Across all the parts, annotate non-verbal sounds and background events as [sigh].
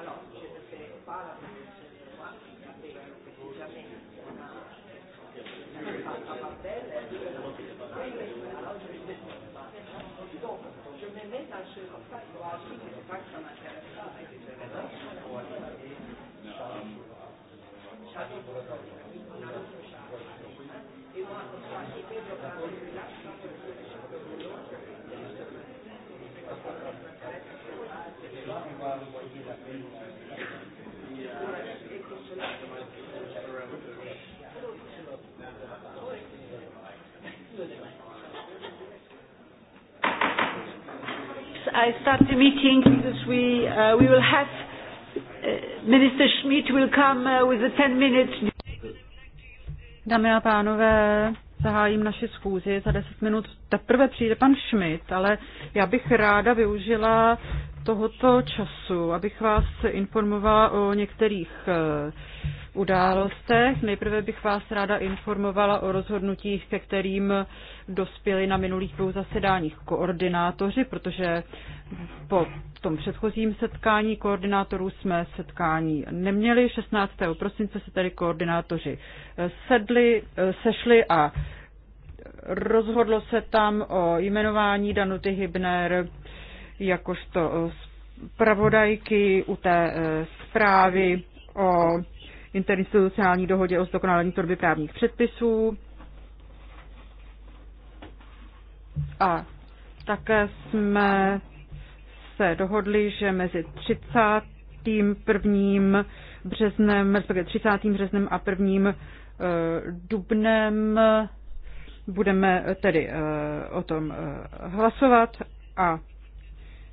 Alors, je ne fais pas la même chose, moi, mais effectivement, I start the meeting because we, uh, we will have uh, Minister Schmidt will come uh, with a 10 minutes. Dámy a pánové, zahájím naši schůzi. Za 10 minut teprve přijde pan Schmidt, ale já bych ráda využila tohoto času, abych vás informovala o některých eh, událostech. Nejprve bych vás ráda informovala o rozhodnutích, ke kterým dospěli na minulých dvou zasedáních koordinátoři, protože po tom předchozím setkání koordinátorů jsme setkání neměli. 16. prosince se tedy koordinátoři eh, sedli, eh, sešli a rozhodlo se tam o jmenování Danuty Hybner jakožto eh, zpravodajky u té eh, zprávy o interinstitucionální dohodě o zdokonalení tvorby právních předpisů. A také jsme se dohodli, že mezi prvním březnem, respektive 30. březnem a prvním eh, dubnem budeme tedy o tom hlasovat a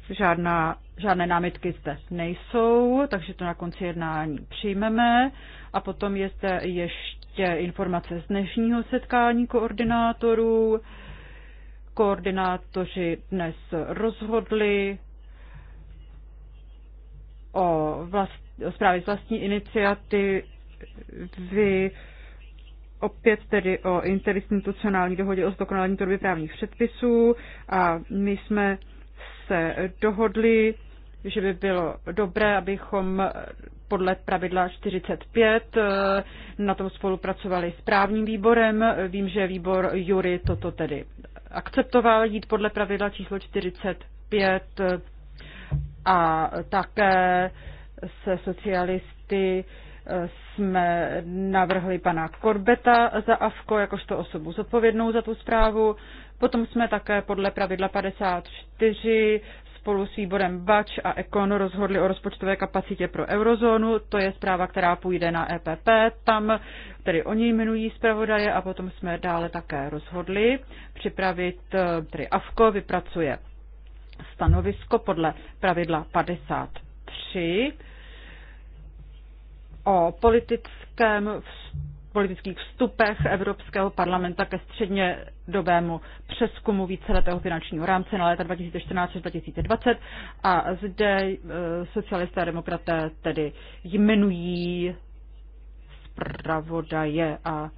Žádná, žádné námitky zde nejsou, takže to na konci jednání přijmeme. A potom je zde ještě informace z dnešního setkání koordinátorů. Koordinátoři dnes rozhodli o, vlast, o zprávě z vlastní iniciativy opět tedy o interinstitucionální dohodě o zdokonalení tvorby právních předpisů a my jsme se dohodli, že by bylo dobré, abychom podle pravidla 45 eh, na tom spolupracovali s právním výborem. Vím, že výbor Jury toto tedy akceptoval jít podle pravidla číslo 45 eh, a také se socialisty eh, jsme navrhli pana Korbeta za AFKO jakožto osobu zodpovědnou za tu zprávu. Potom jsme také podle pravidla 54 spolu s výborem BAČ a EKON rozhodli o rozpočtové kapacitě pro eurozónu. To je zpráva, která půjde na EPP. Tam tedy oni jmenují zpravodaje a potom jsme dále také rozhodli připravit, tedy AFKO vypracuje stanovisko podle pravidla 53 o politickém vstupu politických vstupech Evropského parlamenta ke středně dobému přeskumu víceletého finančního rámce na léta 2014 2020 a zde e, socialisté a demokraté tedy jmenují zpravodaje a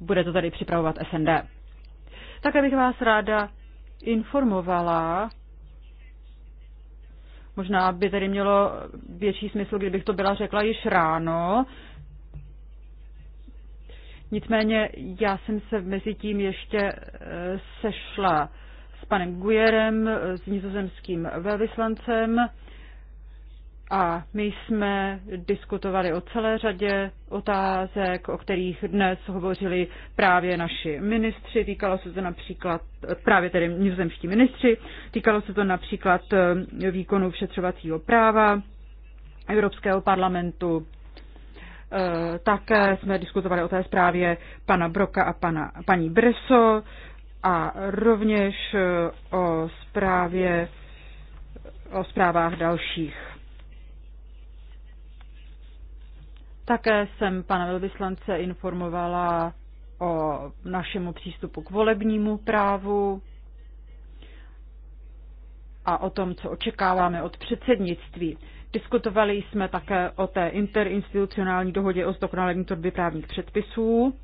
bude to tady připravovat SND. Také bych vás ráda informovala, možná by tedy mělo větší smysl, kdybych to byla řekla již ráno, Nicméně já jsem se mezi tím ještě eh, sešla s panem Gujerem, s nizozemským velvyslancem a my jsme diskutovali o celé řadě otázek, o kterých dnes hovořili právě naši ministři. Týkalo se to například, právě tedy nizozemští ministři, týkalo se to například eh, výkonu všetřovacího práva Evropského parlamentu Eh, také jsme diskutovali o té zprávě pana Broka a pana, paní Breso a rovněž eh, o zprávě o zprávách dalších. Také jsem pana velvyslance informovala o našemu přístupu k volebnímu právu a o tom, co očekáváme od předsednictví. Diskutovali jsme také o té interinstitucionální dohodě o zdokonalení tvorby právních předpisů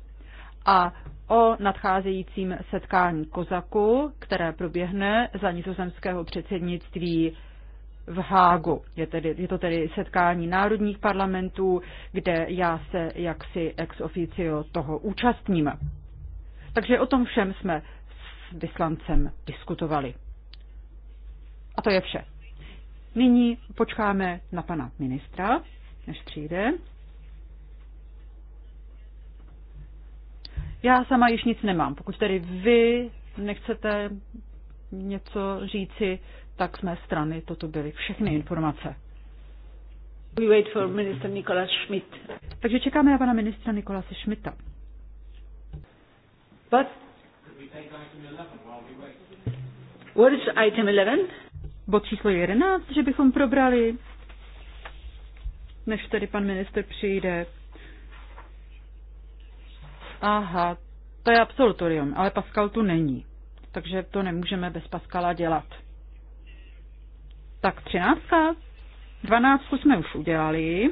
a o nadcházejícím setkání Kozaku, které proběhne za nizozemského předsednictví v Hágu. Je, tedy, je to tedy setkání národních parlamentů, kde já se jaksi ex officio toho účastním. Takže o tom všem jsme s vyslancem diskutovali. A to je vše. Nyní počkáme na pana ministra, než přijde. Já sama již nic nemám. Pokud tedy vy nechcete něco říci, tak z mé strany toto byly všechny informace. We wait for minister Nicolas Schmidt. Takže čekáme na pana ministra Nikolase Schmidta. But What is item 11? bod číslo 11, že bychom probrali, než tedy pan minister přijde. Aha, to je absolutorium, ale Pascal tu není. Takže to nemůžeme bez Pascala dělat. Tak 13. 12 jsme už udělali.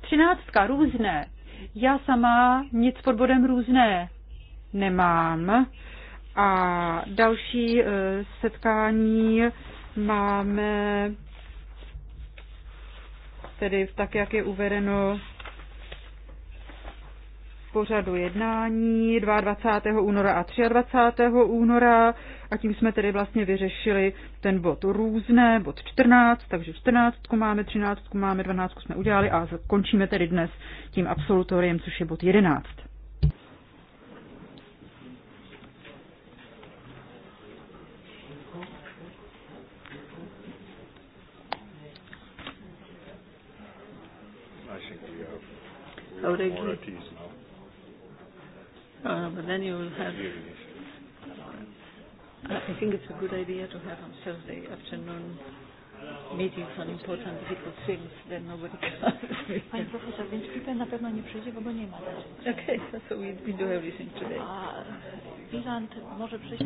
13. různé. Já sama nic pod bodem různé nemám. A další eh, setkání máme tedy tak, jak je uvedeno v pořadu jednání 22. února a 23. února a tím jsme tedy vlastně vyřešili ten bod různé, bod 14, takže 14 máme, 13 máme, 12 jsme udělali a končíme tedy dnes tím absolutoriem, což je bod 11. Auregui. Uh, ah, but then you will have. I think it's a good idea to have on Thursday afternoon meetings on important people things that nobody [laughs] comes. Pani profesor, więc Piper na pewno nie przyjdzie, bo go nie ma. Okay, [laughs] so we, we do everything today. A Wieland może przyjść,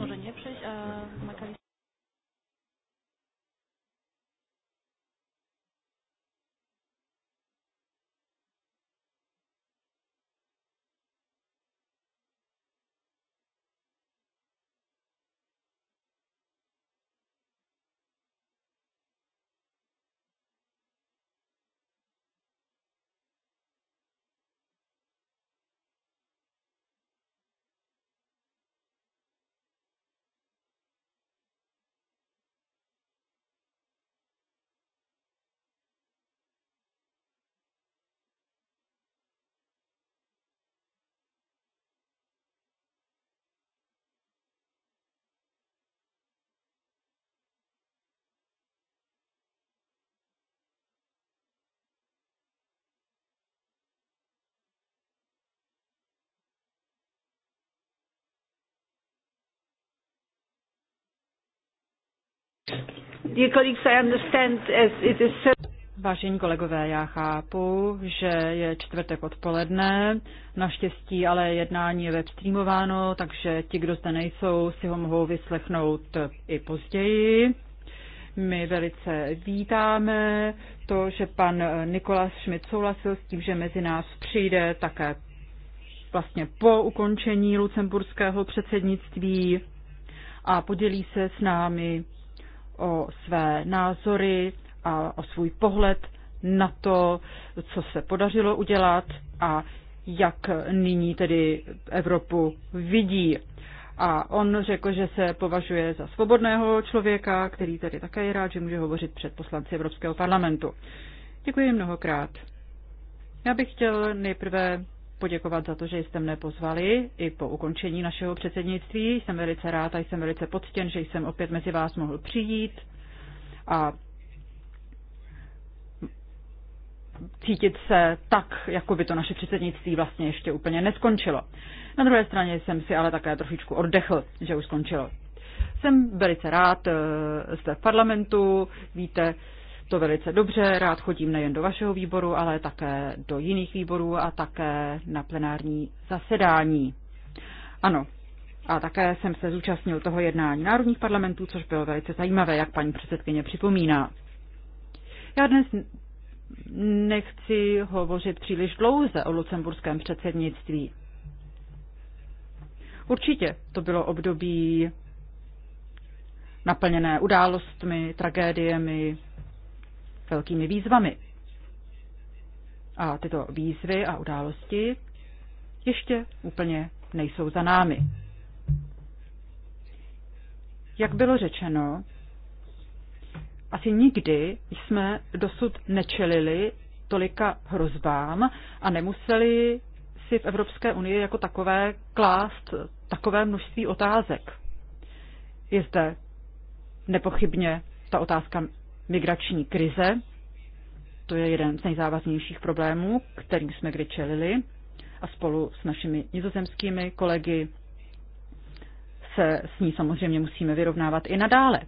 Vážení kolegové, já chápu, že je čtvrtek odpoledne, naštěstí ale jednání je webstreamováno, takže ti, kdo zde nejsou, si ho mohou vyslechnout i později. My velice vítáme to, že pan Nikolas Schmidt souhlasil s tím, že mezi nás přijde také vlastně po ukončení lucemburského předsednictví a podělí se s námi o své názory a o svůj pohled na to, co se podařilo udělat a jak nyní tedy Evropu vidí. A on řekl, že se považuje za svobodného člověka, který tedy také je rád, že může hovořit před poslanci Evropského parlamentu. Děkuji mnohokrát. Já bych chtěl nejprve poděkovat za to, že jste mne pozvali i po ukončení našeho předsednictví. Jsem velice rád a jsem velice poctěn, že jsem opět mezi vás mohl přijít a cítit se tak, jako by to naše předsednictví vlastně ještě úplně neskončilo. Na druhé straně jsem si ale také trošičku oddechl, že už skončilo. Jsem velice rád, eh, jste v parlamentu, víte, to velice dobře. Rád chodím nejen do vašeho výboru, ale také do jiných výborů a také na plenární zasedání. Ano, a také jsem se zúčastnil toho jednání národních parlamentů, což bylo velice zajímavé, jak paní předsedkyně připomíná. Já dnes nechci hovořit příliš dlouze o lucemburském předsednictví. Určitě to bylo období naplněné událostmi, tragédiemi, velkými výzvami. A tyto výzvy a události ještě úplně nejsou za námi. Jak bylo řečeno, asi nikdy jsme dosud nečelili tolika hrozbám a nemuseli si v Evropské unii jako takové klást takové množství otázek. Je zde nepochybně ta otázka migrační krize. To je jeden z nejzávaznějších problémů, kterým jsme kdy čelili. A spolu s našimi nizozemskými kolegy se s ní samozřejmě musíme vyrovnávat i nadále.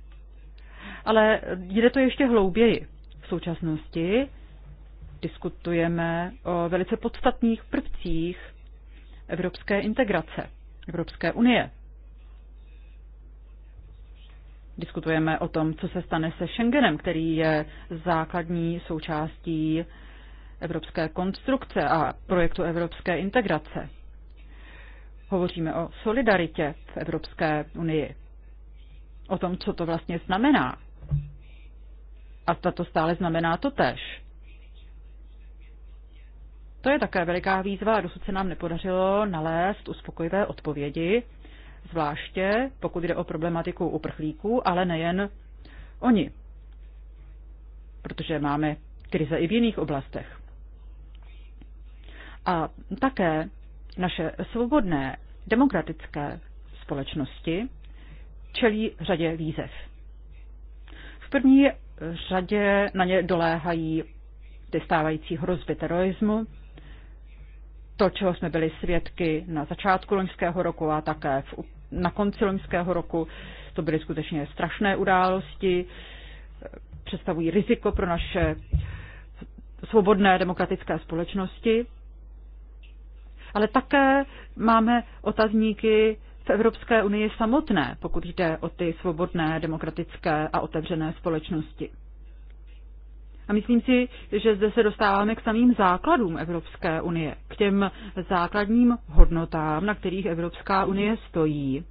Ale jde to ještě hlouběji. V současnosti diskutujeme o velice podstatných prvcích evropské integrace, Evropské unie. Diskutujeme o tom, co se stane se Schengenem, který je základní součástí evropské konstrukce a projektu evropské integrace. Hovoříme o solidaritě v Evropské unii, o tom, co to vlastně znamená. A tato stále znamená to tež. To je také veliká výzva a dosud se nám nepodařilo nalézt uspokojivé odpovědi zvláště pokud jde o problematiku uprchlíků, ale nejen oni, protože máme krize i v jiných oblastech. A také naše svobodné demokratické společnosti čelí řadě výzev. V první řadě na ně doléhají ty stávající hrozby terorismu, to, čeho jsme byli svědky na začátku loňského roku a také v na konci loňského roku. To byly skutečně strašné události, představují riziko pro naše svobodné demokratické společnosti. Ale také máme otazníky v Evropské unii samotné, pokud jde o ty svobodné, demokratické a otevřené společnosti. A myslím si, že zde se dostáváme k samým základům Evropské unie, k těm základním hodnotám, na kterých Evropská unie stojí.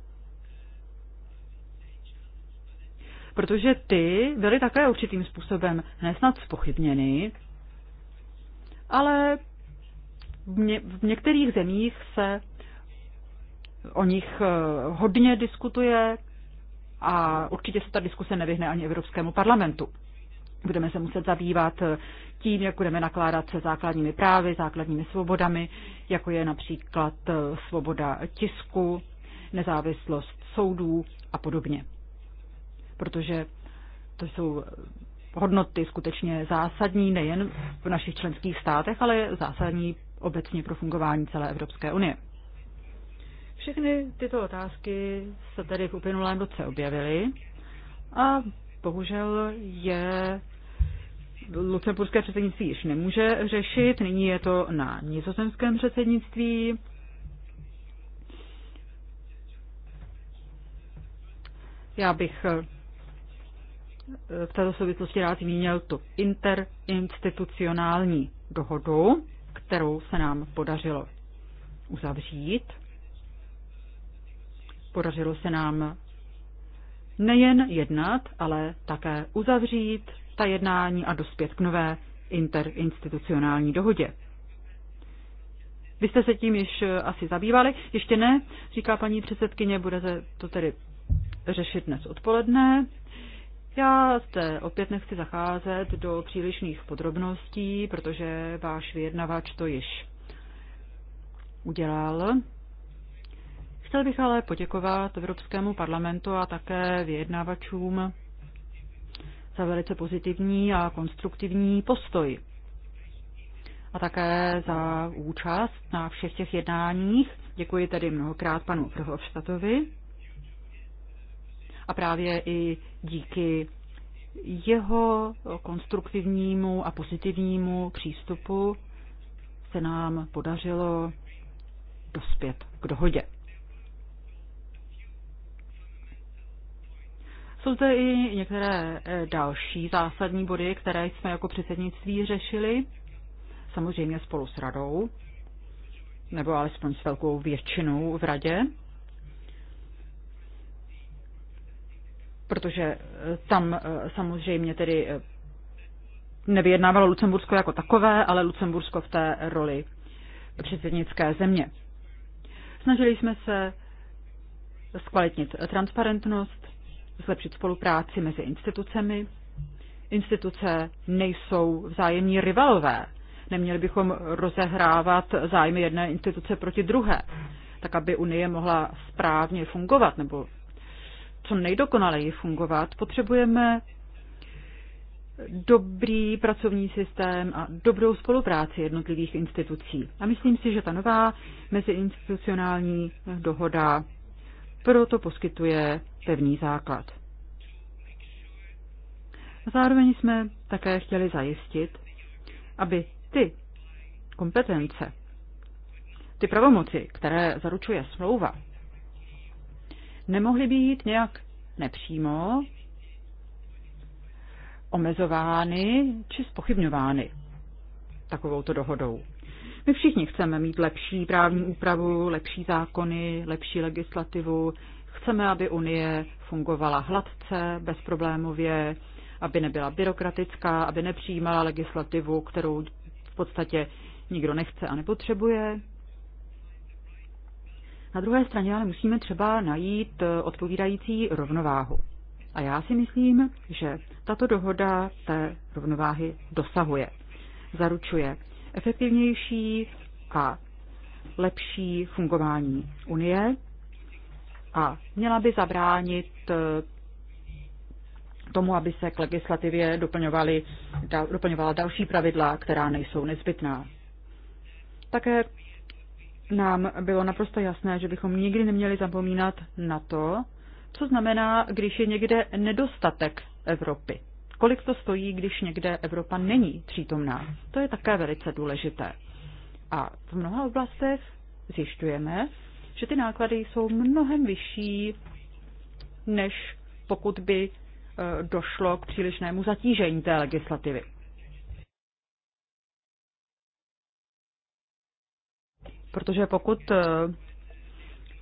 Protože ty byly také určitým způsobem nesnad spochybněny, ale v některých zemích se o nich eh, hodně diskutuje a určitě se ta diskuse nevyhne ani Evropskému parlamentu. Budeme se muset zabývat eh, tím, jak budeme nakládat se základními právy, základními svobodami, jako je například eh, svoboda tisku, nezávislost soudů a podobně. Protože to jsou eh, hodnoty skutečně zásadní nejen v našich členských státech, ale zásadní obecně pro fungování celé Evropské unie. Všechny tyto otázky se tedy v uplynulém roce objevily a bohužel je lucemburské předsednictví již nemůže řešit, nyní je to na nizozemském předsednictví. Já bych eh, v této souvislosti rád zmínil tu interinstitucionální dohodu, kterou se nám podařilo uzavřít. Podařilo se nám nejen jednat, ale také uzavřít ta jednání a dospět k nové interinstitucionální dohodě. Vy jste se tím již eh, asi zabývali? Ještě ne, říká paní předsedkyně, bude se to tedy řešit dnes odpoledne. Já zde opět nechci zacházet do přílišných podrobností, protože váš vyjednavač to již udělal. Chtěl bych ale poděkovat Evropskému parlamentu a také vyjednavačům za velice pozitivní a konstruktivní postoj. A také za účast na všech těch jednáních. Děkuji tedy mnohokrát panu Vrhovštatovi. A právě i díky jeho konstruktivnímu a pozitivnímu přístupu se nám podařilo dospět k dohodě. Jsou zde i některé eh, další zásadní body, které jsme jako předsednictví řešili, samozřejmě spolu s radou, nebo alespoň s velkou většinou v radě, protože eh, tam eh, samozřejmě tedy nevyjednávalo Lucembursko jako takové, ale Lucembursko v té roli předsednické země. Snažili jsme se zkvalitnit transparentnost, zlepšit spolupráci mezi institucemi. Instituce nejsou vzájemní rivalové. Neměli bychom rozehrávat zájmy jedné instituce proti druhé, tak aby Unie mohla správně fungovat nebo co nejdokonaleji fungovat, potřebujeme dobrý pracovní systém a dobrou spolupráci jednotlivých institucí. A myslím si, že ta nová meziinstitucionální dohoda proto poskytuje pevný základ. Zároveň jsme také chtěli zajistit, aby ty kompetence, ty pravomoci, které zaručuje smlouva, nemohly být nějak nepřímo omezovány či spochybňovány takovouto dohodou. My všichni chceme mít lepší právní úpravu, lepší zákony, lepší legislativu, Chceme, aby Unie fungovala hladce, bezproblémově, aby nebyla byrokratická, aby nepřijímala legislativu, kterou v podstatě nikdo nechce a nepotřebuje. Na druhé straně ale musíme třeba najít odpovídající rovnováhu. A já si myslím, že tato dohoda té rovnováhy dosahuje. Zaručuje efektivnější a lepší fungování Unie a měla by zabránit eh, tomu, aby se k legislativě doplňovala další pravidla, která nejsou nezbytná. Také nám bylo naprosto jasné, že bychom nikdy neměli zapomínat na to, co znamená, když je někde nedostatek Evropy. Kolik to stojí, když někde Evropa není přítomná. To je také velice důležité. A v mnoha oblastech zjišťujeme, že ty náklady jsou mnohem vyšší, než pokud by eh, došlo k přílišnému zatížení té legislativy. Protože pokud eh,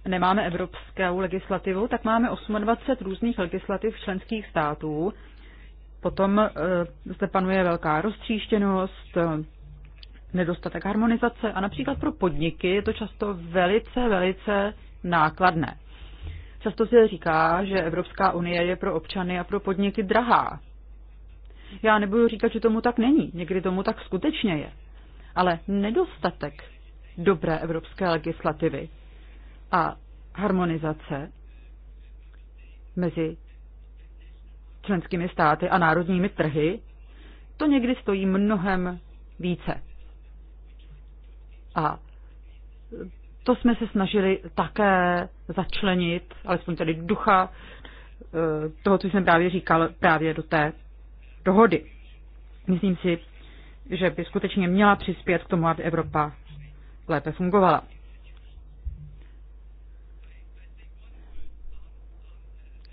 nemáme evropskou legislativu, tak máme 28 různých legislativ členských států. Potom eh, zde panuje velká roztříštěnost, nedostatek harmonizace a například pro podniky je to často velice, velice nákladné. Často se říká, že Evropská unie je pro občany a pro podniky drahá. Já nebudu říkat, že tomu tak není, někdy tomu tak skutečně je. Ale nedostatek dobré evropské legislativy a harmonizace mezi členskými státy a národními trhy, to někdy stojí mnohem více. A to jsme se snažili také začlenit, alespoň tedy ducha eh, toho, co jsem právě říkal, právě do té dohody. Myslím si, že by skutečně měla přispět k tomu, aby Evropa lépe fungovala.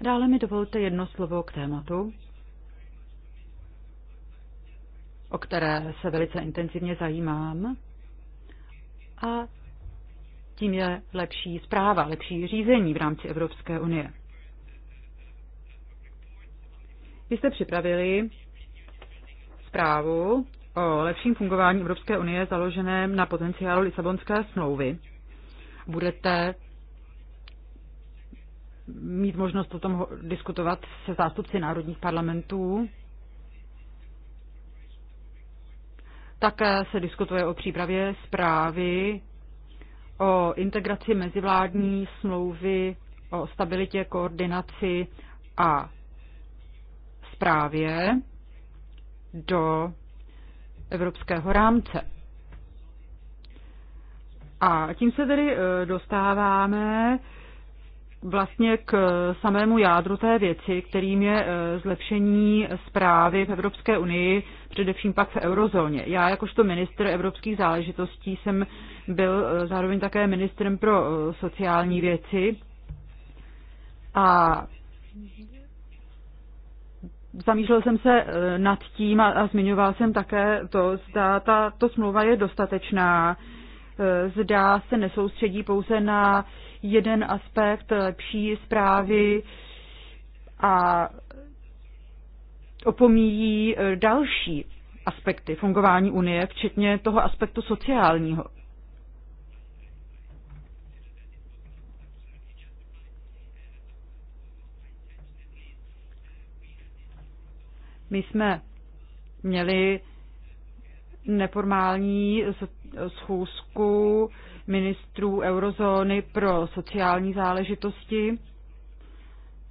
Dále mi dovolte jedno slovo k tématu, o které se velice intenzivně zajímám a tím je lepší zpráva, lepší řízení v rámci Evropské unie. Vy jste připravili zprávu o lepším fungování Evropské unie založeném na potenciálu Lisabonské smlouvy. Budete mít možnost o tom diskutovat se zástupci národních parlamentů Také se diskutuje o přípravě zprávy o integraci mezivládní smlouvy o stabilitě, koordinaci a zprávě do evropského rámce. A tím se tedy eh, dostáváme vlastně k samému jádru té věci, kterým je e, zlepšení zprávy v Evropské unii, především pak v eurozóně. Já jakožto minister evropských záležitostí jsem byl e, zároveň také ministrem pro e, sociální věci a Zamýšlel jsem se nad tím a, a zmiňoval jsem také to, zda ta to smlouva je dostatečná, zda se nesoustředí pouze na jeden aspekt eh, lepší zprávy a opomíjí eh, další aspekty fungování Unie, včetně toho aspektu sociálního. My jsme měli neformální schůzku ministrů eurozóny pro sociální záležitosti,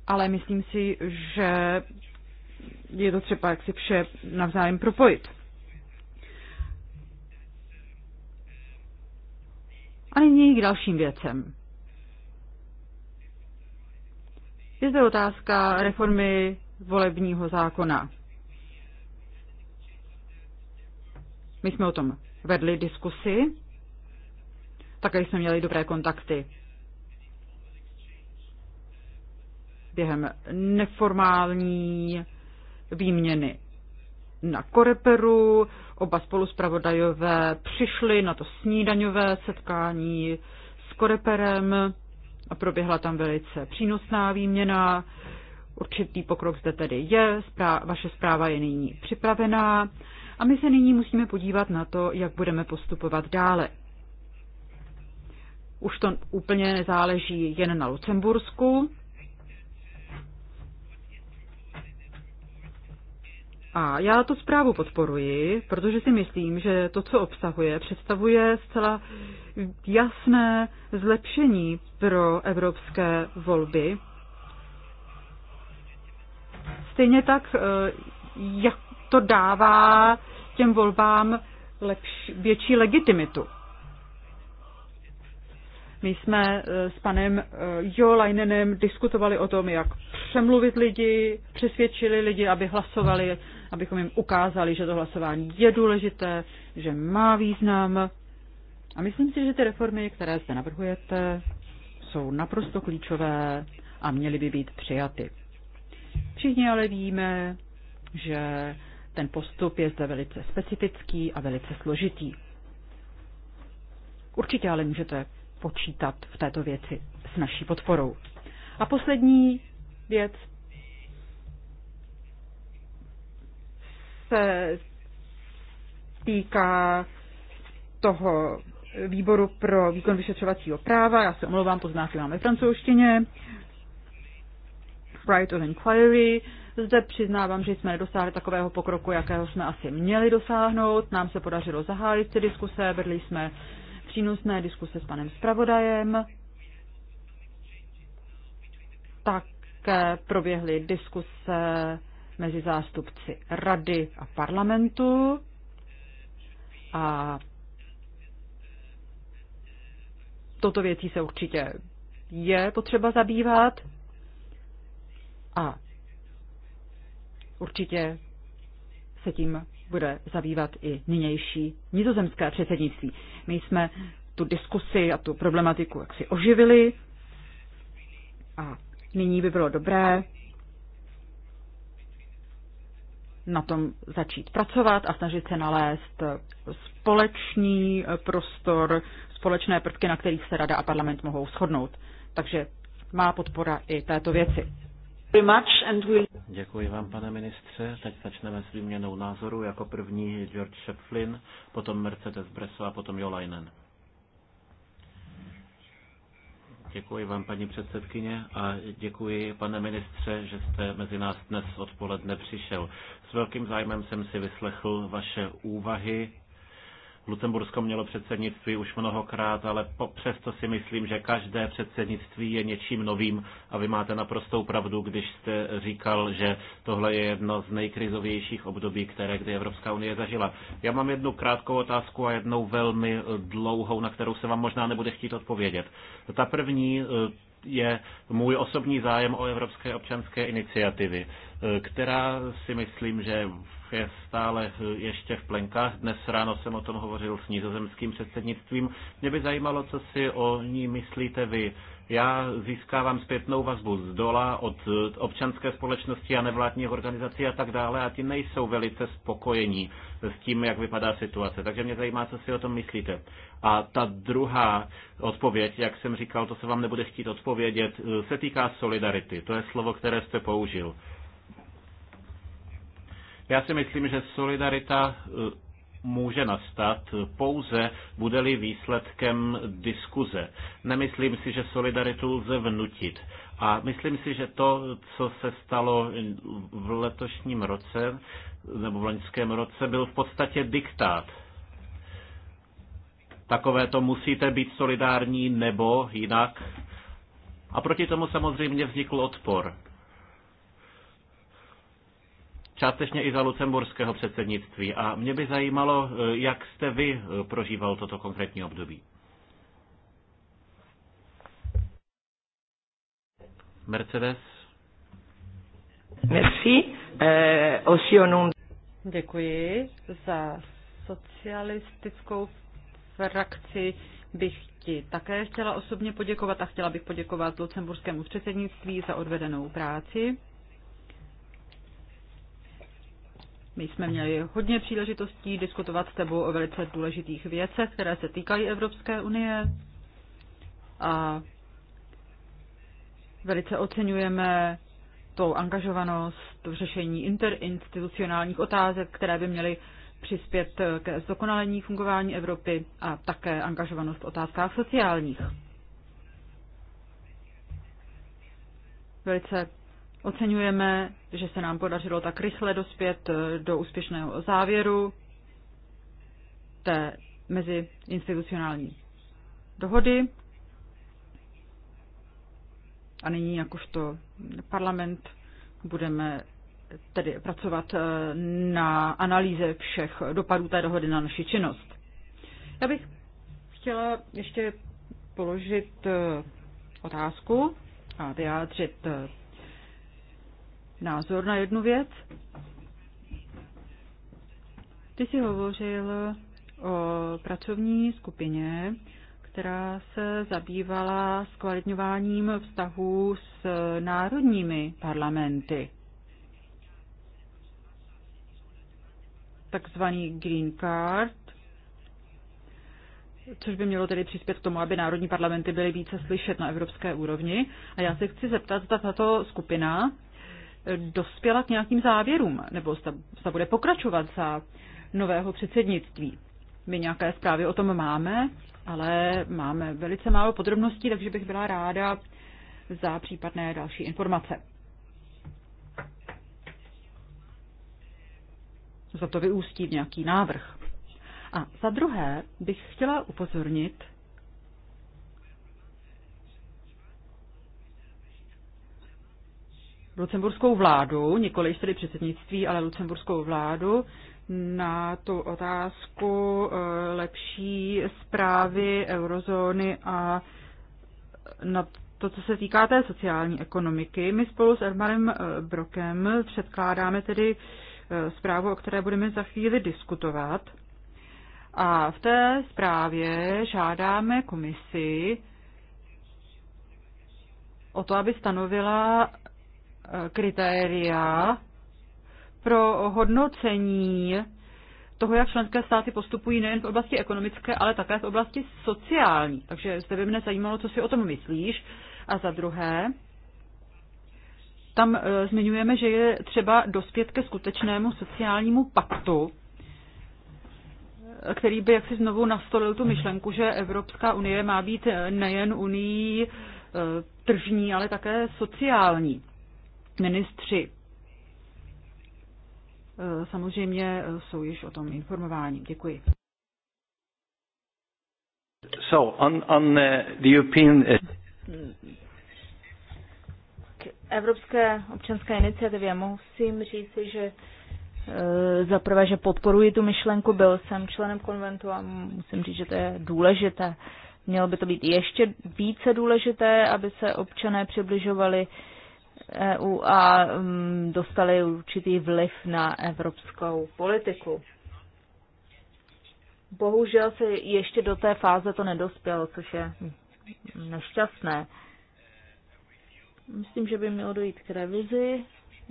ale myslím si, že je to třeba jak si vše navzájem propojit. A nyní k dalším věcem. Je zde otázka reformy volebního zákona. My jsme o tom vedli diskusi také jsme měli dobré kontakty. Během neformální výměny na Koreperu. Oba spoluspravodajové přišli na to snídaňové setkání s Koreperem a proběhla tam velice přínosná výměna. Určitý pokrok zde tedy je, vaše zpráva je nyní připravená a my se nyní musíme podívat na to, jak budeme postupovat dále. Už to úplně nezáleží jen na Lucembursku. A já tu zprávu podporuji, protože si myslím, že to, co obsahuje, představuje zcela jasné zlepšení pro evropské volby. Stejně tak, eh, jak to dává těm volbám lepší, větší legitimitu. My jsme eh, s panem eh, Jo Leinenem diskutovali o tom, jak přemluvit lidi, přesvědčili lidi, aby hlasovali, abychom jim ukázali, že to hlasování je důležité, že má význam. A myslím si, že ty reformy, které zde navrhujete, jsou naprosto klíčové a měly by být přijaty. Všichni ale víme, že ten postup je zde velice specifický a velice složitý. Určitě ale můžete počítat v této věci s naší podporou. A poslední věc se týká toho výboru pro výkon vyšetřovacího práva. Já se omlouvám, poznámky máme v francouzštině. Right of Inquiry. Zde přiznávám, že jsme nedosáhli takového pokroku, jakého jsme asi měli dosáhnout. Nám se podařilo zahájit ty diskuse, vedli jsme přínosné diskuse s panem zpravodajem. Také eh, proběhly diskuse mezi zástupci rady a parlamentu a toto věcí se určitě je potřeba zabývat a určitě se tím bude zabývat i nynější nizozemské předsednictví. My jsme tu diskusi a tu problematiku jaksi oživili a nyní by bylo dobré na tom začít pracovat a snažit se nalézt společný prostor, společné prvky, na kterých se Rada a parlament mohou shodnout. Takže má podpora i této věci. Děkuji vám, pane ministře. Teď začneme s výměnou názoru. Jako první George Shepflin, potom Mercedes Bresso a potom Jolainen. Děkuji vám, paní předsedkyně, a děkuji, pane ministře, že jste mezi nás dnes odpoledne přišel. S velkým zájmem jsem si vyslechl vaše úvahy Lucembursko mělo předsednictví už mnohokrát, ale přesto si myslím, že každé předsednictví je něčím novým a vy máte naprostou pravdu, když jste říkal, že tohle je jedno z nejkrizovějších období, které kdy Evropská unie zažila. Já mám jednu krátkou otázku a jednou velmi eh, dlouhou, na kterou se vám možná nebude chtít odpovědět. Ta první, eh, je můj osobní zájem o Evropské občanské iniciativy, eh, která si myslím, že je stále eh, ještě v plenkách. Dnes ráno jsem o tom hovořil s nizozemským předsednictvím. Mě by zajímalo, co si o ní myslíte vy. Já získávám zpětnou vazbu z dola od eh, občanské společnosti a nevládních organizací a tak dále a ti nejsou velice spokojení s tím, jak vypadá situace. Takže mě zajímá, co si o tom myslíte. A ta druhá odpověď, jak jsem říkal, to se vám nebude chtít odpovědět, eh, se týká solidarity. To je slovo, které jste použil. Já si myslím, že solidarita eh, může nastat pouze bude-li výsledkem diskuze. Nemyslím si, že solidaritu lze vnutit. A myslím si, že to, co se stalo v letošním roce, nebo v loňském roce, byl v podstatě diktát. Takové to musíte být solidární nebo jinak. A proti tomu samozřejmě vznikl odpor částečně i za lucemburského předsednictví. A mě by zajímalo, eh, jak jste vy eh, prožíval toto konkrétní období. Mercedes. Merci. Eh, Děkuji za socialistickou frakci bych ti také chtěla osobně poděkovat a chtěla bych poděkovat lucemburskému předsednictví za odvedenou práci. My jsme měli hodně příležitostí diskutovat s tebou o velice důležitých věcech, které se týkají Evropské unie a velice oceňujeme tou angažovanost v řešení interinstitucionálních otázek, které by měly přispět ke zdokonalení fungování Evropy a také angažovanost v otázkách sociálních. Velice Oceňujeme, že se nám podařilo tak rychle dospět eh, do úspěšného závěru té meziinstitucionální dohody. A nyní, jakožto parlament, budeme tedy pracovat eh, na analýze všech dopadů té dohody na naši činnost. Já bych chtěla ještě položit eh, otázku a vyjádřit názor na jednu věc. Ty jsi hovořil o pracovní skupině, která se zabývala zkvalitňováním vztahů s národními parlamenty. Takzvaný green card, což by mělo tedy přispět k tomu, aby národní parlamenty byly více slyšet na evropské úrovni. A já se chci zeptat, zda tato skupina dospěla k nějakým závěrům, nebo se bude pokračovat za nového předsednictví. My nějaké zprávy o tom máme, ale máme velice málo podrobností, takže bych byla ráda za případné další informace. Za to vyústí v nějaký návrh. A za druhé bych chtěla upozornit lucemburskou vládu, nikoli tedy předsednictví, ale lucemburskou vládu, na tu otázku eh, lepší zprávy eurozóny a na to, co se týká té sociální ekonomiky. My spolu s Ermarem eh, Brokem předkládáme tedy eh, zprávu, o které budeme za chvíli diskutovat. A v té zprávě žádáme komisi o to, aby stanovila kritéria pro hodnocení toho, jak členské státy postupují nejen v oblasti ekonomické, ale také v oblasti sociální. Takže zde by mě zajímalo, co si o tom myslíš. A za druhé, tam e, zmiňujeme, že je třeba dospět ke skutečnému sociálnímu paktu, e, který by jaksi znovu nastolil tu myšlenku, že Evropská unie má být nejen unii e, tržní, ale také sociální ministři. Eh, samozřejmě eh, jsou již o tom informováni. Děkuji. So, on, on eh, the European... K Evropské občanské iniciativě musím říct, že za prvé, že podporuji tu myšlenku, byl jsem členem konventu a musím říct, že to je důležité. Mělo by to být ještě více důležité, aby se občané přibližovali EU a mm, dostali určitý vliv na evropskou politiku. Bohužel se ještě do té fáze to nedospělo, což je nešťastné. Myslím, že by mělo dojít k revizi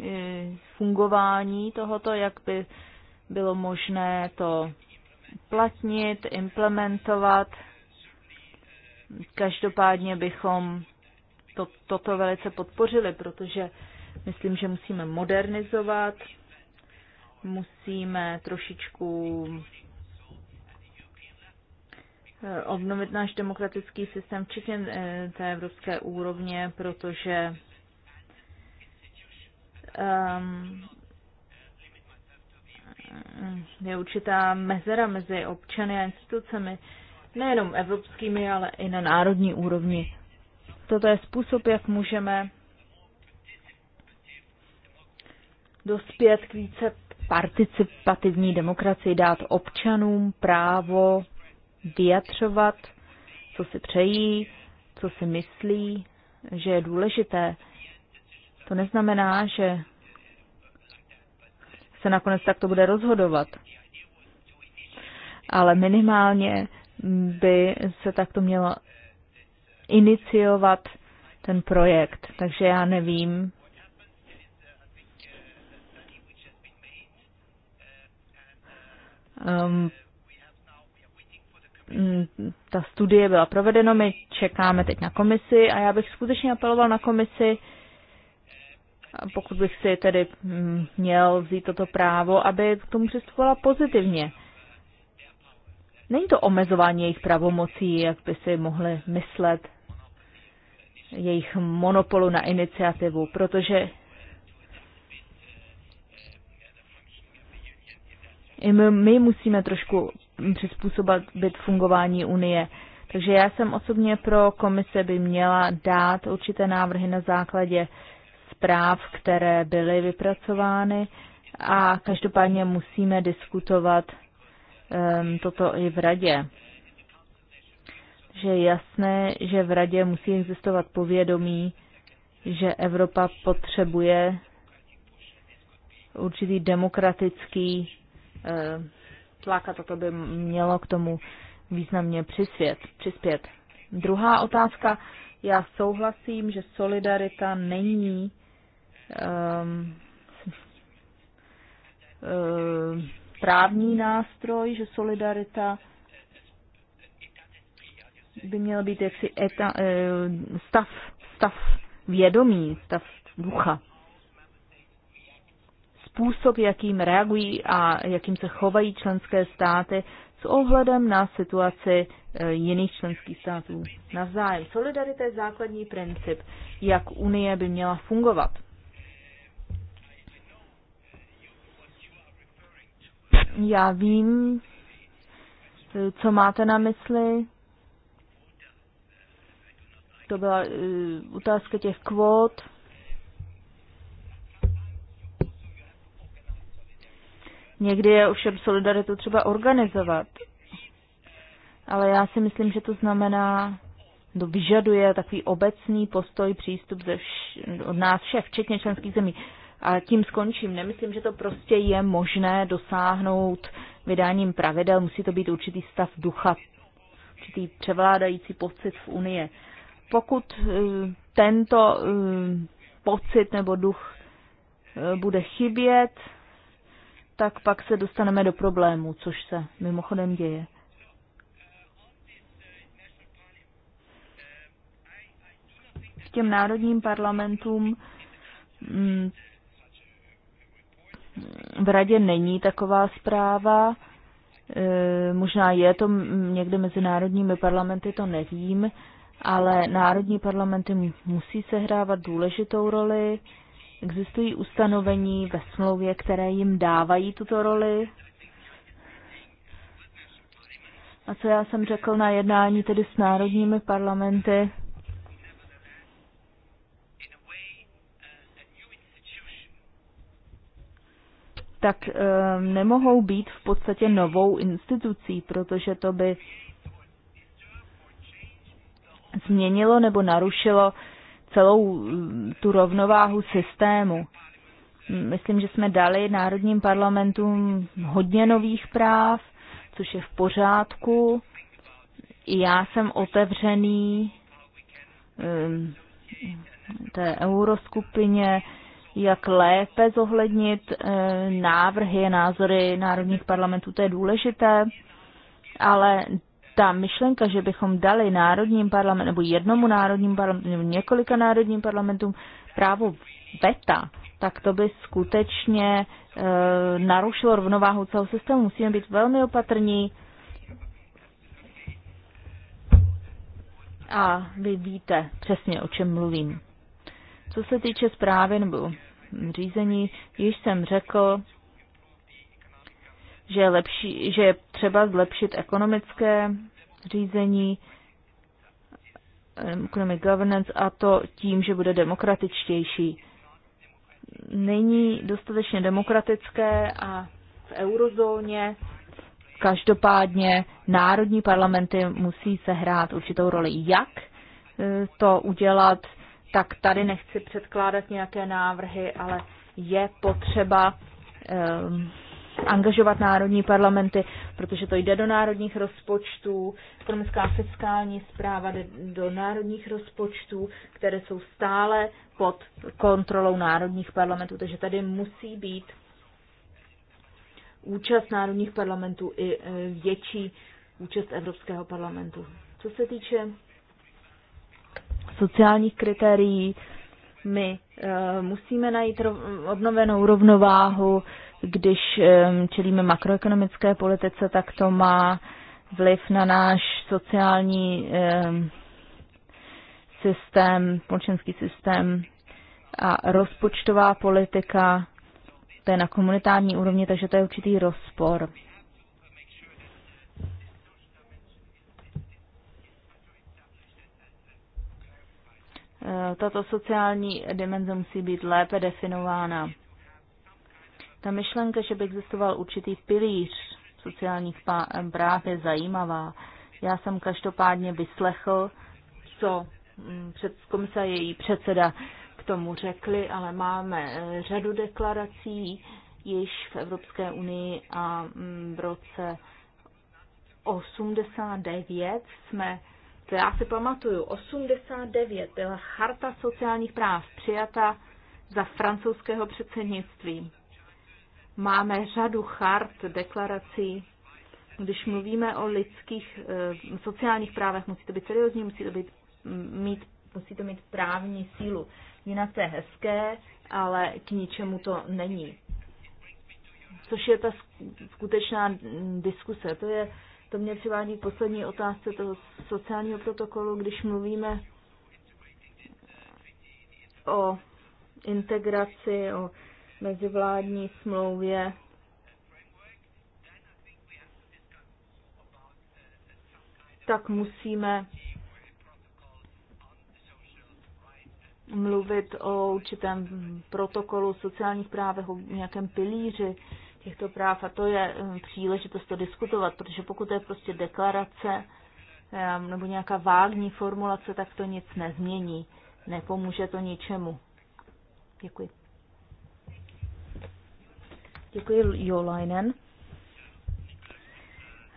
eh, fungování tohoto, jak by bylo možné to platnit, implementovat. Každopádně bychom to, toto velice podpořili, protože myslím, že musíme modernizovat, musíme trošičku eh, obnovit náš demokratický systém, včetně eh, té evropské úrovně, protože um, je určitá mezera mezi občany a institucemi, nejenom evropskými, ale i na národní úrovni toto je způsob, jak můžeme dospět k více participativní demokracii, dát občanům právo vyjadřovat, co si přejí, co si myslí, že je důležité. To neznamená, že se nakonec takto bude rozhodovat. Ale minimálně by se takto mělo iniciovat ten projekt. Takže já nevím. Um, ta studie byla provedena, my čekáme teď na komisi a já bych skutečně apeloval na komisi, pokud bych si tedy mm, měl vzít toto právo, aby k tomu přistupovala pozitivně. Není to omezování jejich pravomocí, jak by si mohli myslet jejich monopolu na iniciativu, protože i my, my musíme trošku přizpůsobit fungování Unie. Takže já jsem osobně pro komise by měla dát určité návrhy na základě zpráv, které byly vypracovány a každopádně musíme diskutovat um, toto i v radě že je jasné, že v Radě musí existovat povědomí, že Evropa potřebuje určitý demokratický eh, tlak a toto by mělo k tomu významně přispět. přispět. Druhá otázka. Já souhlasím, že solidarita není um, um, právní nástroj, že solidarita by měl být jaksi eta, eh, stav, stav vědomí, stav ducha. Způsob, jakým reagují a jakým se chovají členské státy s ohledem na situaci eh, jiných členských států navzájem. Solidarita je základní princip, jak Unie by měla fungovat. Já vím, co máte na mysli. To byla eh, otázka těch kvót. Někdy je ovšem solidaritu třeba organizovat. Ale já si myslím, že to znamená, to no, vyžaduje takový obecný postoj, přístup ze vš- od nás všech, včetně členských zemí. A tím skončím. Nemyslím, že to prostě je možné dosáhnout vydáním pravidel. Musí to být určitý stav ducha, určitý převládající pocit v Unii pokud eh, tento eh, pocit nebo duch eh, bude chybět, tak pak se dostaneme do problémů, což se mimochodem děje. K těm národním parlamentům mm, v radě není taková zpráva. Možná je to někde mezi národními parlamenty, to nevím ale národní parlamenty musí sehrávat důležitou roli. Existují ustanovení ve smlouvě, které jim dávají tuto roli. A co já jsem řekl na jednání tedy s národními parlamenty, tak e, nemohou být v podstatě novou institucí, protože to by změnilo nebo narušilo celou mm, tu rovnováhu systému. Myslím, že jsme dali národním parlamentům hodně nových práv, což je v pořádku. I Já jsem otevřený mm, té euroskupině, jak lépe zohlednit eh, návrhy, názory národních parlamentů, to je důležité, ale ta myšlenka, že bychom dali národním parlamentu, nebo jednomu národním parlamentu, nebo několika národním parlamentům právo veta, tak to by skutečně e, narušilo rovnováhu celého systému. Musíme být velmi opatrní. A vy víte přesně, o čem mluvím. Co se týče zprávy nebo řízení, již jsem řekl, že je, lepší, že je třeba zlepšit ekonomické řízení, eh, economic governance, a to tím, že bude demokratičtější. Není dostatečně demokratické a v eurozóně každopádně národní parlamenty musí sehrát určitou roli. Jak eh, to udělat, tak tady nechci předkládat nějaké návrhy, ale je potřeba um, angažovat národní parlamenty, protože to jde do národních rozpočtů, ekonomická fiskální zpráva jde do národních rozpočtů, které jsou stále pod kontrolou národních parlamentů, takže tady musí být účast národních parlamentů i e, větší účast Evropského parlamentu. Co se týče sociálních kritérií, my e, musíme najít obnovenou rovnováhu když čelíme makroekonomické politice, tak to má vliv na náš sociální systém, společenský systém a rozpočtová politika, to je na komunitární úrovni, takže to je určitý rozpor. Tato sociální dimenze musí být lépe definována. Ta myšlenka, že by existoval určitý pilíř sociálních práv, je zajímavá. Já jsem každopádně vyslechl, co mm, před komisa její předseda k tomu řekli, ale máme eh, řadu deklarací již v Evropské unii a mm, v roce 89 jsme, to já si pamatuju, 89 byla Charta sociálních práv přijata za francouzského předsednictví. Máme řadu chart, deklarací. Když mluvíme o lidských eh, sociálních právech, musí to být seriózní, musí to, být, mít, musí to mít právní sílu. Jinak to je hezké, ale k ničemu to není. Což je ta skutečná diskuse. To je to mě přivádí k poslední otázce toho sociálního protokolu, když mluvíme o integraci, o mezivládní smlouvě. tak musíme mluvit o určitém protokolu sociálních právech, o nějakém pilíři těchto práv a to je eh, příležitost to diskutovat, protože pokud to je prostě deklarace eh, nebo nějaká vágní formulace, tak to nic nezmění. Nepomůže to ničemu. Děkuji. Děkuji, Jolainen.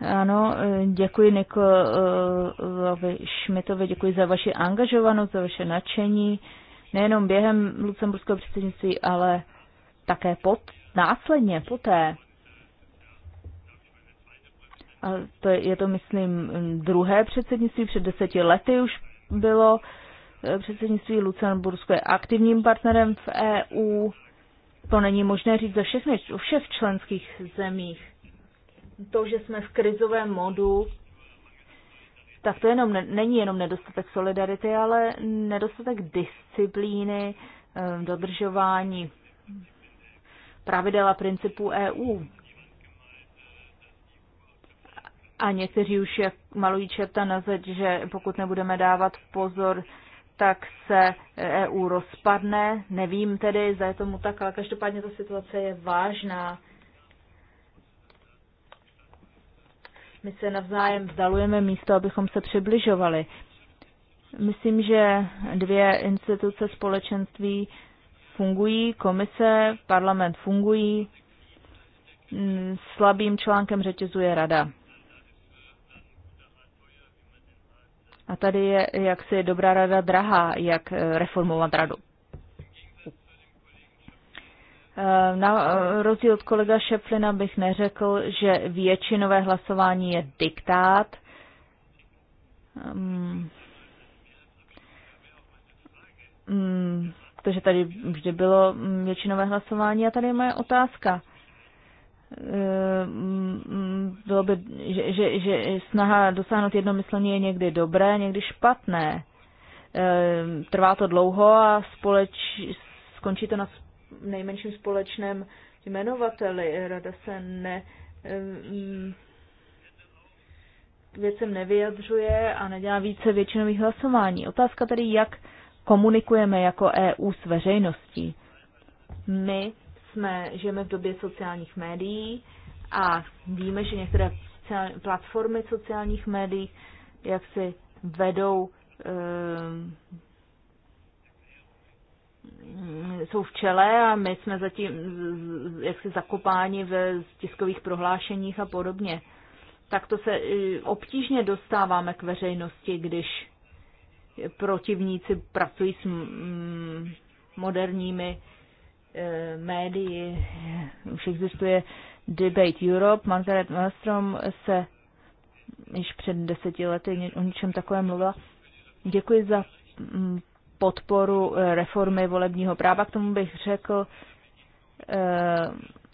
Ano, e, děkuji Nikolovi Šmitovi, děkuji za vaši angažovanost, za vaše nadšení, nejenom během lucemburského předsednictví, ale také pod, následně, poté. A to je, je to, myslím, druhé předsednictví, před deseti lety už bylo e, předsednictví Lucemburské aktivním partnerem v EU to není možné říct za všechny, u všech členských zemích. To, že jsme v krizovém modu, tak to jenom není jenom nedostatek solidarity, ale nedostatek disciplíny, eh, dodržování pravidel a principů EU. A někteří už jak malují čerta na zeď, že pokud nebudeme dávat pozor, tak se EU eh, e rozpadne. Nevím tedy, zda je tomu tak, ale každopádně ta situace je vážná. My se navzájem vzdalujeme místo, abychom se přibližovali. Myslím, že dvě instituce společenství fungují, komise, parlament fungují, mm, slabým článkem řetězuje rada. A tady je jaksi dobrá rada drahá, jak eh, reformovat radu. Eh, na rozdíl od kolega Šeflina bych neřekl, že většinové hlasování je diktát. protože mm. mm, tady vždy bylo mm, většinové hlasování a tady je moje otázka. Eh, mm, mm, bylo by, že, že, že snaha dosáhnout jednomyslení je někdy dobré, někdy špatné. Eh, trvá to dlouho a společ, skončí to na nejmenším společném jmenovateli. Rada se ne, eh, mm, věcem nevyjadřuje a nedělá více většinových hlasování. Otázka tedy, jak komunikujeme jako EU s veřejností. My jsme, žijeme v době sociálních médií a víme, že některé sociální, platformy sociálních médií jak si vedou, e, jsou v čele a my jsme zatím jak si zakopáni ve tiskových prohlášeních a podobně. Tak to se e, obtížně dostáváme k veřejnosti, když protivníci pracují s moderními Eh, médií už existuje Debate Europe. Margaret Malmström se již před deseti lety o ničem takovém mluvila. Děkuji za mm, podporu eh, reformy volebního práva. K tomu bych řekl eh,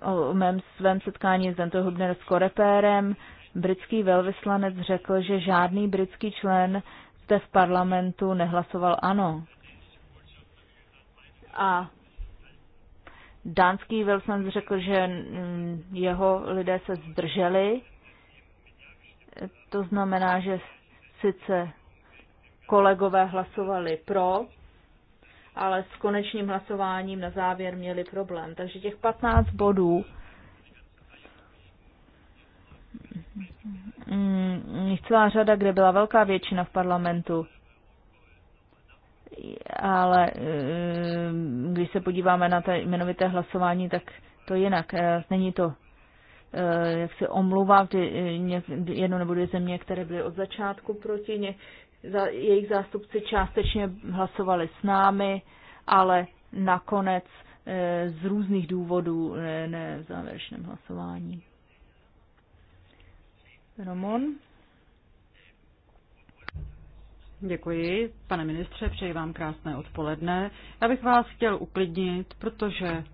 o mém svém setkání s Anto Hubner s Koreperem. Britský velvyslanec řekl, že žádný britský člen zde v parlamentu nehlasoval ano. A Dánský Wilson řekl, že mm, jeho lidé se zdrželi. To znamená, že sice kolegové hlasovali pro, ale s konečným hlasováním na závěr měli problém. Takže těch 15 bodů mm, mm, celá řada, kde byla velká většina v parlamentu, ale eh, když se podíváme na to jmenovité hlasování, tak to jinak. Eh, není to eh, jak se omluvá ty jedno nebo dvě země, které byly od začátku proti ně. Jejich zástupci částečně hlasovali s námi, ale nakonec z různých důvodů ne, ne v závěrečném hlasování. Roman. Děkuji, pane ministře, přeji vám krásné odpoledne. Já bych vás chtěl uklidnit, protože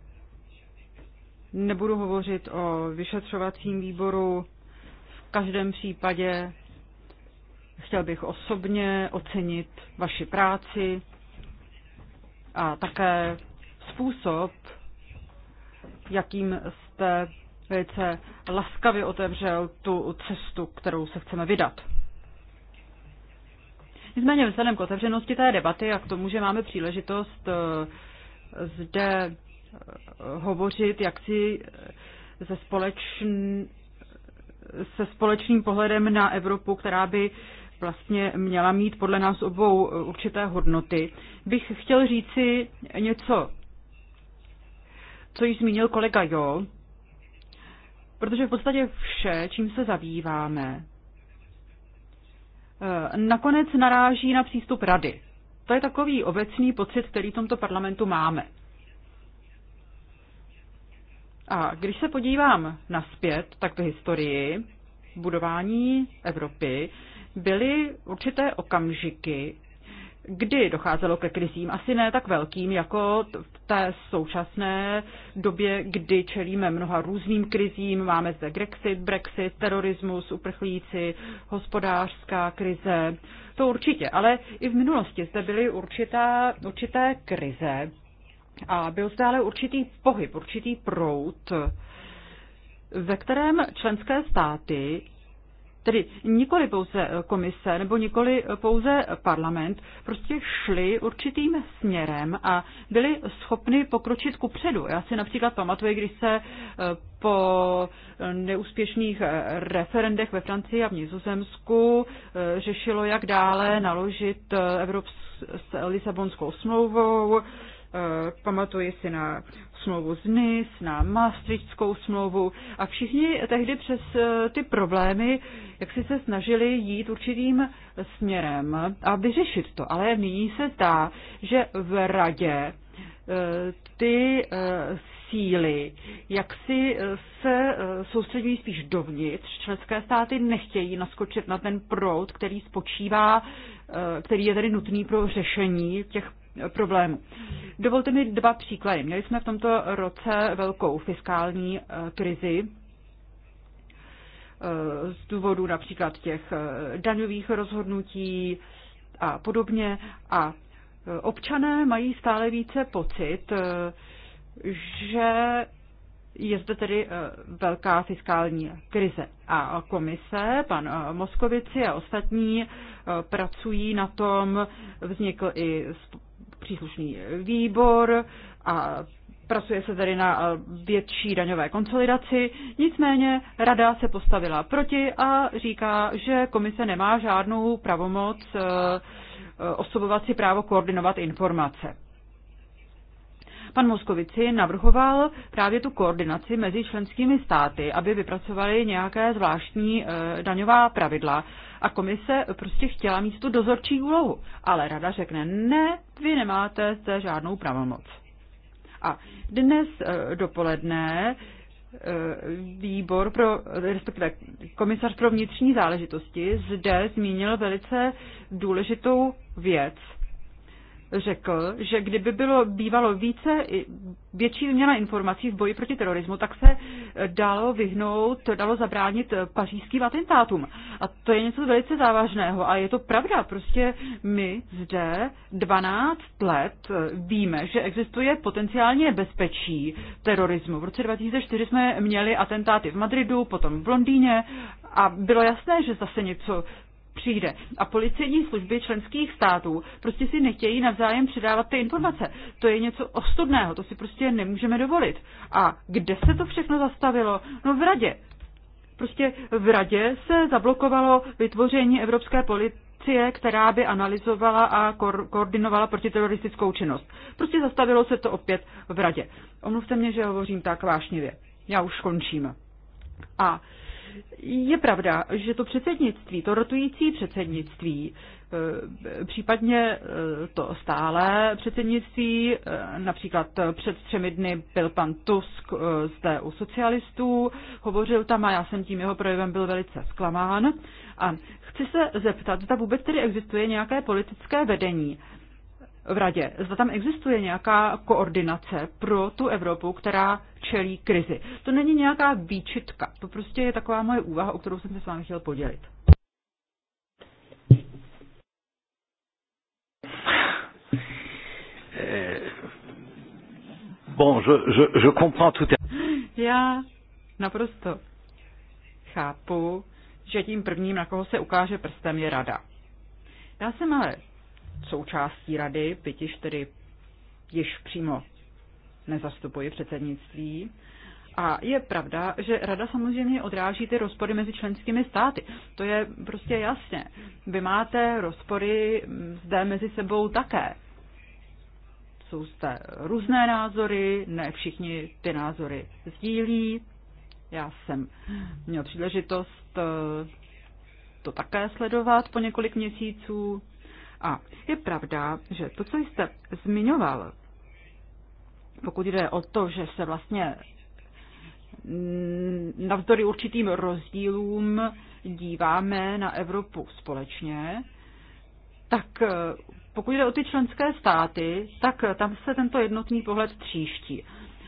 nebudu hovořit o vyšetřovacím výboru. V každém případě chtěl bych osobně ocenit vaši práci a také způsob, jakým jste velice laskavě otevřel tu cestu, kterou se chceme vydat. Nicméně vzhledem k otevřenosti té debaty a k tomu, že máme příležitost eh, zde eh, hovořit jaksi se, eh, společn, se společným pohledem na Evropu, která by vlastně měla mít podle nás obou určité hodnoty, bych chtěl říci něco, co již zmínil kolega Jo, protože v podstatě vše, čím se zabýváme, Eh, nakonec naráží na přístup rady. To je takový obecný pocit, který v tomto parlamentu máme. A když se podívám naspět, tak v historii budování Evropy byly určité okamžiky, kdy docházelo ke krizím. Asi ne tak velkým, jako v té současné době, kdy čelíme mnoha různým krizím. Máme zde Grexit, Brexit, terorismus, uprchlíci, hospodářská krize. To určitě, ale i v minulosti zde byly určitá, určité krize a byl zde ale určitý pohyb, určitý prout, ve kterém členské státy tedy nikoli pouze komise nebo nikoli pouze parlament, prostě šli určitým směrem a byli schopni pokročit ku předu. Já si například pamatuju, když se eh, po neúspěšných eh, referendech ve Francii a v Nizozemsku eh, řešilo, jak dále naložit Evropskou s Lisabonskou smlouvou, Eh, pamatuji si na smlouvu z NIS, na Maastrichtskou smlouvu a všichni tehdy přes eh, ty problémy, jak si se snažili jít určitým směrem a vyřešit to. Ale nyní se zdá, že v radě eh, ty síly, jak si se soustředují spíš dovnitř. Členské státy nechtějí naskočit na ten prout, který spočívá, který je tedy nutný pro řešení těch problémů. Dovolte mi dva příklady. Měli jsme v tomto roce velkou fiskální eh, krizi eh, z důvodu například těch eh, daňových rozhodnutí a podobně. A občané mají stále více pocit, že je zde tedy velká fiskální krize. A komise, pan Moskovici a ostatní pracují na tom, vznikl i příslušný výbor a pracuje se tedy na větší daňové konsolidaci. Nicméně rada se postavila proti a říká, že komise nemá žádnou pravomoc eh, eh, osobovat si právo koordinovat informace. Pan Moskovici navrhoval právě tu koordinaci mezi členskými státy, aby vypracovali nějaké zvláštní eh, daňová pravidla, a komise prostě chtěla mít tu dozorčí úlohu. Ale rada řekne, ne, vy nemáte zde žádnou pravomoc. A dnes e, dopoledne e, výbor pro, respektive komisař pro vnitřní záležitosti zde zmínil velice důležitou věc, řekl, že kdyby bylo bývalo více, větší výměna informací v boji proti terorismu, tak se eh, dalo vyhnout, dalo zabránit eh, pařížským atentátům. A to je něco velice závažného a je to pravda. Prostě my zde 12 let eh, víme, že existuje potenciálně bezpečí terorismu. V roce 2004 jsme měli atentáty v Madridu, potom v Londýně a bylo jasné, že zase něco přijde. A policejní služby členských států prostě si nechtějí navzájem předávat ty informace. To je něco ostudného, to si prostě nemůžeme dovolit. A kde se to všechno zastavilo? No v radě. Prostě v radě se zablokovalo vytvoření evropské politiky policie, která by analyzovala a ko- koordinovala protiteroristickou činnost. Prostě zastavilo se to opět v radě. Omluvte mě, že hovořím tak vášnivě. Já už končím. A je pravda, že to předsednictví, to rotující předsednictví, eh, případně eh, to stále předsednictví, eh, například před třemi dny byl pan Tusk zde u socialistů, hovořil tam a já jsem tím jeho projevem byl velice zklamán. A chci se zeptat, zda vůbec tedy existuje nějaké politické vedení, v radě. Zda tam existuje nějaká koordinace pro tu Evropu, která čelí krizi. To není nějaká výčitka, to prostě je taková moje úvaha, o kterou jsem se s vámi chtěl podělit. Eh, bon, je, je, je comprends tout à... Já naprosto chápu, že tím prvním, na koho se ukáže prstem, je rada. Já jsem ale součástí rady, pětiž tedy již přímo nezastupuji předsednictví. A je pravda, že rada samozřejmě odráží ty rozpory mezi členskými státy. To je prostě jasně. Vy máte rozpory zde mezi sebou také. Jsou zde různé názory, ne všichni ty názory sdílí. Já jsem měl příležitost eh, to také sledovat po několik měsíců. A je pravda, že to, co jste zmiňoval, pokud jde o to, že se vlastně navzdory určitým rozdílům díváme na Evropu společně, tak eh, pokud jde o ty členské státy, tak eh, tam se tento jednotný pohled tříští.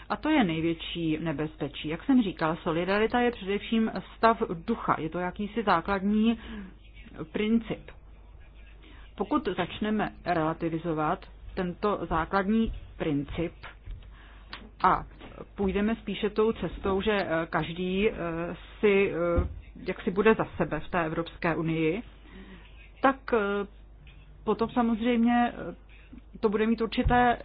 A to je největší nebezpečí. Jak jsem říkal, solidarita je především stav ducha, je to jakýsi základní princip. Pokud začneme relativizovat tento základní princip a půjdeme spíše tou cestou, že eh, každý eh, si eh, jak si bude za sebe v té Evropské unii, tak potom samozřejmě to bude mít určité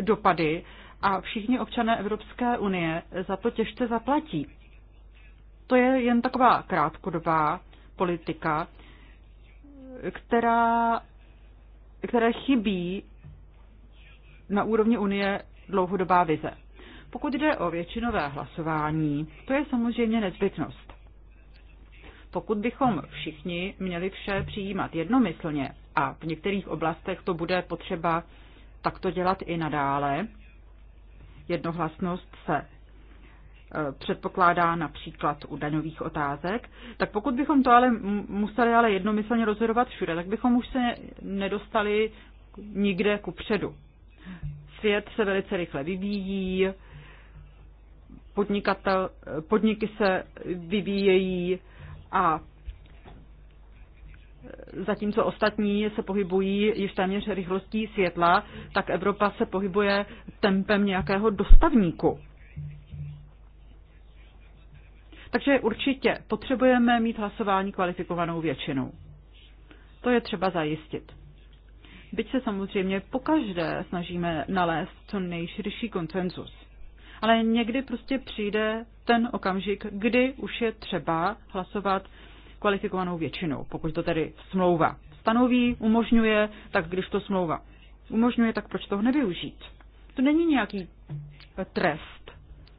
dopady a všichni občané Evropské unie za to těžce zaplatí. To je jen taková krátkodobá politika, která, které chybí na úrovni Unie dlouhodobá vize. Pokud jde o většinové hlasování, to je samozřejmě nezbytnost. Pokud bychom všichni měli vše přijímat jednomyslně, a v některých oblastech to bude potřeba takto dělat i nadále, jednohlasnost se Eh, předpokládá například u daňových otázek, tak pokud bychom to ale museli ale jednomyslně rozhodovat všude, tak bychom už se nedostali nikde ku předu. Svět se velice rychle vyvíjí, podnikatel, podniky se vyvíjejí a zatímco ostatní se pohybují již téměř rychlostí světla, tak Evropa se pohybuje tempem nějakého dostavníku. Takže určitě potřebujeme mít hlasování kvalifikovanou většinou. To je třeba zajistit. Byť se samozřejmě pokaždé snažíme nalézt co nejširší koncenzus. Ale někdy prostě přijde ten okamžik, kdy už je třeba hlasovat kvalifikovanou většinou, pokud to tedy smlouva stanoví, umožňuje, tak když to smlouva umožňuje, tak proč toho nevyužít? To není nějaký trest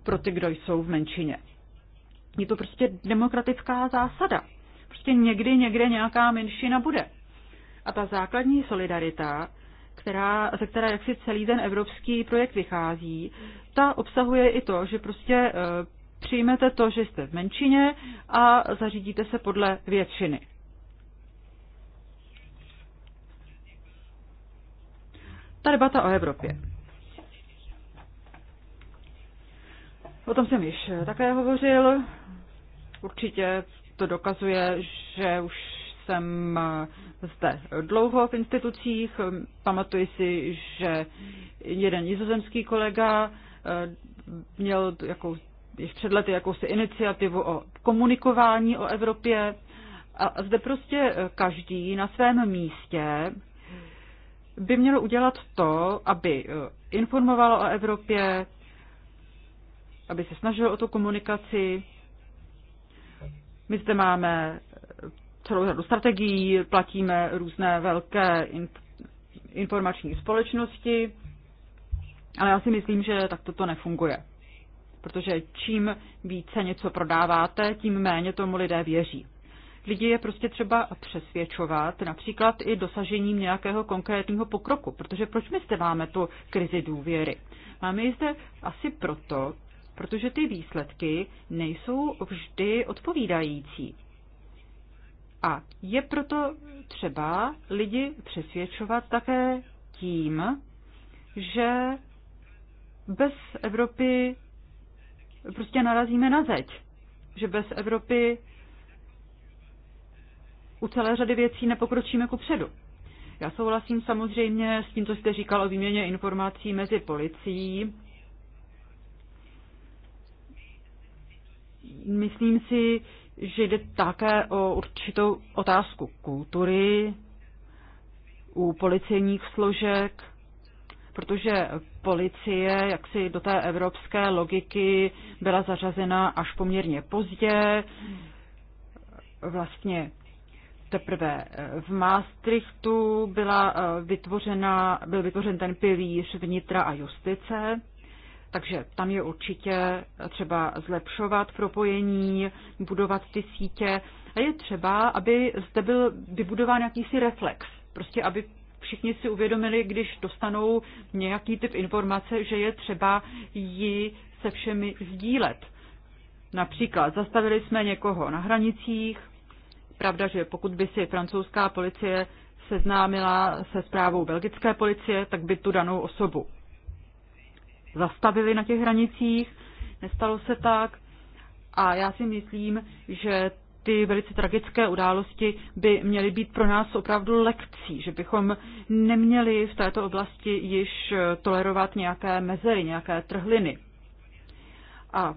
pro ty, kdo jsou v menšině. Je to prostě demokratická zásada. Prostě někdy někde nějaká menšina bude. A ta základní solidarita, která, ze které jaksi celý ten evropský projekt vychází, ta obsahuje i to, že prostě eh, přijmete to, že jste v menšině a zařídíte se podle většiny. Ta debata o Evropě. O tom jsem již také hovořil. Určitě to dokazuje, že už jsem zde dlouho v institucích. Pamatuji si, že jeden nizozemský kolega eh, měl jakou, již před lety jakousi iniciativu o komunikování o Evropě. A zde prostě eh, každý na svém místě by měl udělat to, aby eh, informoval o Evropě, aby se snažil o tu komunikaci, my zde máme celou řadu strategií, platíme různé velké informační společnosti, ale já si myslím, že takto to nefunguje. Protože čím více něco prodáváte, tím méně tomu lidé věří. Lidi je prostě třeba přesvědčovat, například i dosažením nějakého konkrétního pokroku. Protože proč my zde máme tu krizi důvěry? Máme ji zde asi proto, protože ty výsledky nejsou vždy odpovídající. A je proto třeba lidi přesvědčovat také tím, že bez Evropy prostě narazíme na zeď, že bez Evropy u celé řady věcí nepokročíme ku předu. Já souhlasím samozřejmě s tím, co jste říkal o výměně informací mezi policií Myslím si, že jde také o určitou otázku kultury u policejních složek, protože policie jaksi do té evropské logiky byla zařazena až poměrně pozdě, vlastně teprve v Maastrichtu byla eh, vytvořena, byl vytvořen ten pilíř vnitra a justice. Takže tam je určitě třeba zlepšovat propojení, budovat ty sítě a je třeba, aby zde byl vybudován jakýsi reflex, prostě aby všichni si uvědomili, když dostanou nějaký typ informace, že je třeba ji se všemi sdílet. Například zastavili jsme někoho na hranicích. Pravda, že pokud by si francouzská policie seznámila se zprávou belgické policie, tak by tu danou osobu zastavili na těch hranicích. Nestalo se tak. A já si myslím, že ty velice tragické události by měly být pro nás opravdu lekcí, že bychom neměli v této oblasti již tolerovat nějaké mezery, nějaké trhliny. A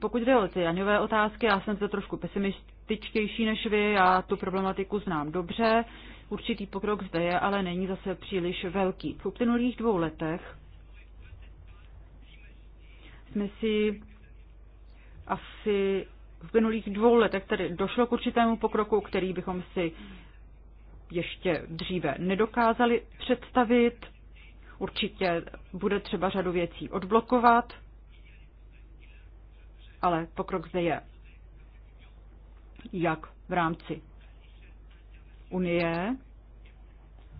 pokud jde o ty daňové otázky, já jsem to trošku pesimističtější než vy, já tu problematiku znám dobře, určitý pokrok zde je, ale není zase příliš velký. V uplynulých dvou letech jsme si asi v minulých dvou letech tedy došlo k určitému pokroku, který bychom si ještě dříve nedokázali představit. Určitě bude třeba řadu věcí odblokovat, ale pokrok zde je. Jak v rámci Unie,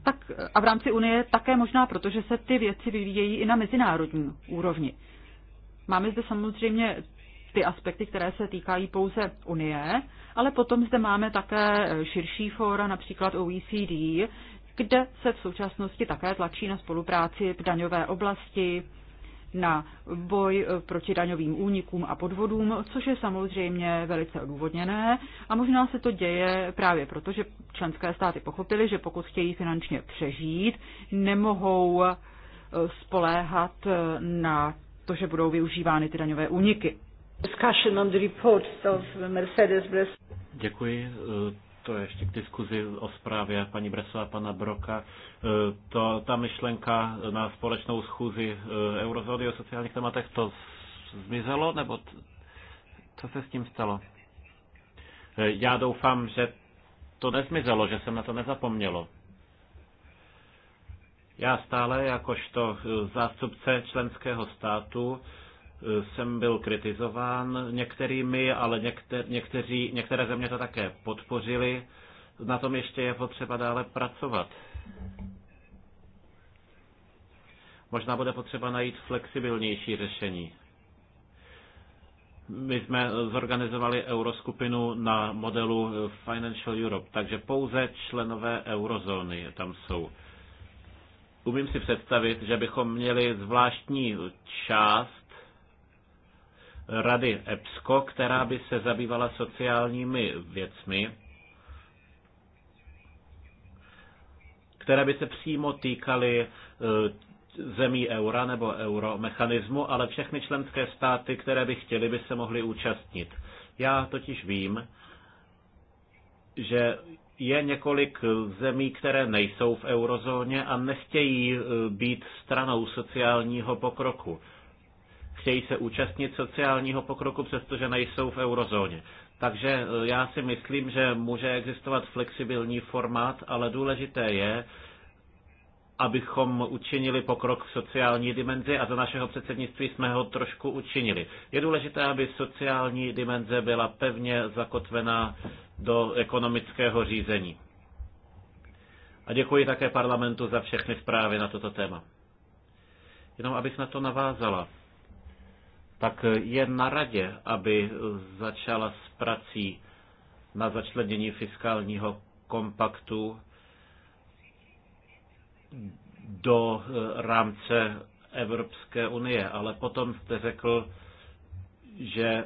tak a v rámci Unie také možná, protože se ty věci vyvíjejí i na mezinárodní úrovni. Máme zde samozřejmě ty aspekty, které se týkají pouze Unie, ale potom zde máme také širší fóra, například OECD, kde se v současnosti také tlačí na spolupráci v daňové oblasti, na boj proti daňovým únikům a podvodům, což je samozřejmě velice odůvodněné a možná se to děje právě proto, že členské státy pochopily, že pokud chtějí finančně přežít, nemohou spoléhat na to, že budou využívány ty daňové úniky. Děkuji. E, to je ještě k diskuzi o zprávě paní Breso a pana Broka. E, to, ta myšlenka na společnou schůzi e, eurozóny o sociálních tématech, to zmizelo, nebo co se s tím stalo? Já doufám, že to nezmizelo, že jsem na to nezapomnělo. Já stále jakožto eh, zástupce členského státu eh, jsem byl kritizován některými, ale někte, někteří, některé země to také podpořili. Na tom ještě je potřeba dále pracovat. Možná bude potřeba najít flexibilnější řešení. My jsme zorganizovali euroskupinu na modelu eh, Financial Europe, takže pouze členové eurozóny tam jsou umím si představit, že bychom měli zvláštní část rady EPSCO, která by se zabývala sociálními věcmi, které by se přímo týkaly e, zemí eura nebo euromechanismu, ale všechny členské státy, které by chtěly, by se mohly účastnit. Já totiž vím, že je několik zemí, které nejsou v eurozóně a nechtějí e, být stranou sociálního pokroku. Chtějí se účastnit sociálního pokroku, přestože nejsou v eurozóně. Takže e, já si myslím, že může existovat flexibilní formát, ale důležité je, abychom učinili pokrok v sociální dimenzi a za našeho předsednictví jsme ho trošku učinili. Je důležité, aby sociální dimenze byla pevně zakotvená do ekonomického řízení. A děkuji také parlamentu za všechny zprávy na toto téma. Jenom abych na to navázala, tak je na radě, aby začala s prací na začlenění fiskálního kompaktu do eh, rámce Evropské unie, ale potom jste řekl, že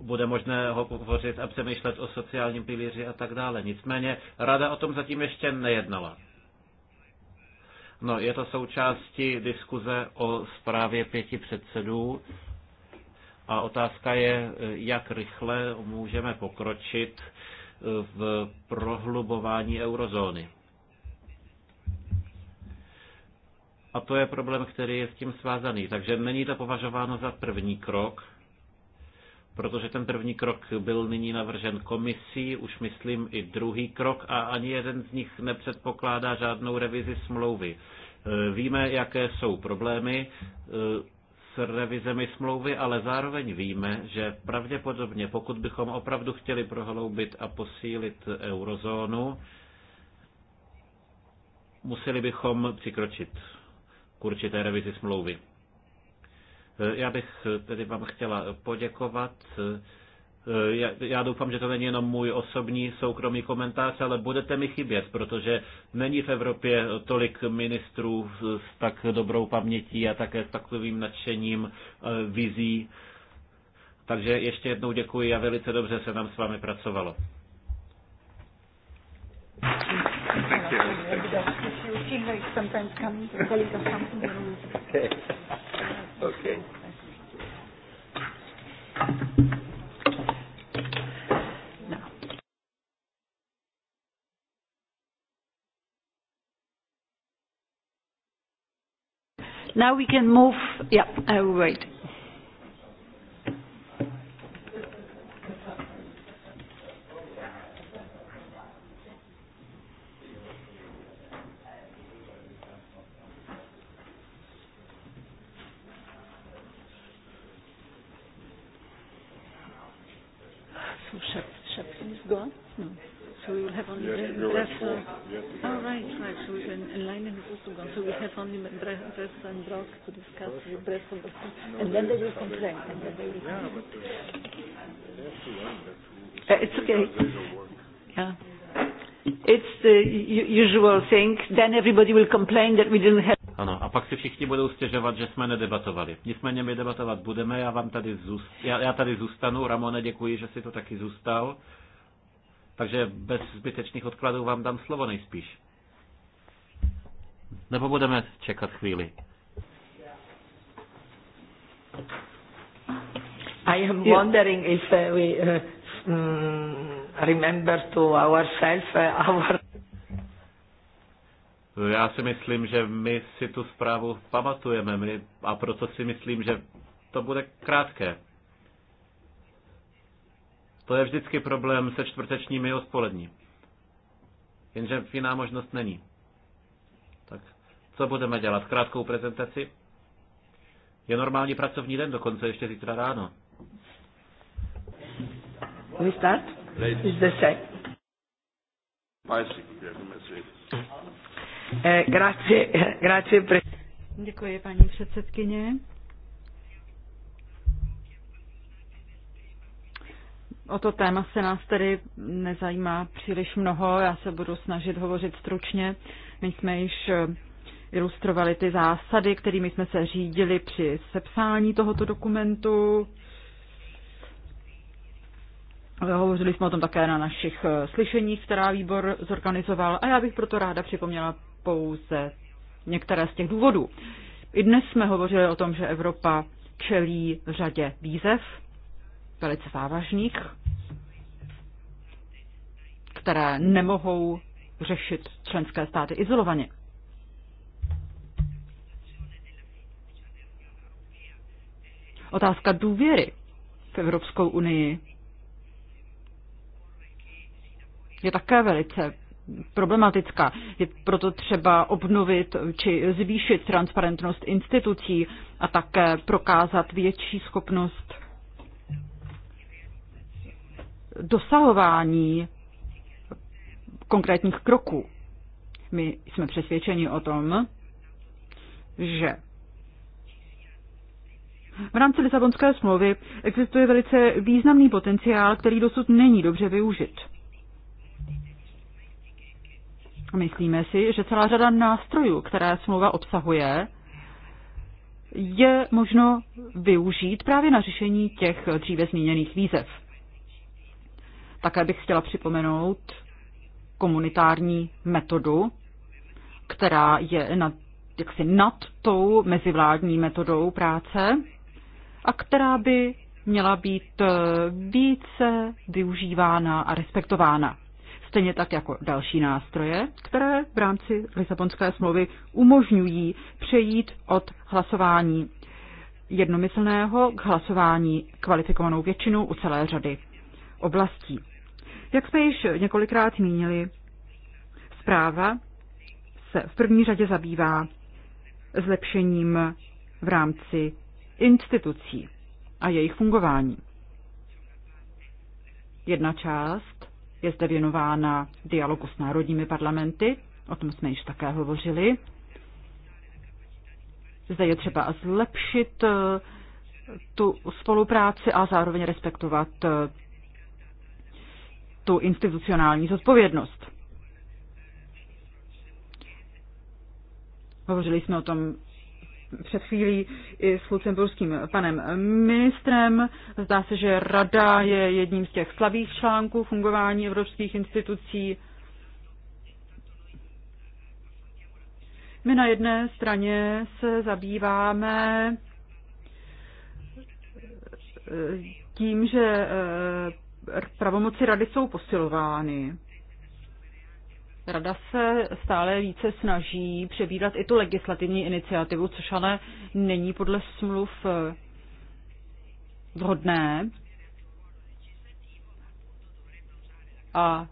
bude možné ho pohořit a přemýšlet o sociálním pilíři a tak dále. Nicméně rada o tom zatím ještě nejednala. No, je to součástí diskuze o zprávě pěti předsedů a otázka je, jak rychle můžeme pokročit v prohlubování eurozóny. a to je problém, který je s tím svázaný. Takže není to považováno za první krok, protože ten první krok byl nyní navržen komisí, už myslím i druhý krok a ani jeden z nich nepředpokládá žádnou revizi smlouvy. E, víme, jaké jsou problémy e, s revizemi smlouvy, ale zároveň víme, že pravděpodobně, pokud bychom opravdu chtěli prohloubit a posílit eurozónu, museli bychom přikročit k určité revizi smlouvy. Eh, já bych eh, tedy vám chtěla poděkovat. Eh, já, já doufám, že to není jenom můj osobní soukromý komentář, ale budete mi chybět, protože není v Evropě tolik ministrů s tak dobrou pamětí a také s takovým nadšením vizí. Takže ještě jednou děkuji a velice dobře se nám s vámi pracovalo. Thank you. Thank you feel like sometimes coming to colleagues or something. okay. Okay. Now we can move. Yeah, I will wait. to discuss with the rest of the and then they will complain. And then they will yeah, but uh, they have to learn that. Uh, it's okay. Yeah. It's the usual thing. Then everybody will complain that we didn't have ano, a pak si všichni budou stěžovat, že jsme nedebatovali. Nicméně my debatovat budeme, já vám tady, zůst, já, já tady zůstanu. Ramone, děkuji, že jsi to taky zůstal. Takže bez zbytečných odkladů vám dám slovo nejspíš. Nebo budeme čekat chvíli. I am yeah. wondering if uh, we uh, mm, remember to ourselves uh, [laughs] our. Já si myslím, že my si tu zprávu pamatujeme my, a proto si myslím, že to bude krátké. To je vždycky problém se čtvrtečními odpolední. Jenže jiná možnost není. Tak co budeme dělat? Krátkou prezentaci? Je normální pracovní den, dokonce ještě zítra ráno. We start? Ladies. It's the same. Eh, eh, Děkuji, paní předsedkyně. O to téma se nás tedy nezajímá příliš mnoho, já se budu snažit hovořit stručně. My jsme již eh, ilustrovali ty zásady, kterými jsme se řídili při sepsání tohoto dokumentu. Hovořili jsme o tom také na našich eh, slyšeních, která výbor zorganizoval a já bych proto ráda připomněla pouze některé z těch důvodů. I dnes jsme hovořili o tom, že Evropa čelí řadě výzev, velice závažných, které nemohou řešit členské státy izolovaně. Otázka důvěry v Evropskou unii je také velice problematická. Je proto třeba obnovit či zvýšit transparentnost institucí a také prokázat větší schopnost dosahování konkrétních kroků. My jsme přesvědčeni o tom, že v rámci Lisabonské smlouvy existuje velice významný potenciál, který dosud není dobře využit myslíme si, že celá řada nástrojů, které smlouva obsahuje, je možno využít právě na řešení těch dříve zmíněných výzev. Také bych chtěla připomenout komunitární metodu, která je nad, jaksi nad tou mezivládní metodou práce a která by měla být více využívána a respektována stejně tak jako další nástroje, které v rámci Lisabonské smlouvy umožňují přejít od hlasování jednomyslného k hlasování kvalifikovanou většinou u celé řady oblastí. Jak jsme již několikrát zmínili, zpráva se v první řadě zabývá zlepšením v rámci institucí a jejich fungování. Jedna část je zde věnována dialogu s národními parlamenty, o tom jsme již také hovořili. Zde je třeba zlepšit eh, tu spolupráci a zároveň respektovat eh, tu institucionální zodpovědnost. Hovořili jsme o tom před chvílí i s lucemburským panem ministrem. Zdá se, že rada je jedním z těch slabých článků fungování evropských institucí. My na jedné straně se zabýváme eh, tím, že eh, pravomoci rady jsou posilovány. Rada se stále více snaží přebírat i tu legislativní iniciativu, což ale není podle smluv eh, vhodné. A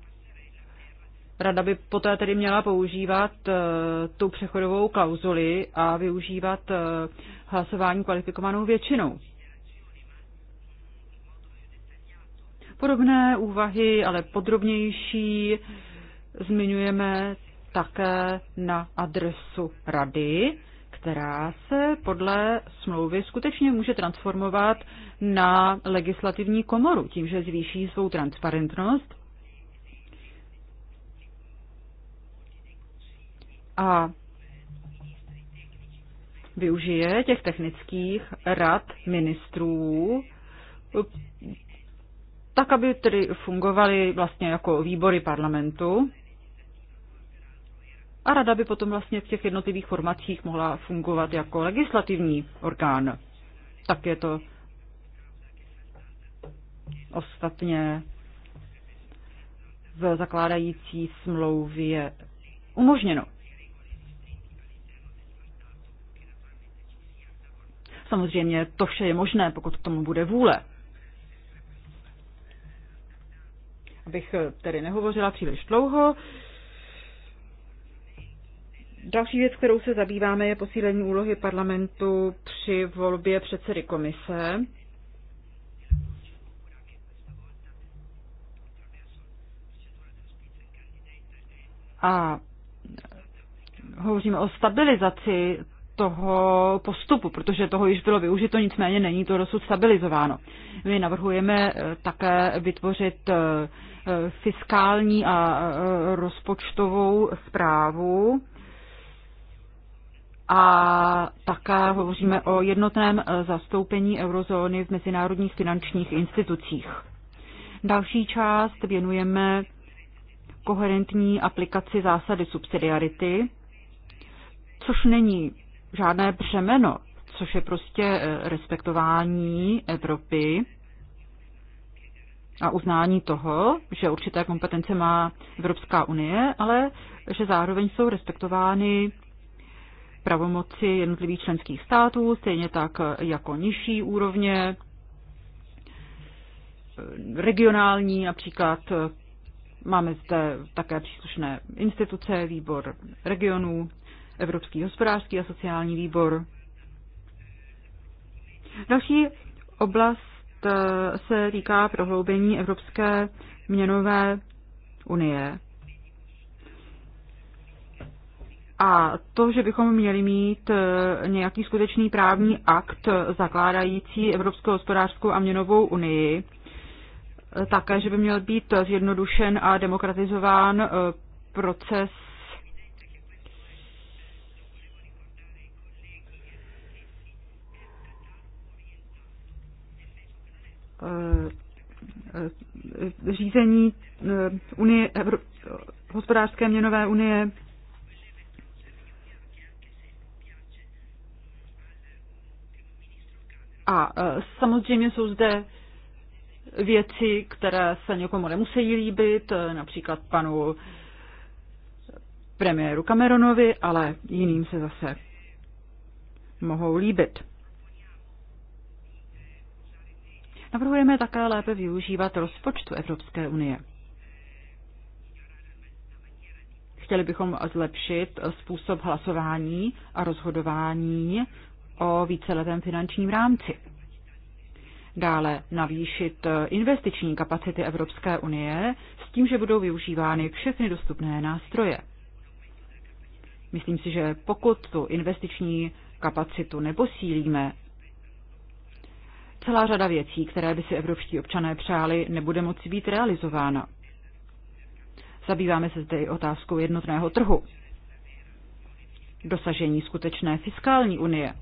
Rada by poté tedy měla používat eh, tu přechodovou klauzuli a využívat eh, hlasování kvalifikovanou většinou. Podobné úvahy, ale podrobnější, zmiňujeme také na adresu rady, která se podle smlouvy skutečně může transformovat na legislativní komoru tím, že zvýší svou transparentnost. A využije těch technických rad ministrů tak, aby tedy fungovaly vlastně jako výbory parlamentu a rada by potom vlastně v těch jednotlivých formacích mohla fungovat jako legislativní orgán. Tak je to ostatně v zakládající smlouvě umožněno. Samozřejmě to vše je možné, pokud k tomu bude vůle. Abych tedy nehovořila příliš dlouho, Další věc, kterou se zabýváme, je posílení úlohy parlamentu při volbě předsedy komise. A hovoříme o stabilizaci toho postupu, protože toho již bylo využito, nicméně není to dosud stabilizováno. My navrhujeme eh, také vytvořit eh, eh, fiskální a rozpočtovou zprávu a také hovoříme o jednotném eh, zastoupení eurozóny v mezinárodních finančních institucích. Další část věnujeme koherentní aplikaci zásady subsidiarity, což není žádné břemeno, což je prostě eh, respektování Evropy a uznání toho, že určité kompetence má Evropská unie, ale že zároveň jsou respektovány pravomoci jednotlivých členských států, stejně tak jako nižší úrovně, regionální, například máme zde také příslušné instituce, výbor regionů, Evropský hospodářský a sociální výbor. Další oblast eh, se týká prohloubení Evropské měnové unie. A to, že bychom měli mít e, nějaký skutečný právní akt zakládající Evropskou hospodářskou a měnovou unii, e, také, že by měl být zjednodušen a demokratizován e, proces řízení unie, hospodářské měnové unie A e, samozřejmě jsou zde věci, které se někomu nemusí líbit, e, například panu premiéru Cameronovi, ale jiným se zase mohou líbit. Navrhujeme také lépe využívat rozpočtu Evropské unie. Chtěli bychom zlepšit způsob hlasování a rozhodování o víceletém finančním rámci. Dále navýšit investiční kapacity Evropské unie s tím, že budou využívány všechny dostupné nástroje. Myslím si, že pokud tu investiční kapacitu neposílíme, celá řada věcí, které by si evropští občané přáli, nebude moci být realizována. Zabýváme se zde i otázkou jednotného trhu, dosažení skutečné fiskální unie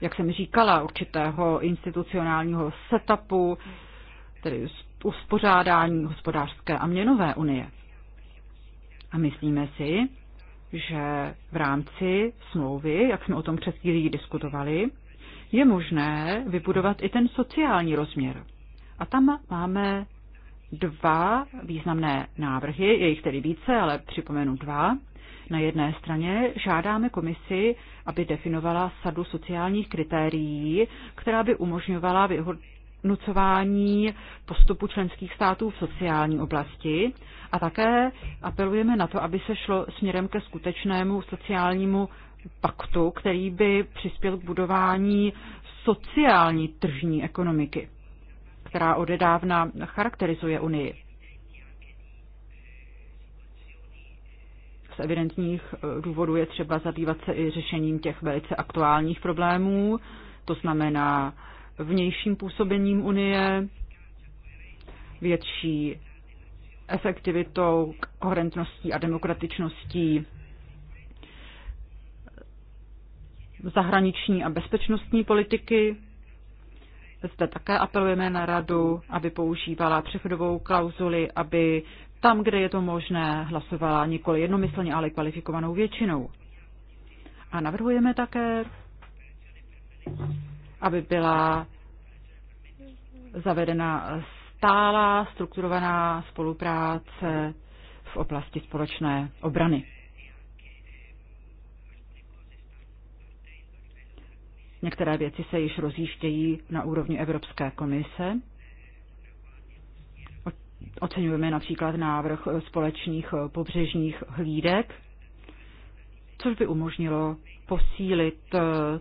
jak jsem říkala, určitého institucionálního setupu, tedy uspořádání hospodářské a měnové unie. A myslíme si, že v rámci smlouvy, jak jsme o tom před chvílí diskutovali, je možné vybudovat i ten sociální rozměr. A tam máme dva významné návrhy, je jich tedy více, ale připomenu dva. Na jedné straně žádáme komisi, aby definovala sadu sociálních kritérií, která by umožňovala vyhodnocování postupu členských států v sociální oblasti a také apelujeme na to, aby se šlo směrem ke skutečnému sociálnímu paktu, který by přispěl k budování sociální tržní ekonomiky, která odedávna charakterizuje Unii. z evidentních eh, důvodů je třeba zabývat se i řešením těch velice aktuálních problémů, to znamená vnějším působením Unie, větší efektivitou, koherentností a demokratičností zahraniční a bezpečnostní politiky. Zde také apelujeme na radu, aby používala přechodovou klauzuli, aby tam, kde je to možné, hlasovala nikoli jednomyslně, ale kvalifikovanou většinou. A navrhujeme také, aby byla zavedena stálá strukturovaná spolupráce v oblasti společné obrany. Některé věci se již rozjíždějí na úrovni Evropské komise. Oceňujeme například návrh eh, společných eh, pobřežních hlídek, což by umožnilo posílit eh,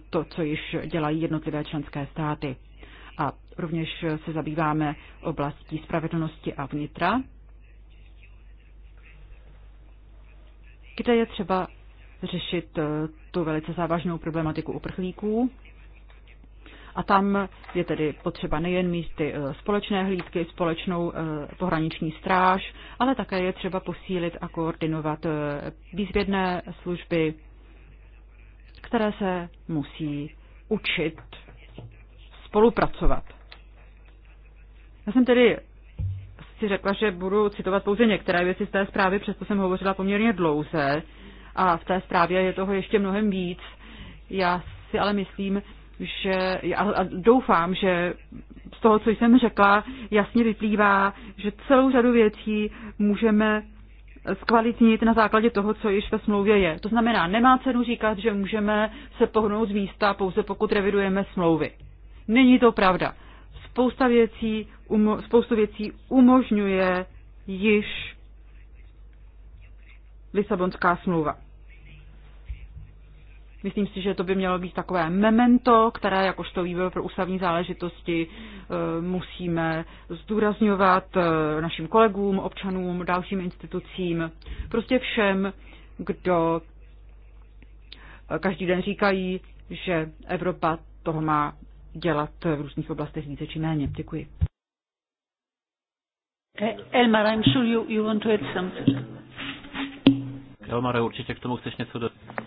to, co již dělají jednotlivé členské státy. A rovněž se zabýváme oblastí spravedlnosti a vnitra, kde je třeba řešit tu velice závažnou problematiku uprchlíků a tam je tedy potřeba nejen mít ty eh, společné hlídky, společnou eh, pohraniční stráž, ale také je třeba posílit a koordinovat eh, výzvědné služby, které se musí učit spolupracovat. Já jsem tedy si řekla, že budu citovat pouze některé věci z té zprávy, přesto jsem hovořila poměrně dlouze a v té zprávě je toho ještě mnohem víc. Já si ale myslím, že, a doufám, že z toho, co jsem řekla, jasně vyplývá, že celou řadu věcí můžeme zkvalitnit na základě toho, co již ve smlouvě je. To znamená, nemá cenu říkat, že můžeme se pohnout z místa pouze pokud revidujeme smlouvy. Není to pravda. Spousta věcí, umo, spoustu věcí umožňuje již Lisabonská smlouva. Myslím si, že to by mělo být takové memento, které jakožto výbor pro ústavní záležitosti e, musíme zdůrazňovat e, našim kolegům, občanům, dalším institucím, prostě všem, kdo e, každý den říkají, že Evropa toho má dělat v různých oblastech více či méně. Děkuji. Eh, Elmar, I'm sure you, you want to add something. Elmar, určitě k tomu chceš něco dodat.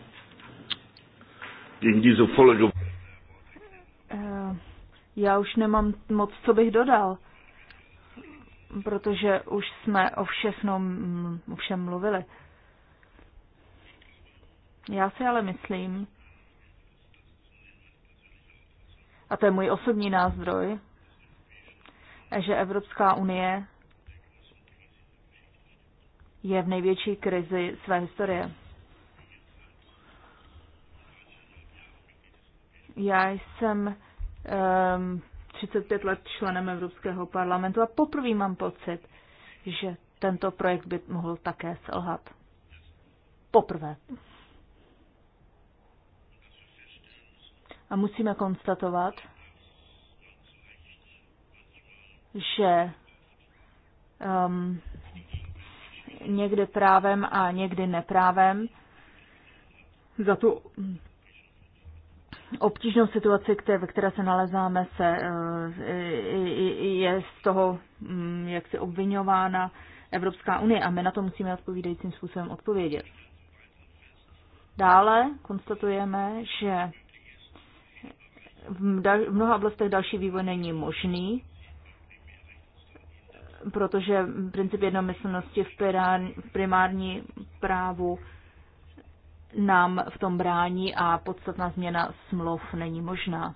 Eh, já už nemám moc, co bych dodal, protože už jsme o všechno, mm, o všem mluvili. Já si ale myslím, a to je můj osobní názdroj, že Evropská unie je v největší krizi své historie. Já jsem um, ehm, 35 let členem Evropského parlamentu a poprvé mám pocit, že tento projekt by mohl také selhat. Poprvé. A musíme konstatovat, že um, někdy právem a někdy neprávem za tu obtížnou situaci, které, ve které se nalezáme, se, eh, je z toho mm, jak obvinována Evropská unie a my na to musíme odpovídajícím způsobem odpovědět. Dále konstatujeme, že v mnoha oblastech další vývoj není možný, protože princip jednomyslnosti v primární právu nám v tom brání a podstatná změna smluv není možná.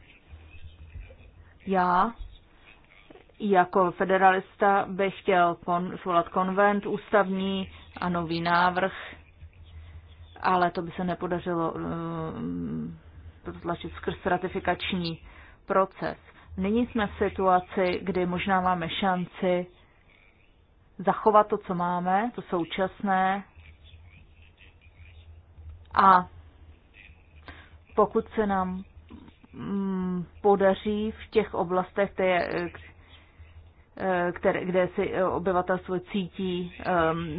Já jako federalista bych chtěl kon, svolat konvent ústavní a nový návrh, ale to by se nepodařilo um, tlačit skrz ratifikační proces. Nyní jsme v situaci, kdy možná máme šanci zachovat to, co máme, to současné, a pokud se nám mm, podaří v těch oblastech, které, eh, které, kde si eh, obyvatelstvo cítí eh,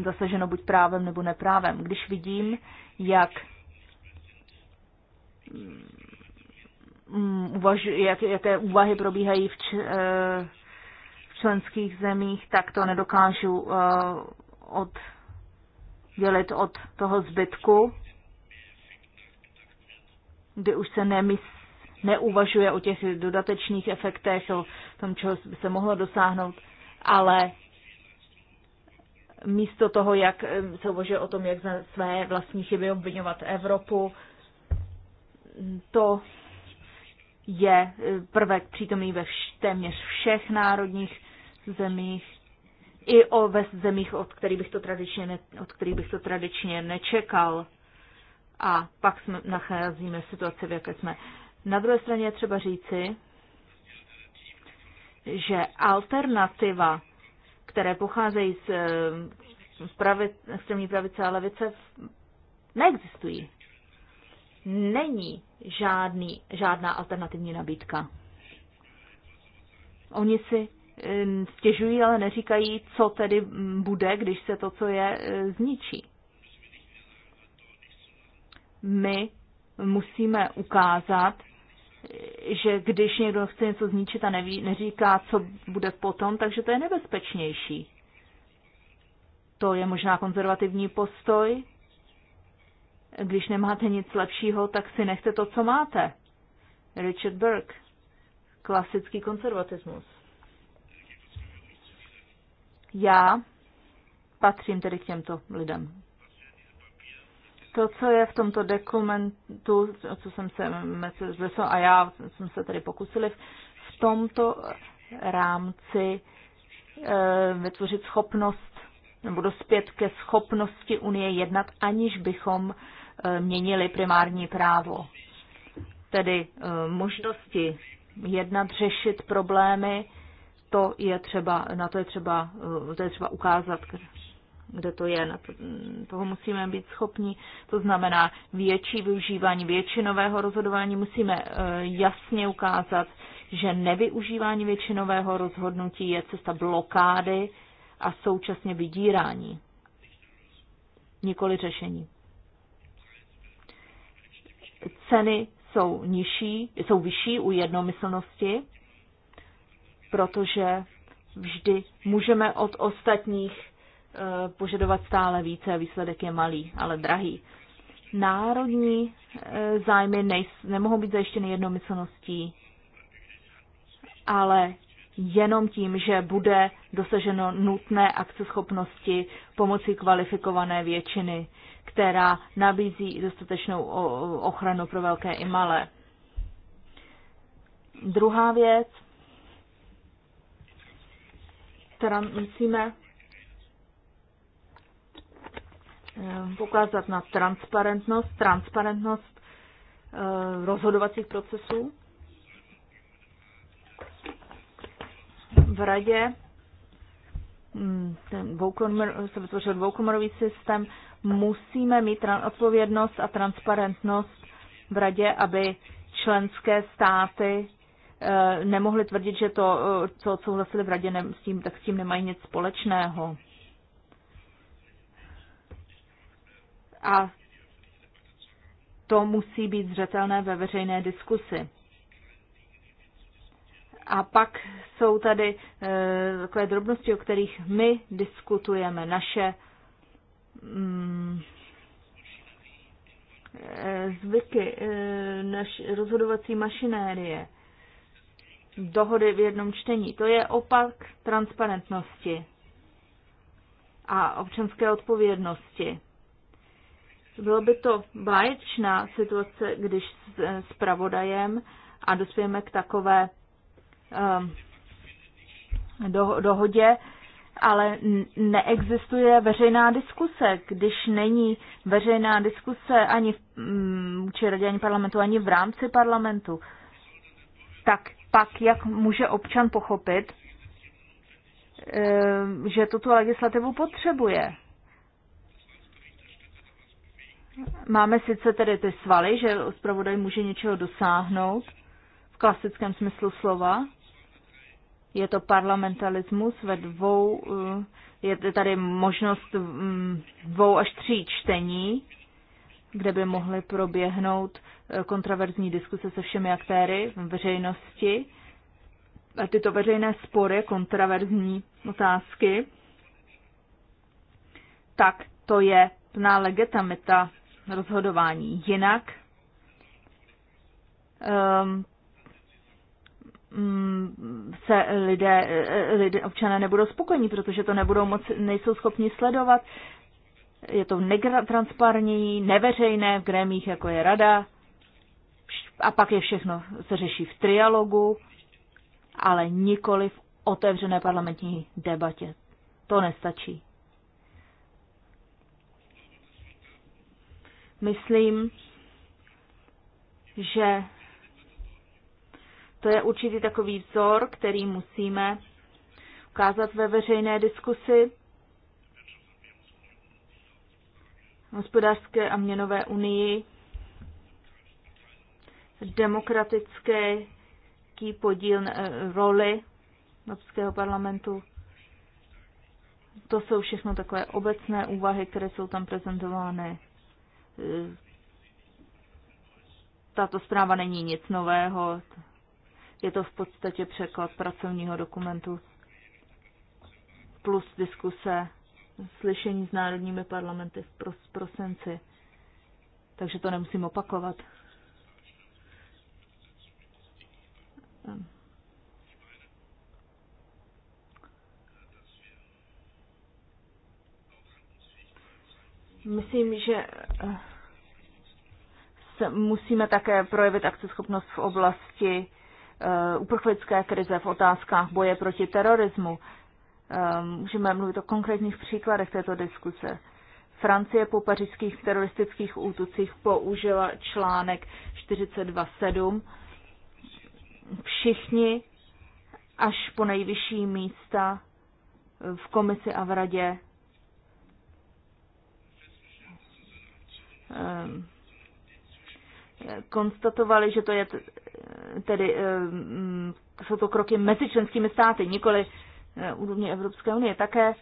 zasaženo buď právem nebo neprávem. Když vidím, jak mm, uvaž, jak, jaké úvahy probíhají v, č, v členských zemích, tak to nedokážu uh, oddělit od toho zbytku kdy už se nemys, neuvažuje o těch dodatečných efektech, o tom, čeho by se mohlo dosáhnout, ale místo toho, jak eh, se uvažuje o tom, jak za své vlastní chyby obvinovat Evropu, to je eh, prvek přítomný ve vš- téměř všech národních zemích, i o ve zemích, od kterých bych to tradičně, ne- od kterých bych to tradičně nečekal a pak jsme, nacházíme v situaci, v jaké jsme. Na druhé straně je třeba říci, že alternativa, které pocházejí z eh, extrémní pravice a levice, neexistují. Není žádný, žádná alternativní nabídka. Oni si eh, stěžují, ale neříkají, co tedy bude, když se to, co je, eh, zničí my musíme ukázat, že když někdo chce něco zničit a neví, neříká, co bude potom, takže to je nebezpečnější. To je možná konzervativní postoj. Když nemáte nic lepšího, tak si nechte to, co máte. Richard Burke. Klasický konzervatismus. Já patřím tedy k těmto lidem. To, co je v tomto dokumentu, co jsem se Mercedes a já jsem se tady pokusili v tomto rámci eh, vytvořit schopnost nebo dospět ke schopnosti Unie jednat, aniž bychom eh, měnili primární právo. Tedy eh, možnosti jednat, řešit problémy, to je třeba, na to je třeba, to je třeba ukázat kde to je. Mm, toho musíme být schopni, to znamená větší využívání většinového rozhodování. Musíme eh, jasně ukázat, že nevyužívání většinového rozhodnutí je cesta blokády a současně vydírání, nikoli řešení. Ceny jsou nižší, jsou vyšší u jednomyslnosti, protože vždy můžeme od ostatních Eh, požadovat stále více a výsledek je malý, ale drahý. Národní eh, zájmy nejs nemohou být zajištěny jednomyslností, ale jenom tím, že bude dosaženo nutné akceschopnosti pomocí kvalifikované většiny, která nabízí dostatečnou ochranu pro velké i malé. Druhá věc, která musíme Eh, poukázat na transparentnost, transparentnost eh, rozhodovacích procesů v radě. Hm, ten dvoukomor, se vytvořil dvoukomorový systém. Musíme mít odpovědnost a transparentnost v radě, aby členské státy eh, nemohli tvrdit, že to, co odsouhlasili v radě, s tím, tak s tím nemají nic společného. A to musí být zřetelné ve veřejné diskusi. A pak jsou tady e, takové drobnosti, o kterých my diskutujeme, naše mm, eh, zvyky, e, naš, rozhodovací mašinérie, dohody v jednom čtení. To je opak transparentnosti a občanské odpovědnosti. Bylo by to báječná situace, když s eh, pravodajem a dospějeme k takové um, ehm, do, dohodě, ale neexistuje veřejná diskuse. Když není veřejná diskuse ani v um, či radě, ani parlamentu, ani v rámci parlamentu, tak pak jak může občan pochopit, um, že tuto legislativu potřebuje? Máme sice tedy ty svaly, že zpravodaj může něčeho dosáhnout v klasickém smyslu slova. Je to parlamentalismus ve dvou, eh, je tady možnost mm, dvou až tří čtení, kde by mohly proběhnout eh, kontroverzní diskuse se všemi aktéry v veřejnosti. A tyto veřejné spory, kontroverzní otázky, tak to je plná legitimita rozhodování. Jinak um, se lidé, eh, lidé, občané nebudou spokojení, protože to nebudou moc, nejsou schopni sledovat. Je to netransparentní, neveřejné v grémích, jako je rada. A pak je všechno, se řeší v trialogu, ale nikoli v otevřené parlamentní debatě. To nestačí. Myslím, že to je určitý takový vzor, který musíme ukázat ve veřejné diskusi hospodářské a měnové unii, demokratické podíl eh, roli Evropského parlamentu. To jsou všechno takové obecné úvahy, které jsou tam prezentovány tato zpráva není nic nového, je to v podstatě překlad pracovního dokumentu plus diskuse, slyšení s národními parlamenty v pros, prosinci. Takže to nemusím opakovat. Myslím, že eh, musíme také projevit akceschopnost v oblasti eh, uprchlické krize, v otázkách boje proti terorismu. Eh, můžeme mluvit o konkrétních příkladech této diskuse. Francie po pařížských teroristických útocích použila článek 42.7. Všichni až po nejvyšší místa v komisi a v radě Ehm, konstatovali, že to je tedy, ehm, jsou to kroky mezi členskými státy, nikoli eh, úrovně Evropské unie. Také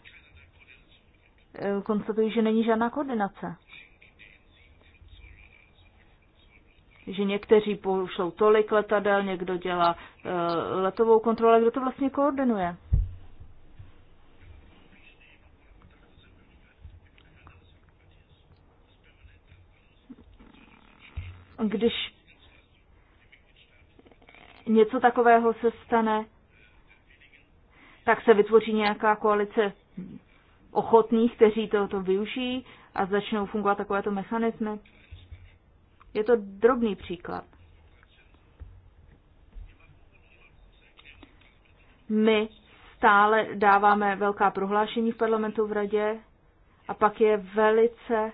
eh, konstatují, že není žádná koordinace. Že někteří pošlou tolik letadel, někdo dělá eh, letovou kontrolu, kdo to vlastně koordinuje. když něco takového se stane, tak se vytvoří nějaká koalice ochotných, kteří to, to využijí a začnou fungovat takovéto mechanismy. Je to drobný příklad. My stále dáváme velká prohlášení v parlamentu v radě a pak je velice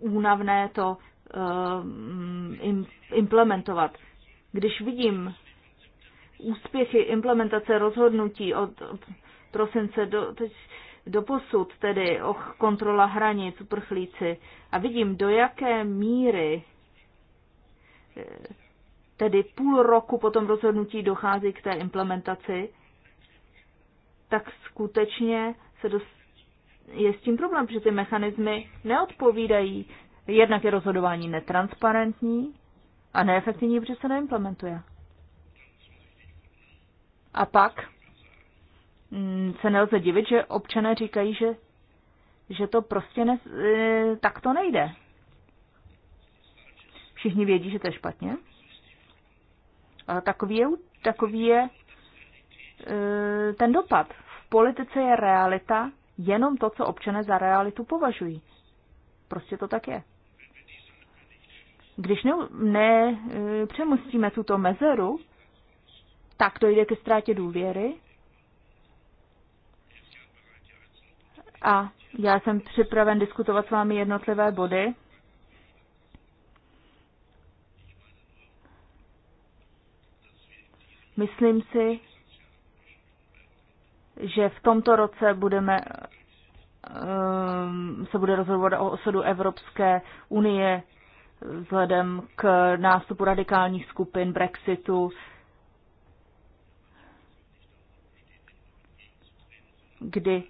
únavné to Eh, implementovat. Když vidím úspěchy implementace rozhodnutí od prosince do, teď, do posud, tedy och, kontrola hranic, uprchlíci, a vidím, do jaké míry eh, tedy půl roku po tom rozhodnutí dochází k té implementaci, tak skutečně se dost, je s tím problém, protože ty mechanismy neodpovídají Jednak je rozhodování netransparentní a neefektivní, protože se neimplementuje. A pak mm, se nelze divit, že občané říkají, že, že to prostě ne, e, tak to nejde. Všichni vědí, že to je špatně. A takový je, takový je e, ten dopad. V politice je realita jenom to, co občané za realitu považují. Prostě to tak je. Když nepřemostíme ne, ne eh, tuto mezeru, tak to jde ke ztrátě důvěry. A já jsem připraven diskutovat s vámi jednotlivé body. Myslím si, že v tomto roce budeme, eh, se bude rozhodovat o osudu Evropské unie vzhledem k nástupu radikálních skupin, Brexitu, kdy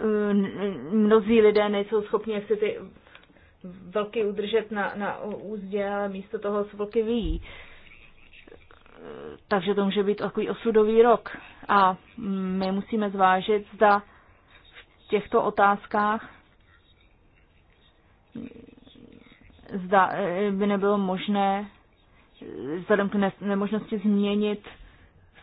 eh, mnozí lidé nejsou schopni se ty vlky udržet na, na úzdě, ale místo toho se vlky vyjí. Eh, takže to může být takový osudový rok. A my musíme zvážit, zda v těchto otázkách zda eh, by nebylo možné, vzhledem k ne nemožnosti změnit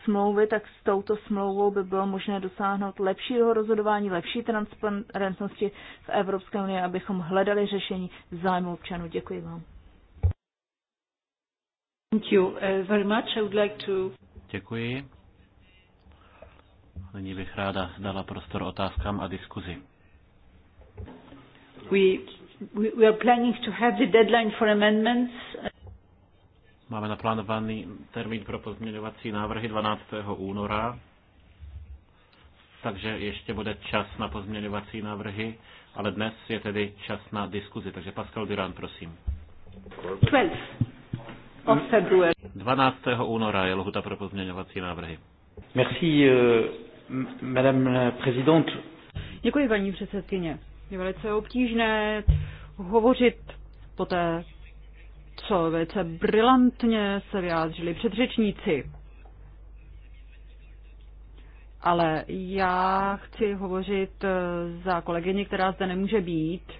smlouvy, tak s touto smlouvou by bylo možné dosáhnout lepšího rozhodování, lepší transparentnosti v Evropské unii, abychom hledali řešení zájmu občanů. Děkuji vám. Eh, Děkuji. Nyní bych ráda dala prostor otázkám a diskuzi. We We are planning to have the deadline for amendments. Máme naplánovaný termín pro pozměňovací návrhy 12. února, takže ještě bude čas na pozměňovací návrhy, ale dnes je tedy čas na diskuzi. Takže Pascal Durán, prosím. 12. 12. února je lhuta pro pozměňovací návrhy. Merci, euh, madame présidente. Děkuji, paní předsedkyně. Je velice obtížné hovořit po té, co velice brilantně se vyjádřili předřečníci. Ale já chci hovořit za kolegyni, která zde nemůže být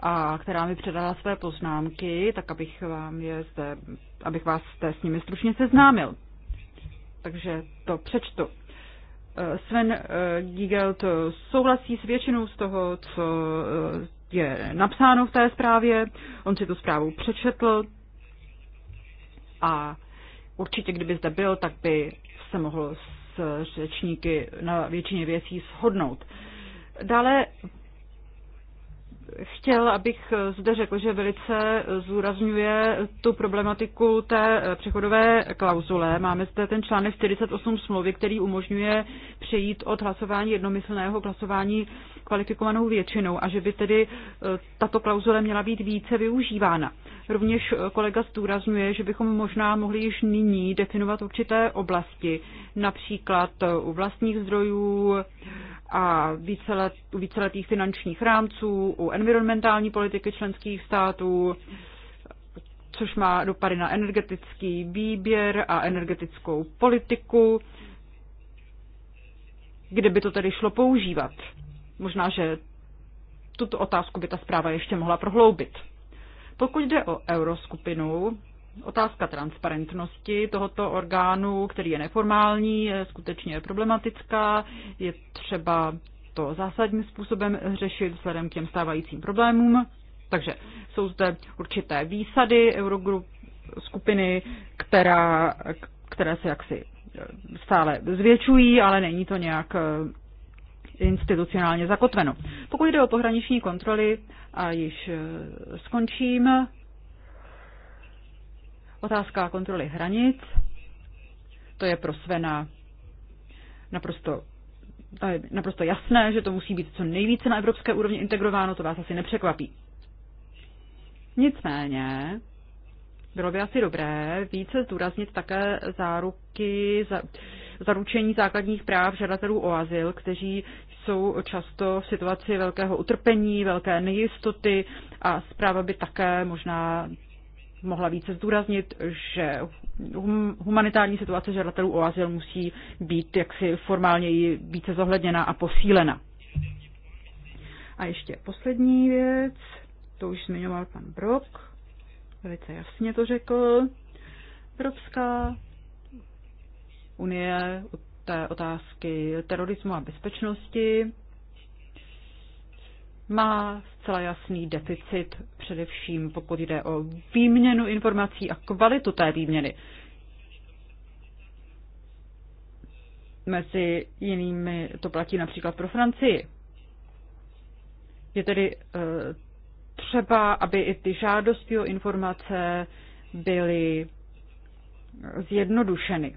a která mi předala své poznámky, tak abych, vám je zde, abych vás zde s nimi stručně seznámil. Takže to přečtu. Eh, Sven eh, Giegelt souhlasí s většinou z toho, co eh, je napsáno v té zprávě. On si tu zprávu přečetl a určitě, kdyby zde byl, tak by se mohl s řečníky na většině věcí shodnout. Dále chtěl, abych zde řekl, že velice zúrazňuje tu problematiku té přechodové klauzule. Máme zde ten článek 48 smlouvy, který umožňuje přejít od hlasování jednomyslného k hlasování kvalifikovanou většinou a že by tedy eh, tato klauzule měla být více využívána. Rovněž eh, kolega zdůrazňuje, že bychom možná mohli již nyní definovat určité oblasti, například eh, u vlastních zdrojů, a u víceletých finančních rámců, u environmentální politiky členských států, což má dopady na energetický výběr a energetickou politiku, kde by to tedy šlo používat. Možná, že tuto otázku by ta zpráva ještě mohla prohloubit. Pokud jde o euroskupinu, Otázka transparentnosti tohoto orgánu, který je neformální, je skutečně problematická. Je třeba to zásadním způsobem řešit vzhledem k těm stávajícím problémům. Takže jsou zde určité výsady Eurogroup skupiny, která, které se jaksi e, stále zvětšují, ale není to nějak e, institucionálně zakotveno. Pokud jde o pohraniční kontroly, a již e, skončím, Otázka kontroly hranic, to je pro Svena naprosto, naprosto jasné, že to musí být co nejvíce na evropské úrovni integrováno, to vás asi nepřekvapí. Nicméně, bylo by asi dobré více zdůraznit také záruky, za, zaručení základních práv žadatelů o azyl, kteří jsou často v situaci velkého utrpení, velké nejistoty a zpráva by také možná mohla více zdůraznit, že humanitární situace žadatelů o azyl musí být jaksi formálně více zohledněna a posílena. A ještě poslední věc, to už zmiňoval pan Brok, velice jasně to řekl. Evropská unie té otázky terorismu a bezpečnosti má zcela jasný deficit, především pokud jde o výměnu informací a kvalitu té výměny. Mezi jinými to platí například pro Francii. Je tedy eh, třeba, aby i ty žádosti o informace byly eh, zjednodušeny.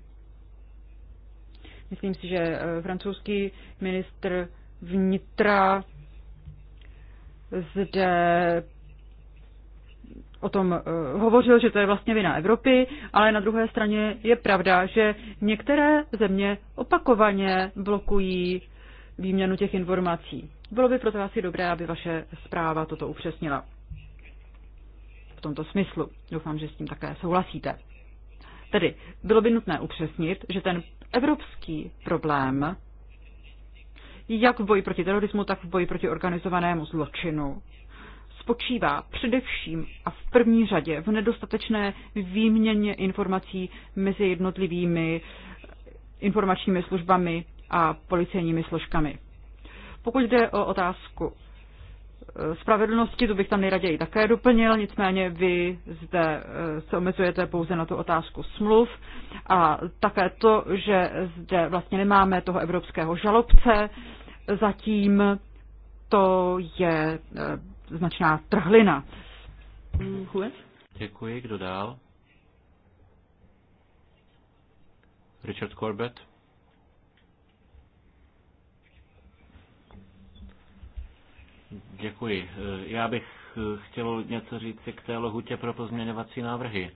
Myslím si, že eh, francouzský ministr vnitra zde o tom eh, hovořil, že to je vlastně vina Evropy, ale na druhé straně je pravda, že některé země opakovaně blokují výměnu těch informací. Bylo by proto asi dobré, aby vaše zpráva toto upřesnila. V tomto smyslu. Doufám, že s tím také souhlasíte. Tedy bylo by nutné upřesnit, že ten evropský problém jak v boji proti terorismu, tak v boji proti organizovanému zločinu spočívá především a v první řadě v nedostatečné výměně informací mezi jednotlivými eh, informačními službami a policejními složkami. Pokud jde o otázku Eh, spravedlnosti, to bych tam nejraději také doplnil, nicméně vy zde eh, se omezujete pouze na tu otázku smluv a také to, že zde vlastně nemáme toho evropského žalobce, zatím to je eh, značná trhlina. Děkuji, kdo dál? Richard Corbett. Děkuji. Já bych eh, chtěl něco říct k té lohutě pro pozměňovací návrhy.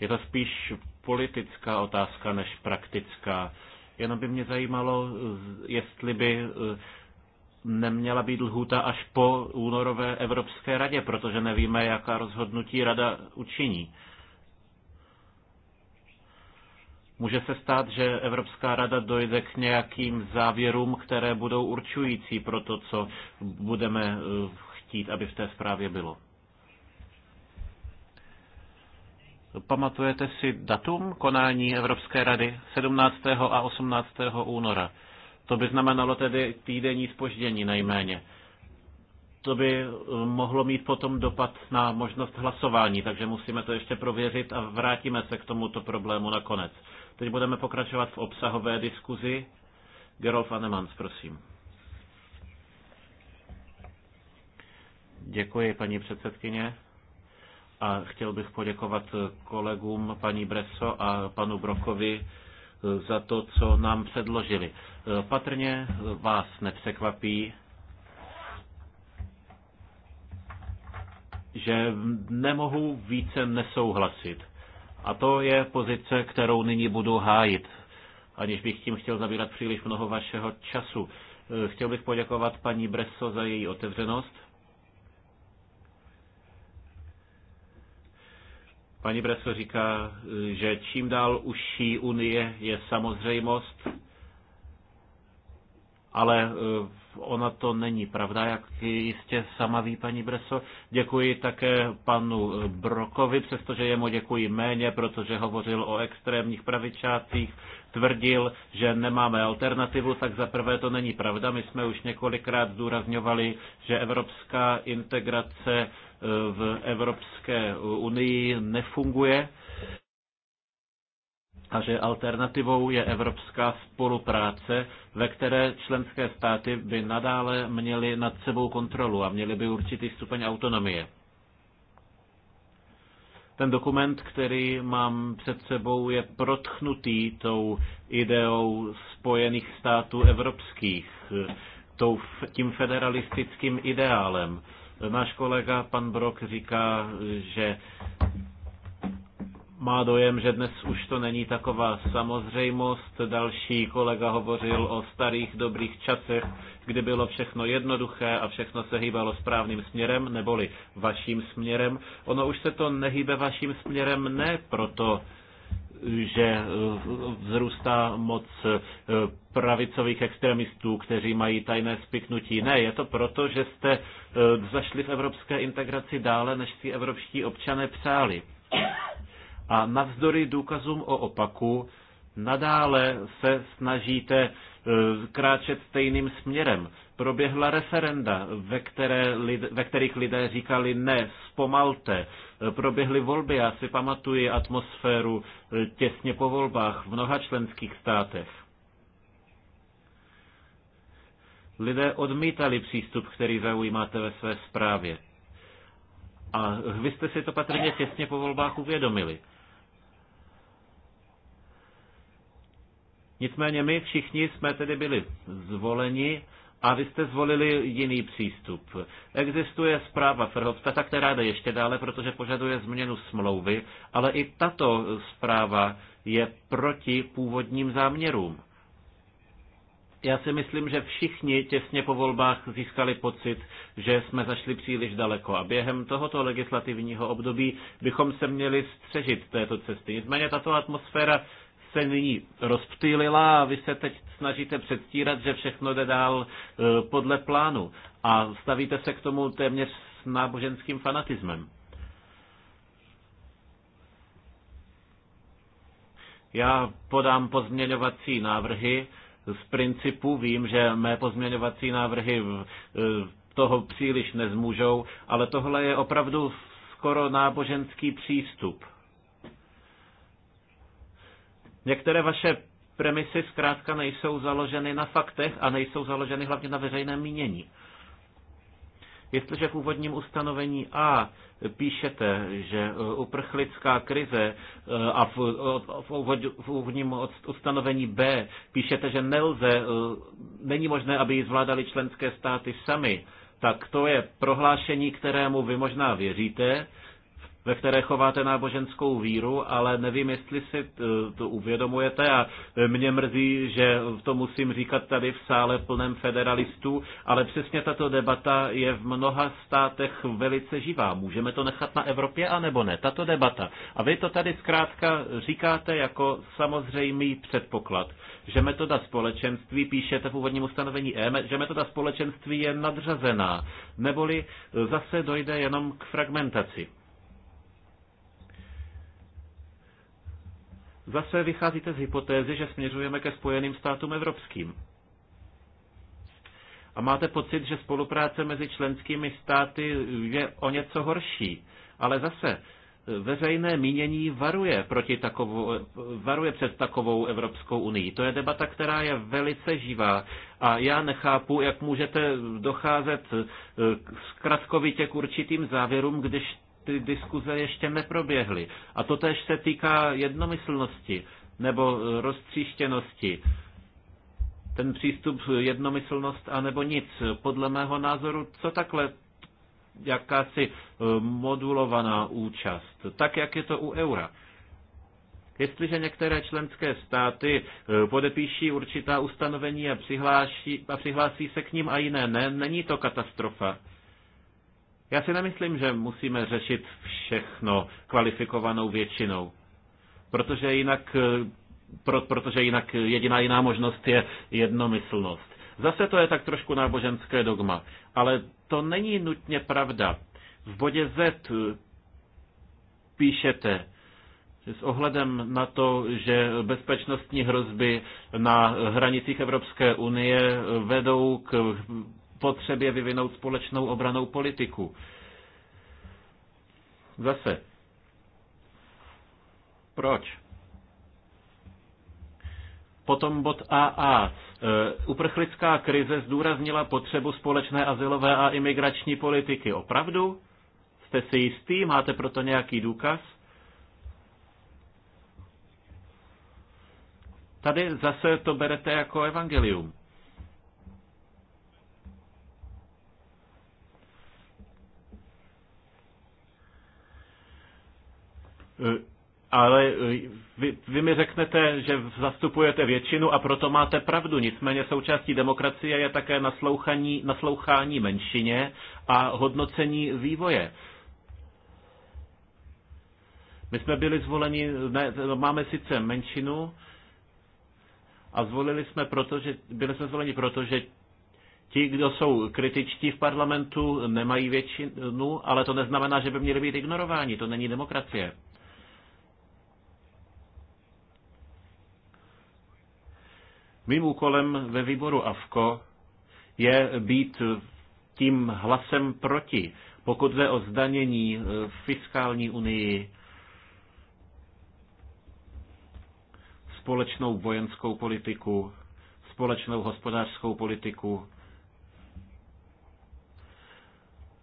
Je to spíš politická otázka než praktická. Jenom by mě zajímalo, eh, jestli by eh, neměla být lhůta až po únorové Evropské radě, protože nevíme, jaká rozhodnutí rada učiní. Může se stát, že Evropská rada dojde k nějakým závěrům, které budou určující pro to, co budeme eh, chtít, aby v té zprávě bylo. Pamatujete si datum konání Evropské rady 17. a 18. února? To by znamenalo tedy týdenní spoždění nejméně. To by eh, mohlo mít potom dopad na možnost hlasování, takže musíme to ještě prověřit a vrátíme se k tomuto problému nakonec. Teď budeme pokračovat v obsahové diskuzi. Gerolf Anemans, prosím. Děkuji, paní předsedkyně. A chtěl bych poděkovat kolegům paní Breso a panu Brokovi za to, co nám předložili. Patrně vás nepřekvapí, že nemohu více nesouhlasit a to je pozice, kterou nyní budu hájit, aniž bych tím chtěl zabírat příliš mnoho vašeho času. Eh, chtěl bych poděkovat paní Bresso za její otevřenost. Paní Bresso říká, eh, že čím dál užší unie je samozřejmost, ale eh, ona to není pravda, jak jistě sama ví paní Breso. Děkuji také panu Brokovi, přestože jemu děkuji méně, protože hovořil o extrémních pravičácích, tvrdil, že nemáme alternativu, tak za prvé to není pravda. My jsme už několikrát zdůrazňovali, že evropská integrace eh, v Evropské unii nefunguje a že alternativou je evropská spolupráce, ve které členské státy by nadále měly nad sebou kontrolu a měly by určitý stupeň autonomie. Ten dokument, který mám před sebou, je protchnutý tou ideou Spojených států evropských, tou, tím federalistickým ideálem. Náš kolega pan Brok říká, že má dojem, že dnes už to není taková samozřejmost. Další kolega hovořil o starých dobrých časech, kdy bylo všechno jednoduché a všechno se hýbalo správným směrem, neboli vaším směrem. Ono už se to nehýbe vaším směrem ne proto, že eh, vzrůstá moc eh, pravicových extremistů, kteří mají tajné spiknutí. Ne, je to proto, že jste eh, zašli v evropské integraci dále, než si evropští občané přáli a navzdory důkazům o opaku nadále se snažíte e, kráčet stejným směrem. Proběhla referenda, ve, které lid, ve kterých lidé říkali ne, zpomalte. E, proběhly volby, já si pamatuji atmosféru e, těsně po volbách v mnoha členských státech. Lidé odmítali přístup, který zaujímáte ve své zprávě. A vy jste si to patrně těsně po volbách uvědomili. Nicméně my všichni jsme tedy byli zvoleni a vy jste zvolili jiný přístup. Existuje zpráva tak která jde ještě dále, protože požaduje změnu smlouvy, ale i tato zpráva je proti původním záměrům. Já si myslím, že všichni těsně po volbách získali pocit, že jsme zašli příliš daleko a během tohoto legislativního období bychom se měli střežit této cesty. Nicméně tato atmosféra se nyní rozptýlila a vy se teď snažíte předstírat, že všechno jde dál e, podle plánu a stavíte se k tomu téměř s náboženským fanatismem. Já podám pozměňovací návrhy, z principu vím, že mé pozměňovací návrhy eh, toho příliš nezmůžou, ale tohle je opravdu skoro náboženský přístup. Některé vaše premisy zkrátka nejsou založeny na faktech a nejsou založeny hlavně na veřejném mínění. Jestliže v úvodním ustanovení A píšete, že e, uprchlická krize e, a v, v úvodním ustanovení B píšete, že nelze, e, není možné, aby ji zvládali členské státy sami, tak to je prohlášení, kterému vy možná věříte, ve které chováte náboženskou víru, ale nevím, jestli si eh, to uvědomujete a eh, mě mrzí, že to musím říkat tady v sále plném federalistů, ale přesně tato debata je v mnoha státech velice živá. Můžeme to nechat na Evropě, anebo ne? Tato debata. A vy to tady zkrátka říkáte jako samozřejmý předpoklad, že metoda společenství, píšete v úvodním ustanovení E, že metoda společenství je nadřazená, neboli eh, zase dojde jenom k fragmentaci. Zase vycházíte z hypotézy, že směřujeme ke Spojeným státům evropským. A máte pocit, že spolupráce mezi členskými státy je o něco horší. Ale zase, veřejné mínění varuje, proti takovou, varuje před takovou Evropskou unii. To je debata, která je velice živá a já nechápu, jak můžete docházet zkratkovitě k určitým závěrům, když ty diskuze ještě neproběhly. A to tež se týká jednomyslnosti nebo e, roztříštěnosti. Ten přístup e, jednomyslnost a nebo nic. Podle mého názoru, co takhle jakási e, modulovaná účast, tak jak je to u eura. Jestliže některé členské státy podepíší určitá ustanovení a, přihlásí a přihlásí se k ním a jiné ne, není to katastrofa. Já si nemyslím, že musíme řešit všechno kvalifikovanou většinou, protože jinak, pro, protože jinak jediná jiná možnost je jednomyslnost. Zase to je tak trošku náboženské dogma, ale to není nutně pravda. V bodě Z píšete, s ohledem na to, že bezpečnostní hrozby na hranicích Evropské unie vedou k potřebě vyvinout společnou obranou politiku. Zase. Proč? Potom bod AA. E, uprchlická krize zdůraznila potřebu společné azylové a imigrační politiky. Opravdu? Jste si jistý? Máte proto nějaký důkaz? Tady zase to berete jako evangelium. Eh, ale eh, vy, vy mi řeknete, že zastupujete většinu a proto máte pravdu. Nicméně součástí demokracie je také naslouchání, naslouchání menšině a hodnocení vývoje. My jsme byli zvoleni, ne, máme sice menšinu a zvolili jsme proto, že, byli jsme zvoleni proto, že ti, kdo jsou kritičtí v parlamentu, nemají většinu, ale to neznamená, že by měli být ignorováni. To není demokracie. Mým úkolem ve výboru AFKO je být tím hlasem proti, pokud jde o zdanění v eh, fiskální unii, společnou vojenskou politiku, společnou hospodářskou politiku,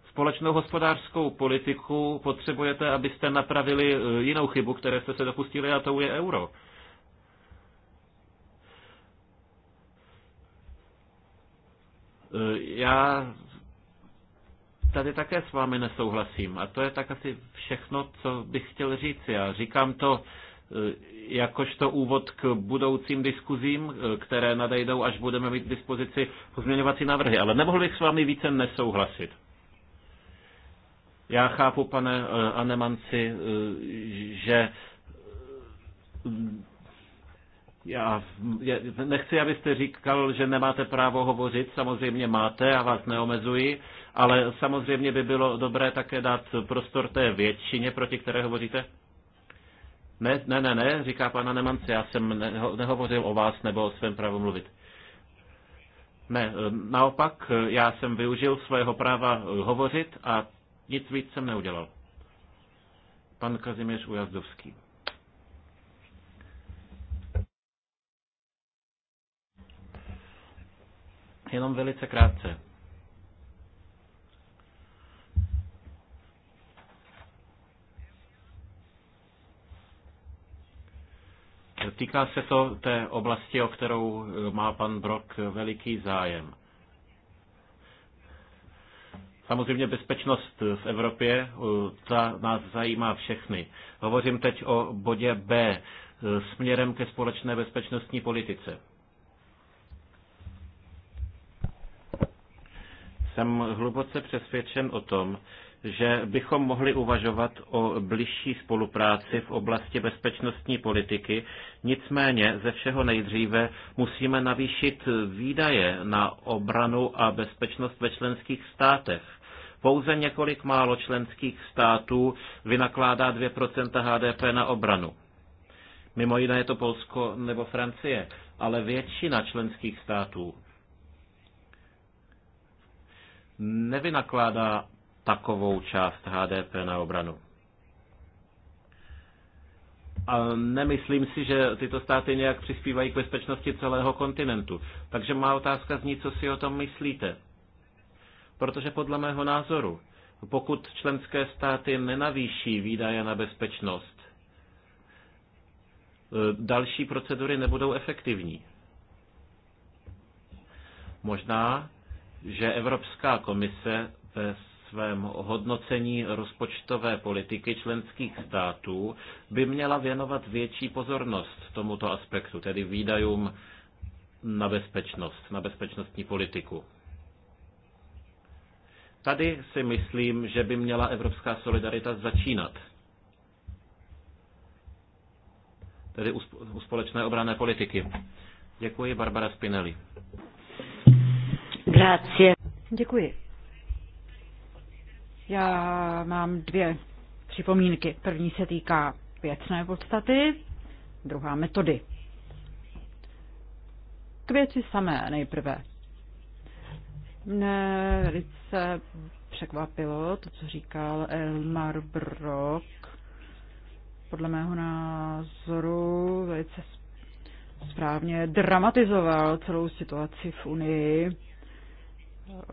společnou hospodářskou politiku potřebujete, abyste napravili eh, jinou chybu, které jste se dopustili, a to je euro. Eh, já tady také s vámi nesouhlasím a to je tak asi všechno, co bych chtěl říct. Já říkám to eh, jakožto úvod k budoucím diskuzím, eh, které nadejdou, až budeme mít k dispozici pozměňovací návrhy. Ale nemohl bych s vámi více nesouhlasit. Já chápu, pane Anemanci, že já nechci, abyste říkal, že nemáte právo hovořit, samozřejmě máte a vás neomezuji, ale samozřejmě by bylo dobré také dát prostor té většině, proti které hovoříte. Ne, ne, ne, ne, říká pana Nemance, já jsem neho, nehovořil o vás nebo o svém právu mluvit. Ne, naopak, já jsem využil svého práva hovořit a nic víc jsem neudělal. Pan Kazimíř Ujazdovský. Jenom velice krátce. Týká se to té oblasti, o kterou eh, má pan Brok eh, veliký zájem. Samozřejmě bezpečnost eh, v Evropě, ta nás zajímá všechny. Hovořím teď o bodě B, směrem ke společné bezpečnostní politice. Jsem hluboce přesvědčen o tom, že bychom mohli uvažovat o bližší spolupráci v oblasti bezpečnostní politiky. Nicméně ze všeho nejdříve musíme navýšit výdaje na obranu a bezpečnost ve členských státech. Pouze několik málo členských států vynakládá 2% HDP na obranu. Mimo jiné je to Polsko nebo Francie, ale většina členských států nevynakládá takovou část HDP na obranu. A nemyslím si, že tyto státy nějak přispívají k bezpečnosti celého kontinentu. Takže má otázka zní, co si o tom myslíte. Protože podle mého názoru, pokud členské státy nenavýší výdaje na bezpečnost, eh, další procedury nebudou efektivní. Možná že Evropská komise ve svém hodnocení rozpočtové politiky členských států by měla věnovat větší pozornost tomuto aspektu, tedy výdajům na bezpečnost, na bezpečnostní politiku. Tady si myslím, že by měla evropská solidarita začínat. Tedy u společné obrané politiky. Děkuji, Barbara Spinelli. Grazie. Děkuji. Já mám dvě připomínky. První se týká věcné podstaty, druhá metody. K věci samé nejprve. Mne velice překvapilo to, co říkal Elmar Brock. Podle mého názoru velice správně dramatizoval celou situaci v Unii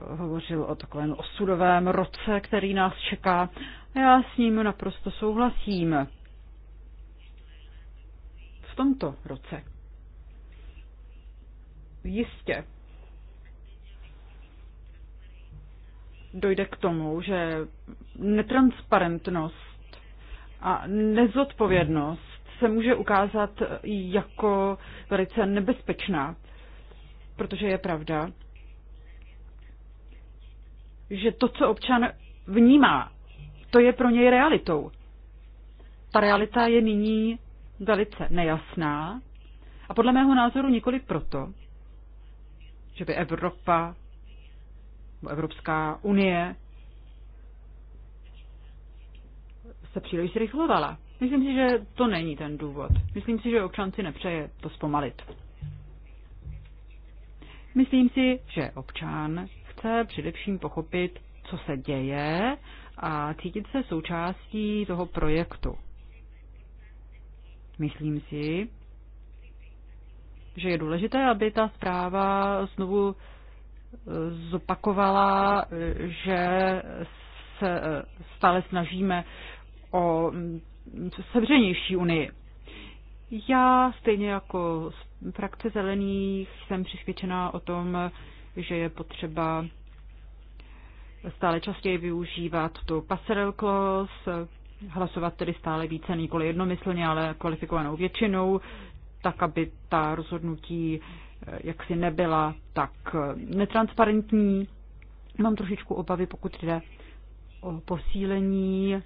hovořil o takovém osudovém roce, který nás čeká. A já s ním naprosto souhlasím. V tomto roce. Jistě. Dojde k tomu, že netransparentnost a nezodpovědnost se může ukázat jako velice nebezpečná, protože je pravda, že to, co občan vnímá, to je pro něj realitou. Ta realita je nyní velice nejasná a podle mého názoru nikoli proto, že by Evropa Evropská unie se příliš zrychlovala. Myslím si, že to není ten důvod. Myslím si, že občan si nepřeje to zpomalit. Myslím si, že občan chce především pochopit, co se děje a cítit se součástí toho projektu. Myslím si, že je důležité, aby ta zpráva znovu eh, zopakovala, eh, že se eh, stále snažíme o mm, sevřenější unii. Já stejně jako frakce zelených jsem přesvědčená o tom, že je potřeba stále častěji využívat tu passerelle clause, hlasovat tedy stále více, nikoli jednomyslně, ale kvalifikovanou většinou, tak, aby ta rozhodnutí eh, jaksi nebyla tak eh, netransparentní. Mám trošičku obavy, pokud jde o posílení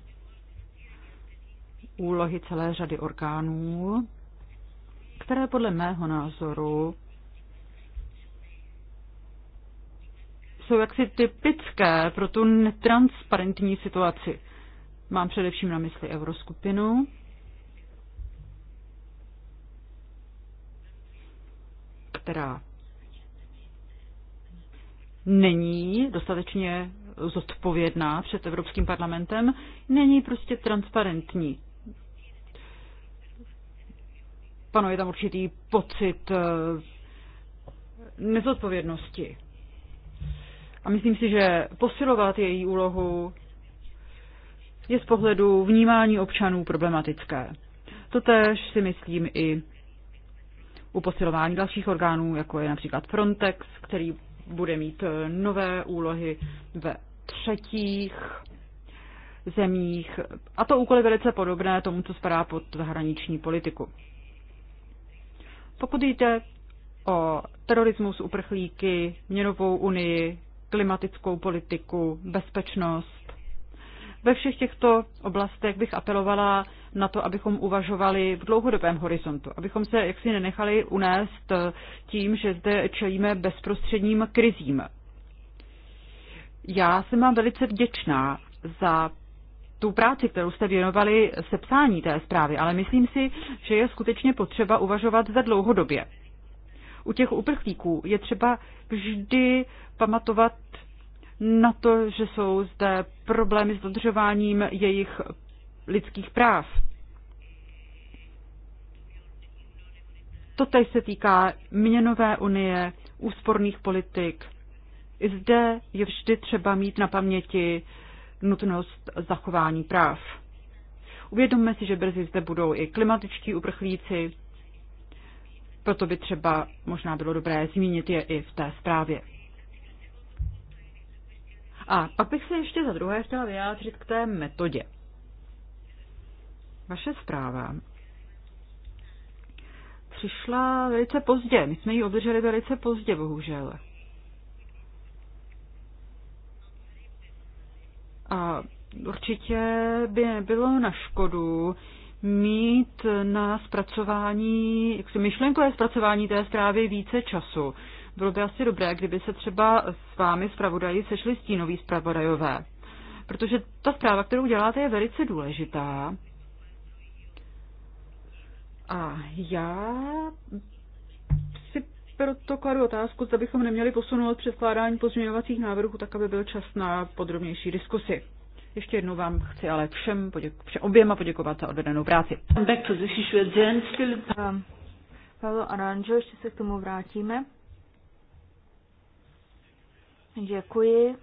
úlohy celé řady orgánů, které podle mého názoru jsou jaksi typické pro tu netransparentní situaci. Mám především na mysli euroskupinu. která není dostatečně zodpovědná před Evropským parlamentem, není prostě transparentní. Panuje tam určitý pocit eh, nezodpovědnosti. A myslím si, že posilovat její úlohu je z pohledu vnímání občanů problematické. Totež si myslím i u posilování dalších orgánů, jako je například Frontex, který bude mít e, nové úlohy ve třetích zemích. A to úkoly velice podobné tomu, co spadá pod zahraniční politiku. Pokud jde o terorismus, uprchlíky, měnovou unii, klimatickou politiku, bezpečnost. Ve všech těchto oblastech bych apelovala na to, abychom uvažovali v dlouhodobém horizontu, abychom se jaksi nenechali unést eh, tím, že zde čelíme bezprostředním krizím. Já jsem vám velice vděčná za tu práci, kterou jste věnovali sepsání té zprávy, ale myslím si, že je skutečně potřeba uvažovat za dlouhodobě. U těch uprchlíků je třeba vždy pamatovat na to, že jsou zde problémy s dodržováním jejich lidských práv. Totež se týká měnové unie, úsporných politik. I zde je vždy třeba mít na paměti nutnost zachování práv. Uvědomme si, že brzy zde budou i klimatičtí uprchlíci, proto by třeba možná bylo dobré zmínit je i v té zprávě. A pak bych se ještě za druhé chtěla vyjádřit k té metodě. Vaše zpráva přišla velice pozdě. My jsme ji obdrželi velice pozdě, bohužel. A určitě by nebylo na škodu mít na zpracování, jak se myšlenkové zpracování té zprávy více času, bylo by asi dobré, kdyby se třeba s vámi zpravodaji sešli stínoví zpravodajové, protože ta zpráva, kterou děláte, je velice důležitá. A já si proto kladu otázku, zda bychom neměli posunout předkládání pozměňovacích návrhů, tak aby byl čas na podrobnější diskusy. Ještě jednou vám chci ale všem, poděk- všem oběma poděkovat za odvedenou práci. Back to um, Aranžo, ještě se k tomu vrátíme. Děkuji.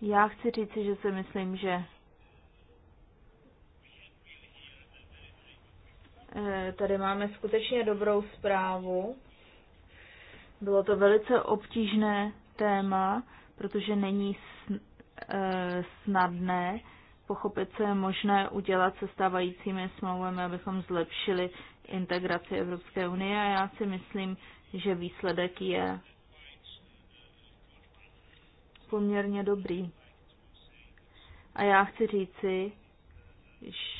Já chci říci, že si myslím, že eh, tady máme skutečně dobrou zprávu. Bylo to velice obtížné téma, protože není eh, snadné pochopit, co je možné udělat se stávajícími smlouvami, abychom zlepšili integraci Evropské unie. A já si myslím, že výsledek je poměrně dobrý. A já chci říci,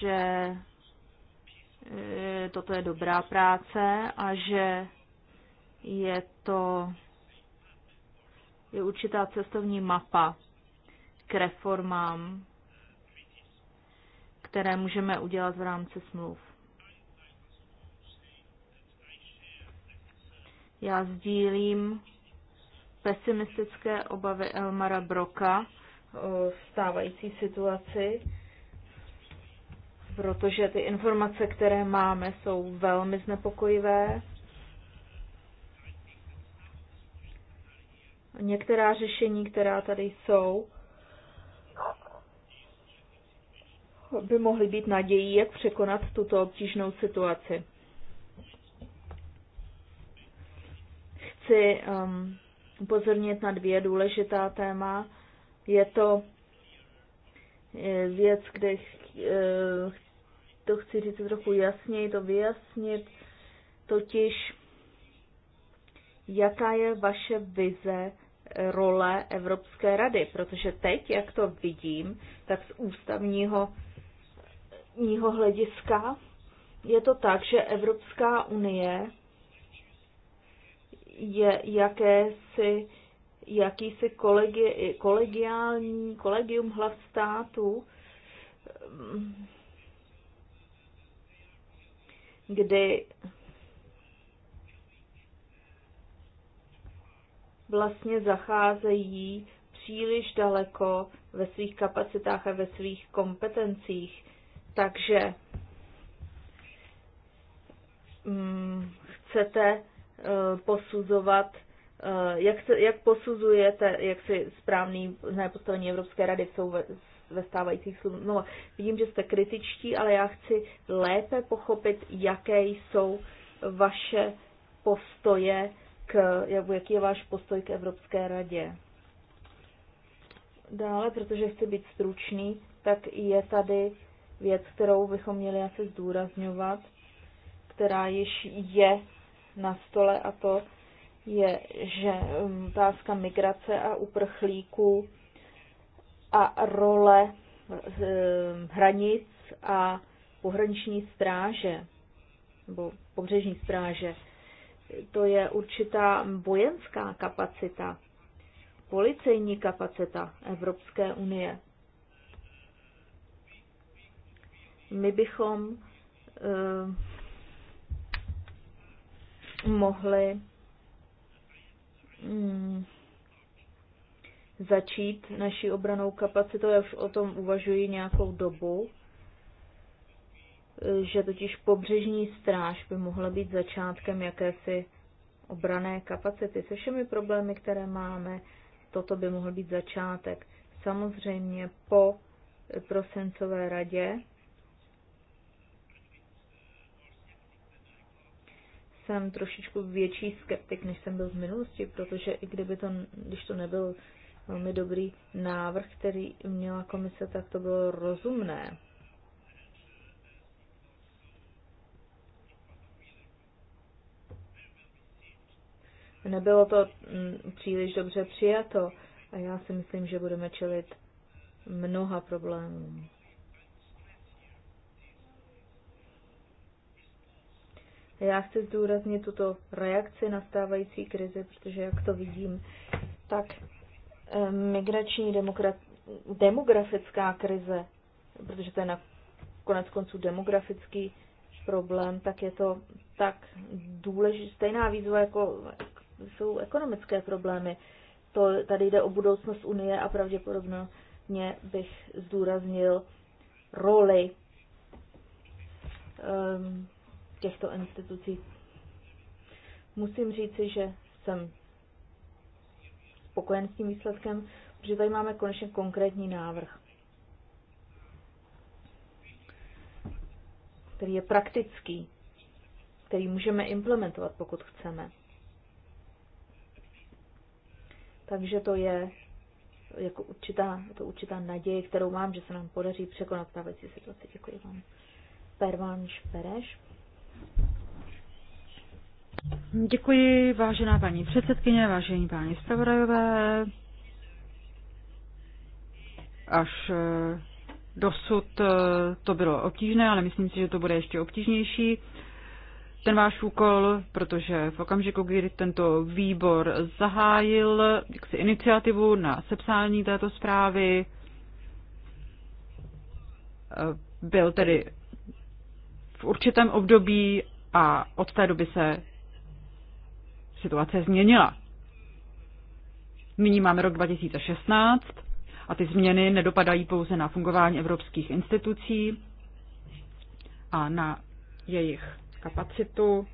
že eh, toto je dobrá práce a že je to je určitá cestovní mapa k reformám, které můžeme udělat v rámci smluv. Já sdílím pesimistické obavy Elmara Broka o stávající situaci, protože ty informace, které máme, jsou velmi znepokojivé. Některá řešení, která tady jsou, by mohly být nadějí, jak překonat tuto obtížnou situaci. chci um, upozornit na dvě důležitá téma. Je to eh, věc, kde eh, to chci říct trochu jasněji, to vyjasnit, totiž jaká je vaše vize eh, role Evropské rady, protože teď, jak to vidím, tak z ústavního ního hlediska je to tak, že Evropská unie je jakési, jakýsi kolegi, kolegiální, kolegium hlav státu, kdy vlastně zacházejí příliš daleko ve svých kapacitách a ve svých kompetencích. Takže mm, chcete Eh, posuzovat, eh, jak, se, jak posuzujete, jak si správný postavení Evropské rady jsou ve, ve stávajících slovách. No, vidím, že jste kritičtí, ale já chci lépe pochopit, jaké jsou vaše postoje, k, jaký je váš postoj k Evropské radě. Dále, protože chci být stručný, tak je tady věc, kterou bychom měli asi zdůrazňovat, která již je na stole a to je, že um, otázka migrace a uprchlíků a role um, hranic a pohraniční stráže nebo pobřežní stráže. To je určitá vojenská kapacita, policejní kapacita Evropské unie. My bychom um, mohli hmm, začít naší obranou kapacitou. Já už o tom uvažuji nějakou dobu, že totiž pobřežní stráž by mohla být začátkem jakési obrané kapacity. Se všemi problémy, které máme, toto by mohl být začátek. Samozřejmě po prosincové radě jsem trošičku větší skeptik, než jsem byl v minulosti, protože i kdyby to, když to nebyl velmi dobrý návrh, který měla komise, tak to bylo rozumné. Nebylo to mm, příliš dobře přijato a já si myslím, že budeme čelit mnoha problémům. Já chci zdůraznit tuto reakci na stávající krizi, protože jak to vidím, tak eh, migrační demografická krize, protože to je na konec konců demografický problém, tak je to tak důležitá, stejná výzva, jako jsou ekonomické problémy. To, tady jde o budoucnost Unie a pravděpodobně bych zdůraznil roli um, těchto institucí. Musím říci, že jsem spokojen s tím výsledkem, protože tady máme konečně konkrétní návrh, který je praktický, který můžeme implementovat, pokud chceme. Takže to je jako určitá, to určitá naděje, kterou mám, že se nám podaří překonat stávající situaci. Děkuji vám. Pervan Pereš. Děkuji, vážená paní předsedkyně, vážení páni zpravodajové. Až eh, dosud eh, to bylo obtížné, ale myslím si, že to bude ještě obtížnější. Ten váš úkol, protože v okamžiku, kdy tento výbor zahájil jaksi iniciativu na sepsání této zprávy, eh, byl tedy v určitém období a od té doby se situace změnila. Nyní máme rok 2016 a ty změny nedopadají pouze na fungování evropských institucí a na jejich kapacitu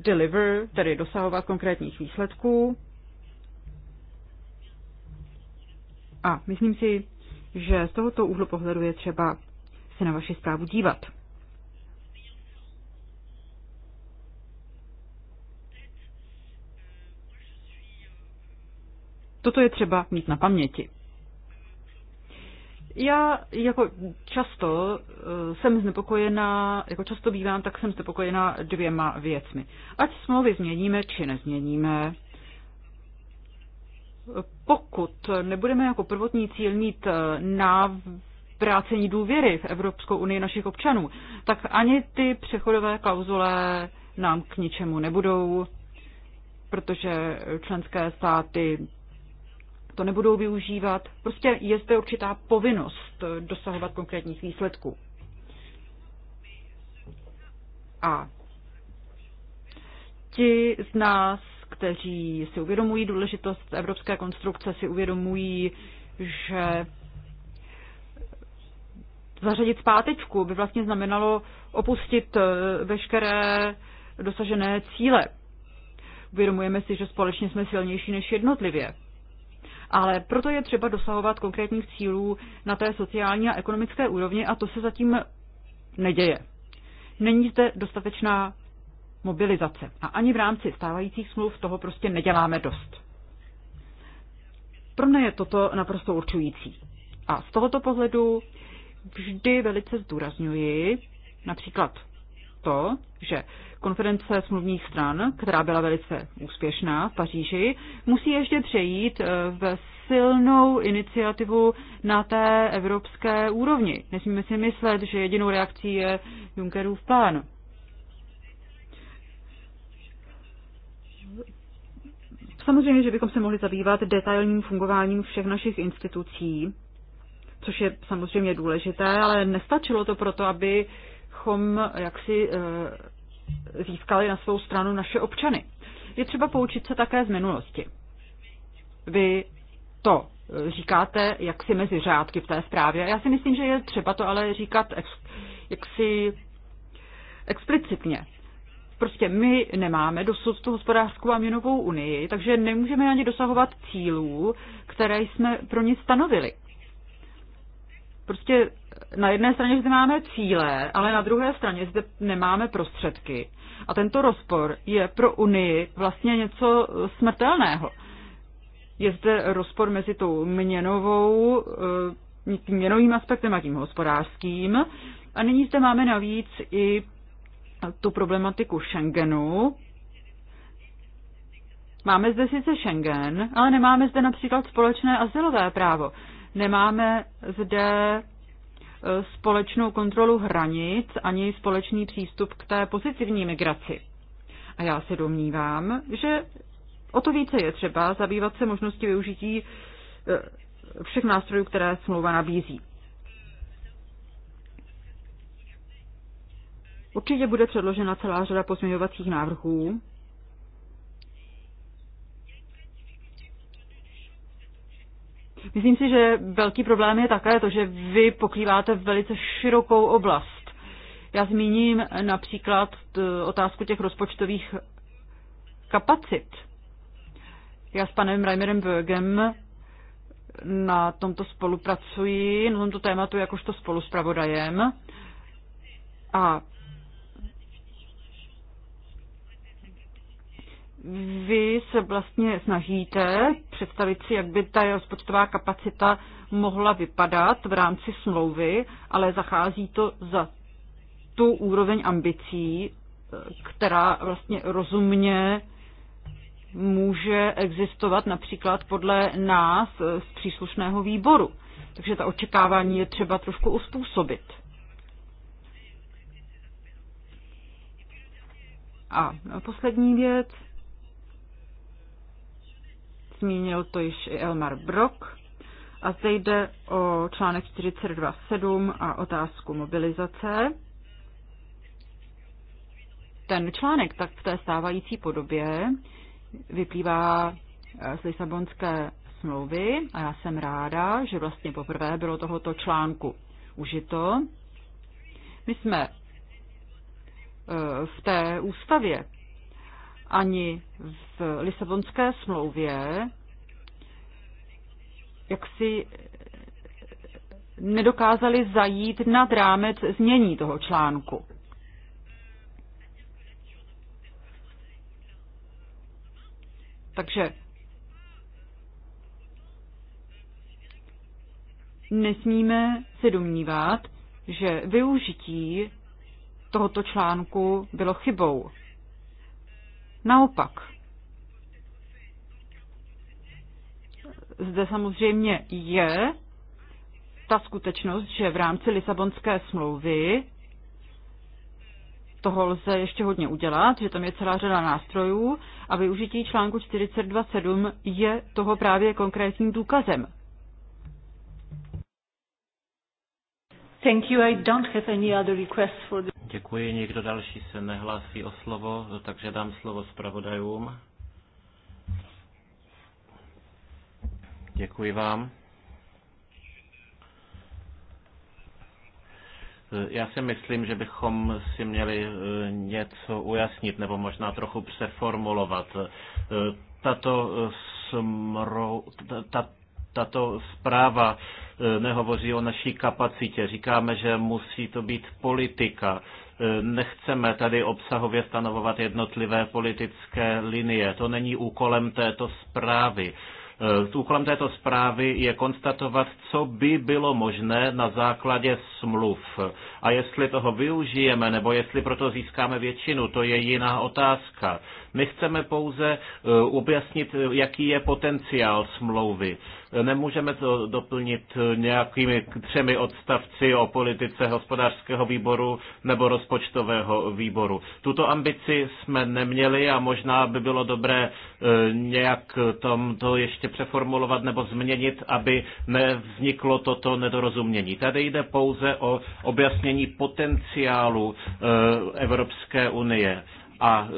deliver, tedy dosahovat konkrétních výsledků. A myslím si, že z tohoto úhlu pohledu je třeba se na vaši zprávu dívat. Toto je třeba mít na paměti. Já jako často eh, jsem znepokojená, jako často bývám, tak jsem znepokojená dvěma věcmi. Ať smlouvy změníme, či nezměníme, pokud nebudeme jako prvotní cíl mít eh, na vrácení důvěry v Evropskou unii našich občanů, tak ani ty přechodové klauzule nám k ničemu nebudou, protože členské státy to nebudou využívat. Prostě je zde určitá povinnost dosahovat konkrétních výsledků. A ti z nás, kteří si uvědomují důležitost evropské konstrukce, si uvědomují, že zařadit zpátečku by vlastně znamenalo opustit eh, veškeré dosažené cíle. Uvědomujeme si, že společně jsme silnější než jednotlivě ale proto je třeba dosahovat konkrétních cílů na té sociální a ekonomické úrovni a to se zatím neděje. Není zde dostatečná mobilizace a ani v rámci stávajících smluv toho prostě neděláme dost. Pro mě je toto naprosto určující. A z tohoto pohledu vždy velice zdůrazňuji například to, že konference smluvních stran, která byla velice úspěšná v Paříži, musí ještě přejít eh, v silnou iniciativu na té evropské úrovni. Nesmíme si myslet, že jedinou reakcí je Junckerův plán. Samozřejmě, že bychom se mohli zabývat detailním fungováním všech našich institucí, což je samozřejmě důležité, ale nestačilo to proto, aby abychom jaksi eh, získali na svou stranu naše občany. Je třeba poučit se také z minulosti. Vy to eh, říkáte jaksi mezi řádky v té zprávě. Já si myslím, že je třeba to ale říkat ex, jaksi explicitně. Prostě my nemáme dosud tu hospodářskou a měnovou unii, takže nemůžeme ani dosahovat cílů, které jsme pro ně stanovili prostě na jedné straně zde máme cíle, ale na druhé straně zde nemáme prostředky. A tento rozpor je pro Unii vlastně něco smrtelného. Je zde rozpor mezi tou měnovou, tím eh, měnovým aspektem a tím hospodářským. A nyní zde máme navíc i tu problematiku Schengenu. Máme zde sice Schengen, ale nemáme zde například společné asilové právo. Nemáme zde e, společnou kontrolu hranic ani společný přístup k té pozitivní migraci. A já se domnívám, že o to více je třeba zabývat se možností využití e, všech nástrojů, které smlouva nabízí. Určitě bude předložena celá řada pozměňovacích návrhů, Myslím si, že velký problém je také to, že vy pokrýváte velice širokou oblast. Já zmíním například otázku těch rozpočtových kapacit. Já s panem Reimerem Bögem na tomto spolupracuji, na tomto tématu jakožto spoluspravodajem. A vy se vlastně snažíte představit si, jak by ta rozpočtová kapacita mohla vypadat v rámci smlouvy, ale zachází to za tu úroveň ambicí, která vlastně rozumně může existovat například podle nás z příslušného výboru. Takže ta očekávání je třeba trošku uspůsobit. A poslední věc zmínil to již i Elmar Brock. A zde jde o článek 42.7 a otázku mobilizace. Ten článek tak v té stávající podobě vyplývá eh, z Lisabonské smlouvy a já jsem ráda, že vlastně poprvé bylo tohoto článku užito. My jsme eh, v té ústavě ani v Lisabonské smlouvě, jak si nedokázali zajít nad rámec změní toho článku. Takže nesmíme se domnívat, že využití tohoto článku bylo chybou. Naopak, zde samozřejmě je ta skutečnost, že v rámci Lisabonské smlouvy toho lze ještě hodně udělat, že tam je celá řada nástrojů a využití článku 42.7 je toho právě konkrétním důkazem. Thank you. I don't have any other for Děkuji, nikdo další se nehlásí o slovo, takže dám slovo zpravodajům. Děkuji vám. Já si myslím, že bychom si měli eh, něco ujasnit nebo možná trochu přeformulovat. Eh, Tato eh, smrou, ta, tato zpráva e, nehovoří o naší kapacitě. Říkáme, že musí to být politika. E, nechceme tady obsahově stanovovat jednotlivé politické linie. To není úkolem této zprávy. E, úkolem této zprávy je konstatovat, co by bylo možné na základě smluv. A jestli toho využijeme, nebo jestli proto získáme většinu, to je jiná otázka. My chceme pouze e, objasnit, e, jaký je potenciál smlouvy. Nemůžeme to doplnit e, nějakými třemi odstavci o politice hospodářského výboru nebo rozpočtového výboru. Tuto ambici jsme neměli a možná by bylo dobré nějak tom to ještě přeformulovat nebo změnit, aby nevzniklo toto nedorozumění. Tady jde pouze o objasnění potenciálu Evropské unie. A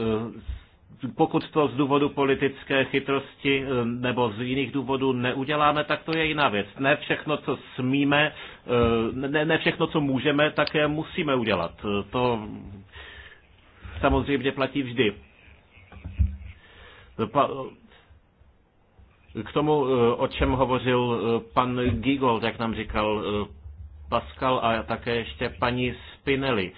pokud to z důvodu politické chytrosti eh, nebo z jiných důvodů neuděláme, tak to je jiná věc. Ne všechno, co smíme, eh, ne, ne všechno, co můžeme, také musíme udělat. Eh, to samozřejmě platí vždy. Pa, k tomu, o čem hovořil pan Gigold, jak nám říkal Pascal a také ještě paní Spinelli.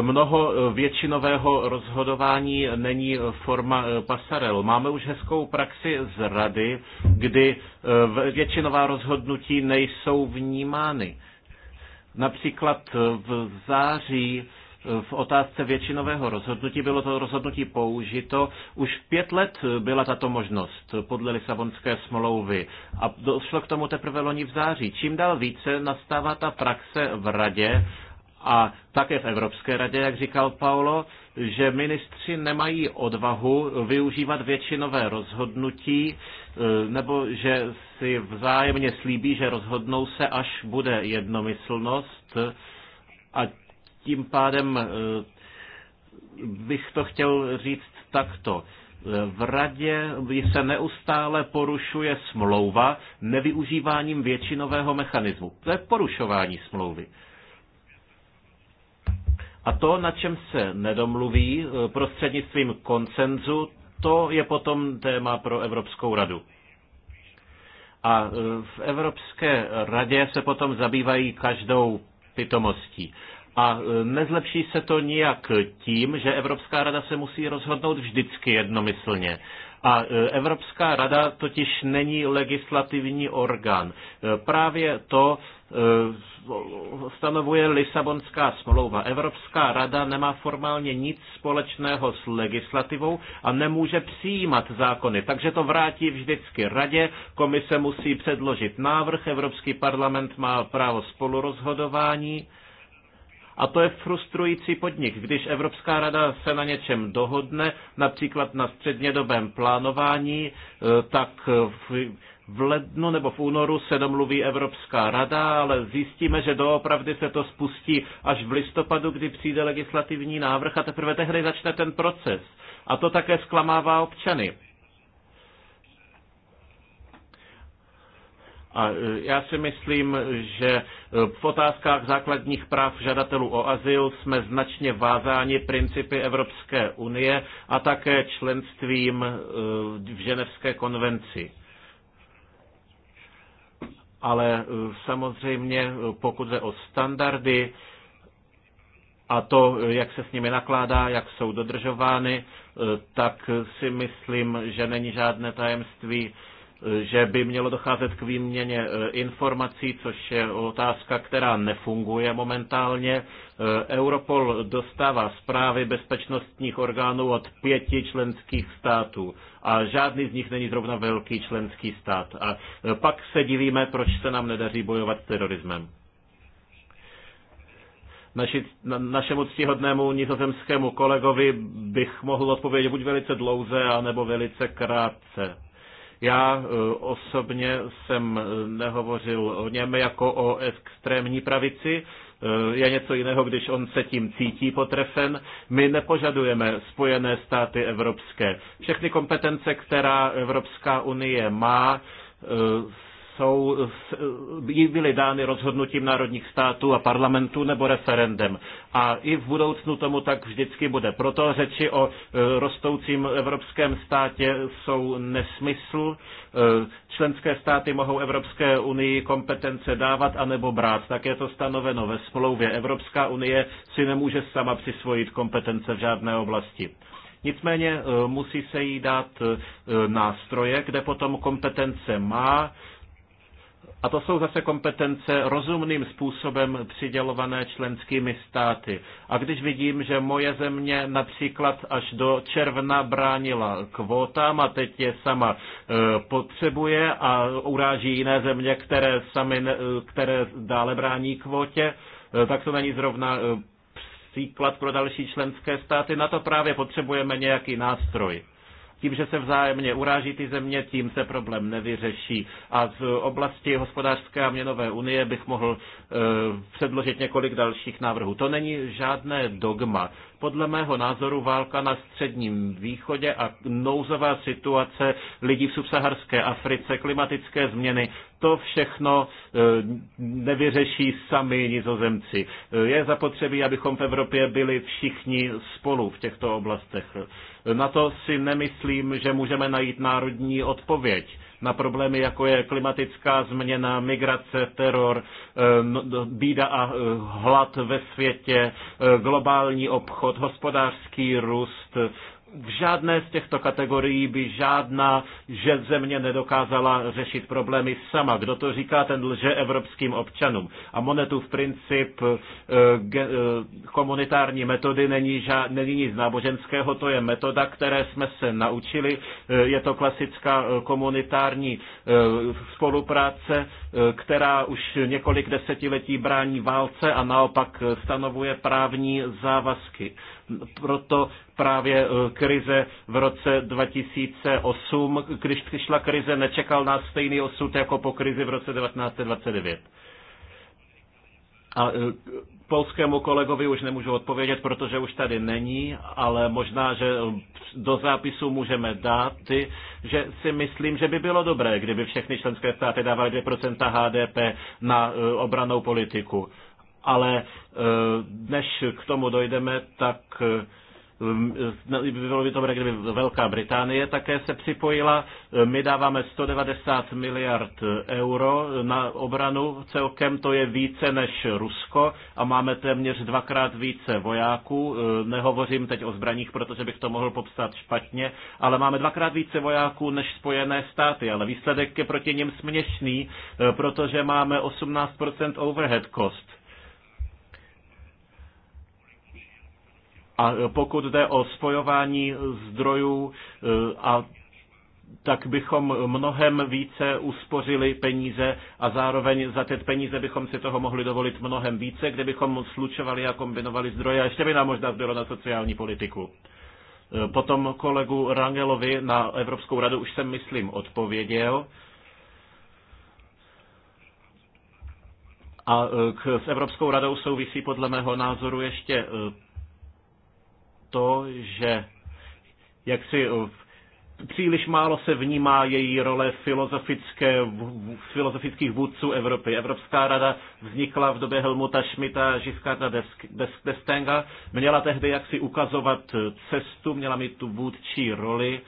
mnoho eh, většinového rozhodování není forma eh, pasarel. Máme už hezkou praxi z rady, kdy eh, většinová rozhodnutí nejsou vnímány. Například v září v otázce většinového rozhodnutí bylo to rozhodnutí použito. Už pět let byla tato možnost podle Lisabonské smlouvy a došlo k tomu teprve loni v září. Čím dál více nastává ta praxe v radě, a také v Evropské radě, jak říkal Paolo, že ministři nemají odvahu využívat většinové rozhodnutí, e, nebo že si vzájemně slíbí, že rozhodnou se, až bude jednomyslnost a tím pádem e, bych to chtěl říct takto. V radě se neustále porušuje smlouva nevyužíváním většinového mechanismu. To je porušování smlouvy. A to, na čem se nedomluví eh, prostřednictvím koncenzu, to je potom téma pro Evropskou radu. A eh, v Evropské radě se potom zabývají každou pitomostí. A eh, nezlepší se to nijak tím, že Evropská rada se musí rozhodnout vždycky jednomyslně. A Evropská rada totiž není legislativní orgán. Právě to Eh, stanovuje Lisabonská smlouva. Evropská rada nemá formálně nic společného s legislativou a nemůže přijímat zákony, takže to vrátí vždycky radě, komise musí předložit návrh, Evropský parlament má právo spolurozhodování. A to je frustrující podnik, když Evropská rada se na něčem dohodne, například na střednědobém plánování, eh, tak eh, v lednu nebo v únoru se domluví Evropská rada, ale zjistíme, že doopravdy se to spustí až v listopadu, kdy přijde legislativní návrh a teprve tehdy začne ten proces. A to také zklamává občany. A e, já si myslím, že e, v otázkách základních práv žadatelů o azyl jsme značně vázáni principy Evropské unie a také členstvím e, v Ženevské konvenci ale eh, samozřejmě eh, pokud jde o standardy a to, eh, jak se s nimi nakládá, jak jsou dodržovány, tak si myslím, že není žádné tajemství, že by mělo docházet k výměně e, informací, což je otázka, která nefunguje momentálně. E, Europol dostává zprávy bezpečnostních orgánů od pěti členských států a žádný z nich není zrovna velký členský stát. A e, pak se divíme, proč se nám nedaří bojovat s terorismem. Naši, na, našemu ctihodnému nizozemskému kolegovi bych mohl odpovědět buď velice dlouze, anebo velice krátce. Já eh, osobně jsem eh, nehovořil o něm jako o extrémní pravici, eh, je něco jiného, když on se tím cítí potrefen. My nepožadujeme Spojené státy evropské. Všechny kompetence, která Evropská unie má, jsou, eh, byly dány rozhodnutím národních států a parlamentů nebo referendem. A i v budoucnu tomu tak vždycky bude. Proto řeči o eh, rostoucím evropském státě jsou nesmysl. Eh, členské státy mohou Evropské unii kompetence dávat anebo brát. Tak je to stanoveno ve smlouvě. Evropská unie si nemůže sama přisvojit kompetence v žádné oblasti. Nicméně musí se jí dát nástroje, kde potom kompetence má, a to jsou zase kompetence rozumným způsobem přidělované členskými státy. A když vidím, že moje země například až do června bránila kvótám a teď je sama e, potřebuje a uráží jiné země, které, sami, e, které dále brání kvótě, e, tak to není zrovna příklad pro další členské státy. Na to právě potřebujeme nějaký nástroj. Tím, že se vzájemně uráží ty země, tím se problém nevyřeší. A z oblasti hospodářské a měnové unie bych mohl eh, předložit několik dalších návrhů. To není žádné dogma. Podle mého názoru válka na středním východě a nouzová situace lidí v subsaharské Africe, klimatické změny, to všechno eh, nevyřeší sami nizozemci. Eh, je zapotřebí, abychom v Evropě byli všichni spolu v těchto oblastech. Na to si nemyslím, že můžeme najít národní odpověď na problémy, jako je klimatická změna, migrace, teror, eh, no, bída a eh, hlad ve světě, eh, globální obchod, hospodářský růst, v žádné z těchto kategorií by žádná že země nedokázala řešit problémy sama. Kdo to říká, ten lže evropským občanům. A monetu v princip eh, eh, komunitární metody není, žád, není nic náboženského, to je metoda, které jsme se naučili. Eh, je to klasická komunitární spolupráce, která už několik desetiletí brání válce a naopak stanovuje právní závazky proto právě eh, krize v roce 2008, když přišla krize, nečekal nás stejný osud jako po krizi v roce 1929. A eh, polskému kolegovi už nemůžu odpovědět, protože už tady není, ale možná, že eh, do zápisu můžeme dát, že si myslím, že by bylo dobré, kdyby všechny členské státy dávaly 2% HDP na obranou politiku ale eh, než k tomu dojdeme, tak eh, bylo by to, kdyby Velká Británie také se připojila. Eh, my dáváme 190 miliard euro na obranu, celkem to je více než Rusko a máme téměř dvakrát více vojáků. Nehovořím teď o zbraních, protože bych to mohl popsat špatně, ale máme dvakrát více vojáků než Spojené státy, ale výsledek je proti něm směšný, protože máme 18% overhead cost A pokud jde o spojování zdrojů eh, a tak bychom mnohem více uspořili peníze a zároveň za ty peníze bychom si toho mohli dovolit mnohem více, kdybychom slučovali a kombinovali zdroje a ještě by nám možná zbylo na sociální politiku. Eh, potom kolegu Rangelovi na Evropskou radu už jsem, myslím, odpověděl. A eh, k, s Evropskou radou souvisí podle mého názoru ještě to, že jak si eh, příliš málo se vnímá její role filozofické, filozofických vůdců Evropy. Evropská rada vznikla v době Helmuta Schmidta, Žiskarda Destenga, měla tehdy jaksi ukazovat eh, cestu, měla mít tu vůdčí roli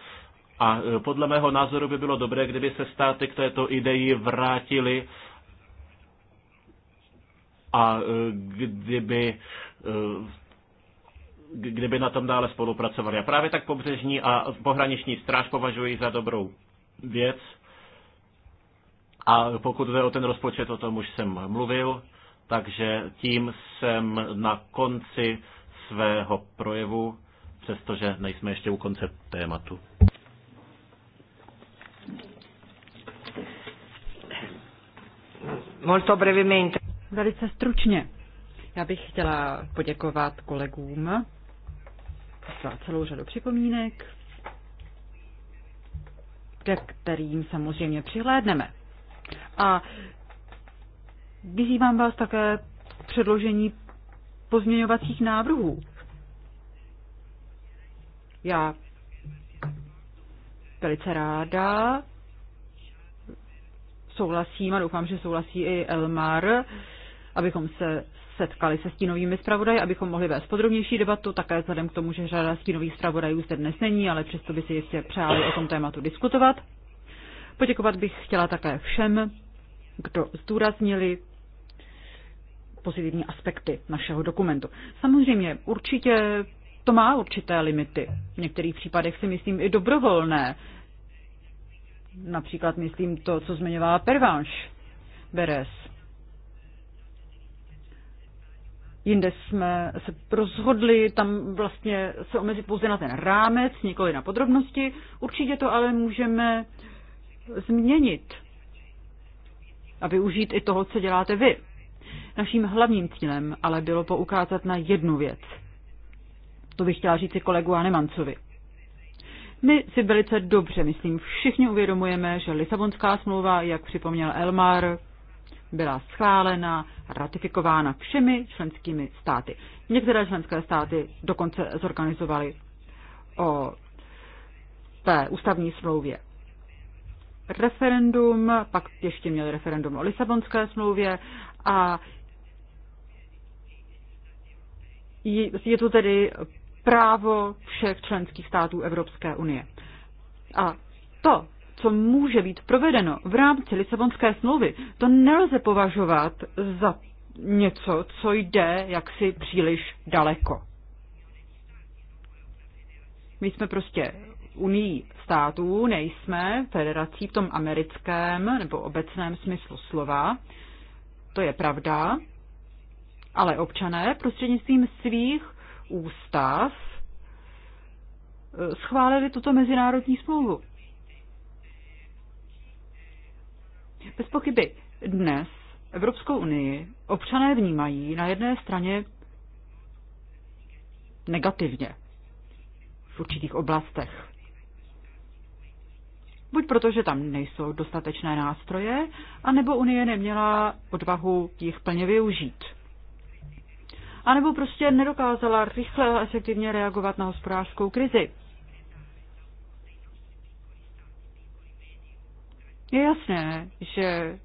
a eh, podle mého názoru by bylo dobré, kdyby se státy k této ideji vrátili a kdyby kdyby na tom dále spolupracovali. A právě tak pobřežní a pohraniční stráž považuji za dobrou věc. A pokud jde o ten rozpočet, o tom už jsem mluvil, takže tím jsem na konci svého projevu, přestože nejsme ještě u konce tématu. Molto brevemente. Velice stručně. Já bych chtěla poděkovat kolegům poslal celou řadu připomínek, ke kterým samozřejmě přihlédneme. A vyzývám vás také k předložení pozměňovacích návrhů. Já velice ráda souhlasím a doufám, že souhlasí i Elmar abychom se setkali se stínovými zpravodaji, abychom mohli vést podrobnější debatu, také vzhledem k tomu, že řada stínových zpravodajů zde dnes není, ale přesto by si jistě přáli o tom tématu diskutovat. Poděkovat bych chtěla také všem, kdo zdůraznili pozitivní aspekty našeho dokumentu. Samozřejmě určitě to má určité limity. V některých případech si myslím i dobrovolné. Například myslím to, co zmiňovala Pervanš Beres. Jinde jsme se rozhodli tam vlastně se omezit pouze na ten rámec, nikoli na podrobnosti. Určitě to ale můžeme změnit a využít i toho, co děláte vy. Naším hlavním cílem ale bylo poukázat na jednu věc. To bych chtěla říct i kolegu Anemancovi. My si velice dobře, myslím, všichni uvědomujeme, že Lisabonská smlouva, jak připomněl Elmar, byla schválena, ratifikována všemi členskými státy. Některé členské státy dokonce zorganizovaly o té ústavní smlouvě referendum, pak ještě měli referendum o Lisabonské smlouvě a je to tedy právo všech členských států Evropské unie. A to, co může být provedeno v rámci Lisabonské smlouvy, to nelze považovat za něco, co jde jaksi příliš daleko. My jsme prostě unii států, nejsme federací v tom americkém nebo obecném smyslu slova. To je pravda, ale občané prostřednictvím svých ústav eh, schválili tuto mezinárodní smlouvu. Bez pochyby dnes Evropskou unii občané vnímají na jedné straně negativně v určitých oblastech. Buď proto, že tam nejsou dostatečné nástroje, anebo Unie neměla odvahu jich plně využít. A nebo prostě nedokázala rychle a efektivně reagovat na hospodářskou krizi. Je jasné, že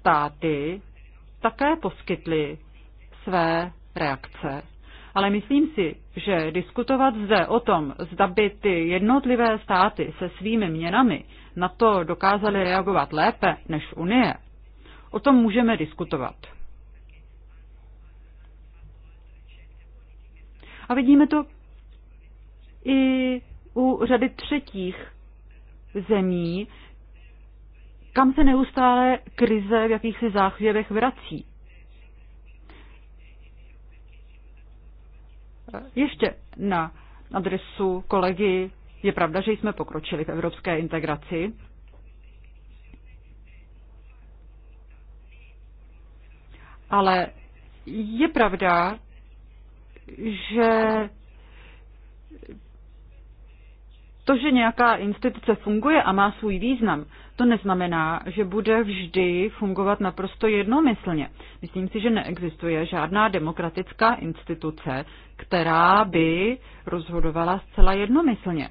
státy také poskytly své reakce. Ale myslím si, že diskutovat zde o tom, zda by ty jednotlivé státy se svými měnami na to dokázaly reagovat lépe než Unie, o tom můžeme diskutovat. A vidíme to i u řady třetích zemí, kam se neustále krize v jakýchsi záchvěvech vrací. Ještě na adresu kolegy, je pravda, že jsme pokročili v evropské integraci. Ale je pravda, že To, že nějaká instituce funguje a má svůj význam, to neznamená, že bude vždy fungovat naprosto jednomyslně. Myslím si, že neexistuje žádná demokratická instituce, která by rozhodovala zcela jednomyslně.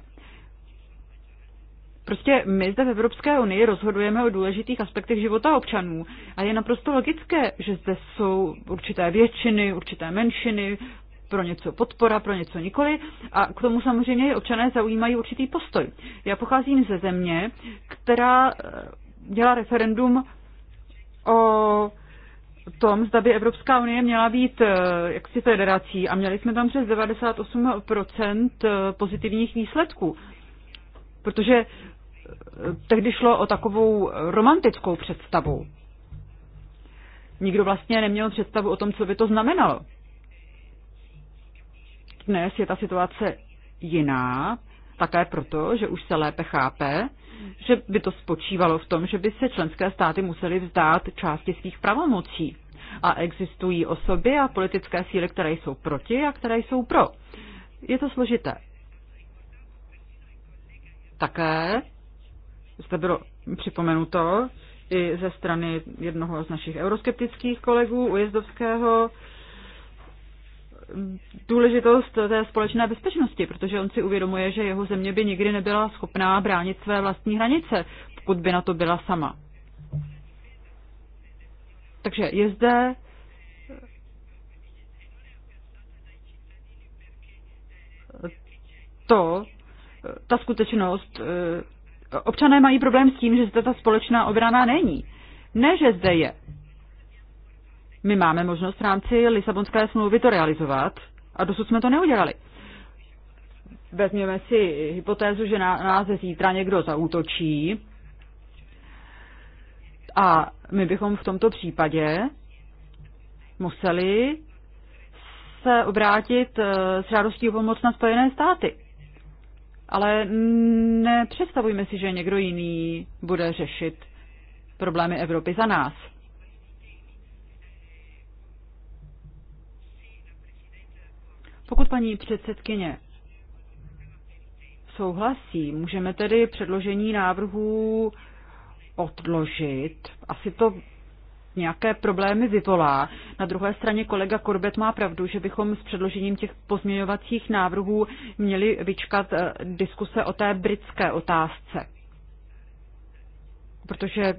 Prostě my zde v Evropské unii rozhodujeme o důležitých aspektech života občanů a je naprosto logické, že zde jsou určité většiny, určité menšiny, pro něco podpora, pro něco nikoli a k tomu samozřejmě občané zaujímají určitý postoj. Já pocházím ze země, která eh, dělá referendum o tom, zda by Evropská unie měla být eh, jaksi federací a měli jsme tam přes 98% eh, pozitivních výsledků. Protože tehdy šlo o takovou romantickou představu. Nikdo vlastně neměl představu o tom, co by to znamenalo. Dnes je ta situace jiná, také proto, že už se lépe chápe, že by to spočívalo v tom, že by se členské státy musely vzdát části svých pravomocí. A existují osoby a politické síly, které jsou proti a které jsou pro. Je to složité. Také zde bylo připomenuto i ze strany jednoho z našich euroskeptických kolegů, Ujezdovského, důležitost té společné bezpečnosti, protože on si uvědomuje, že jeho země by nikdy nebyla schopná bránit své vlastní hranice, pokud by na to byla sama. Takže je zde to, ta skutečnost, občané mají problém s tím, že zde ta společná obrana není. Ne, že zde je. My máme možnost v rámci Lisabonské smlouvy to realizovat a dosud jsme to neudělali. Vezměme si hypotézu, že na nás zítra někdo zaútočí a my bychom v tomto případě museli se obrátit eh, s žádostí o pomoc na Spojené státy. Ale nepředstavujme si, že někdo jiný bude řešit problémy Evropy za nás. Pokud paní předsedkyně souhlasí, můžeme tedy předložení návrhů odložit. Asi to nějaké problémy vyvolá. Na druhé straně kolega Korbet má pravdu, že bychom s předložením těch pozměňovacích návrhů měli vyčkat eh, diskuse o té britské otázce. Protože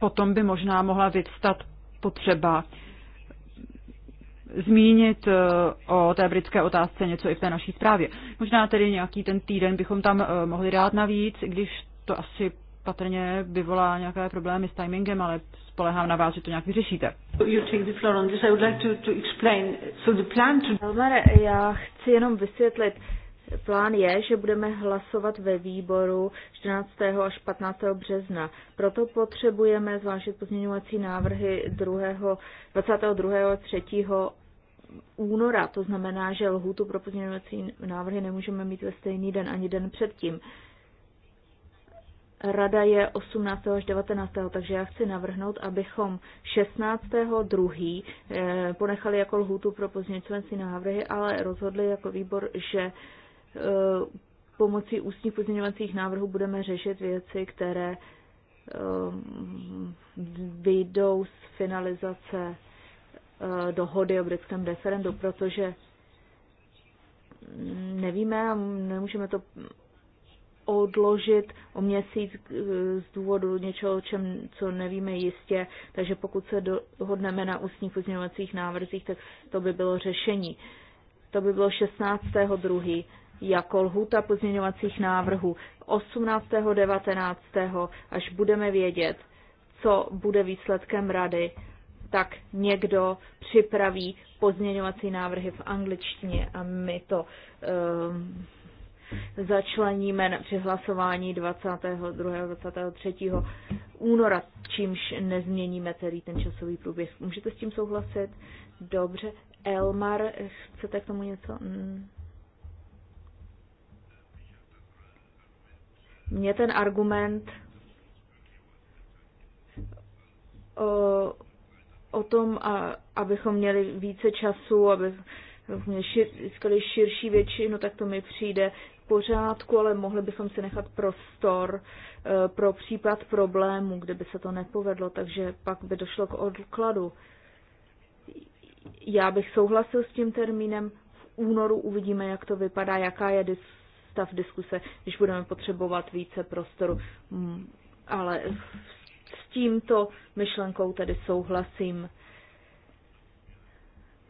potom by možná mohla vyvstat potřeba zmínit eh, o té britské otázce něco i v té naší zprávě. Možná tedy nějaký ten týden bychom tam eh, mohli dát navíc, když to asi patrně vyvolá nějaké problémy s timingem, ale spolehám na vás, že to nějak vyřešíte. já chci jenom vysvětlit. Plán je, že budeme hlasovat ve výboru 14. až 15. března. Proto potřebujeme zvážit pozměňovací návrhy 2. 22. a 3 února. To znamená, že lhůtu pro pozměňovací návrhy nemůžeme mít ve stejný den ani den předtím. Rada je 18. až 19. takže já chci navrhnout, abychom 16. 2. Eh, ponechali jako lhůtu pro pozměňovací návrhy, ale rozhodli jako výbor, že eh, pomocí ústních pozměňovacích návrhů budeme řešit věci, které eh, vyjdou z finalizace Eh, dohody o britském referendu, protože nevíme a nemůžeme to odložit o měsíc eh, z důvodu něčeho, čem, co nevíme jistě, takže pokud se dohodneme na ústních pozměňovacích návrzích, tak to by bylo řešení. To by bylo 16.2. jako lhůta pozměňovacích návrhů. 18. 19. až budeme vědět, co bude výsledkem rady, tak někdo připraví pozměňovací návrhy v angličtině a my to um, začleníme při hlasování 22. 23. února, čímž nezměníme celý ten časový průběh. Můžete s tím souhlasit? Dobře. Elmar, chcete k tomu něco? Hmm. Mně ten argument o o tom, a, abychom měli více času, aby získali šir, širší většinu, no tak to mi přijde v pořádku, ale mohli bychom si nechat prostor e, pro případ problému, kdyby se to nepovedlo, takže pak by došlo k odkladu. Já bych souhlasil s tím termínem. V únoru uvidíme, jak to vypadá, jaká je dis- stav diskuse, když budeme potřebovat více prostoru. Hmm, ale v tímto myšlenkou tedy souhlasím.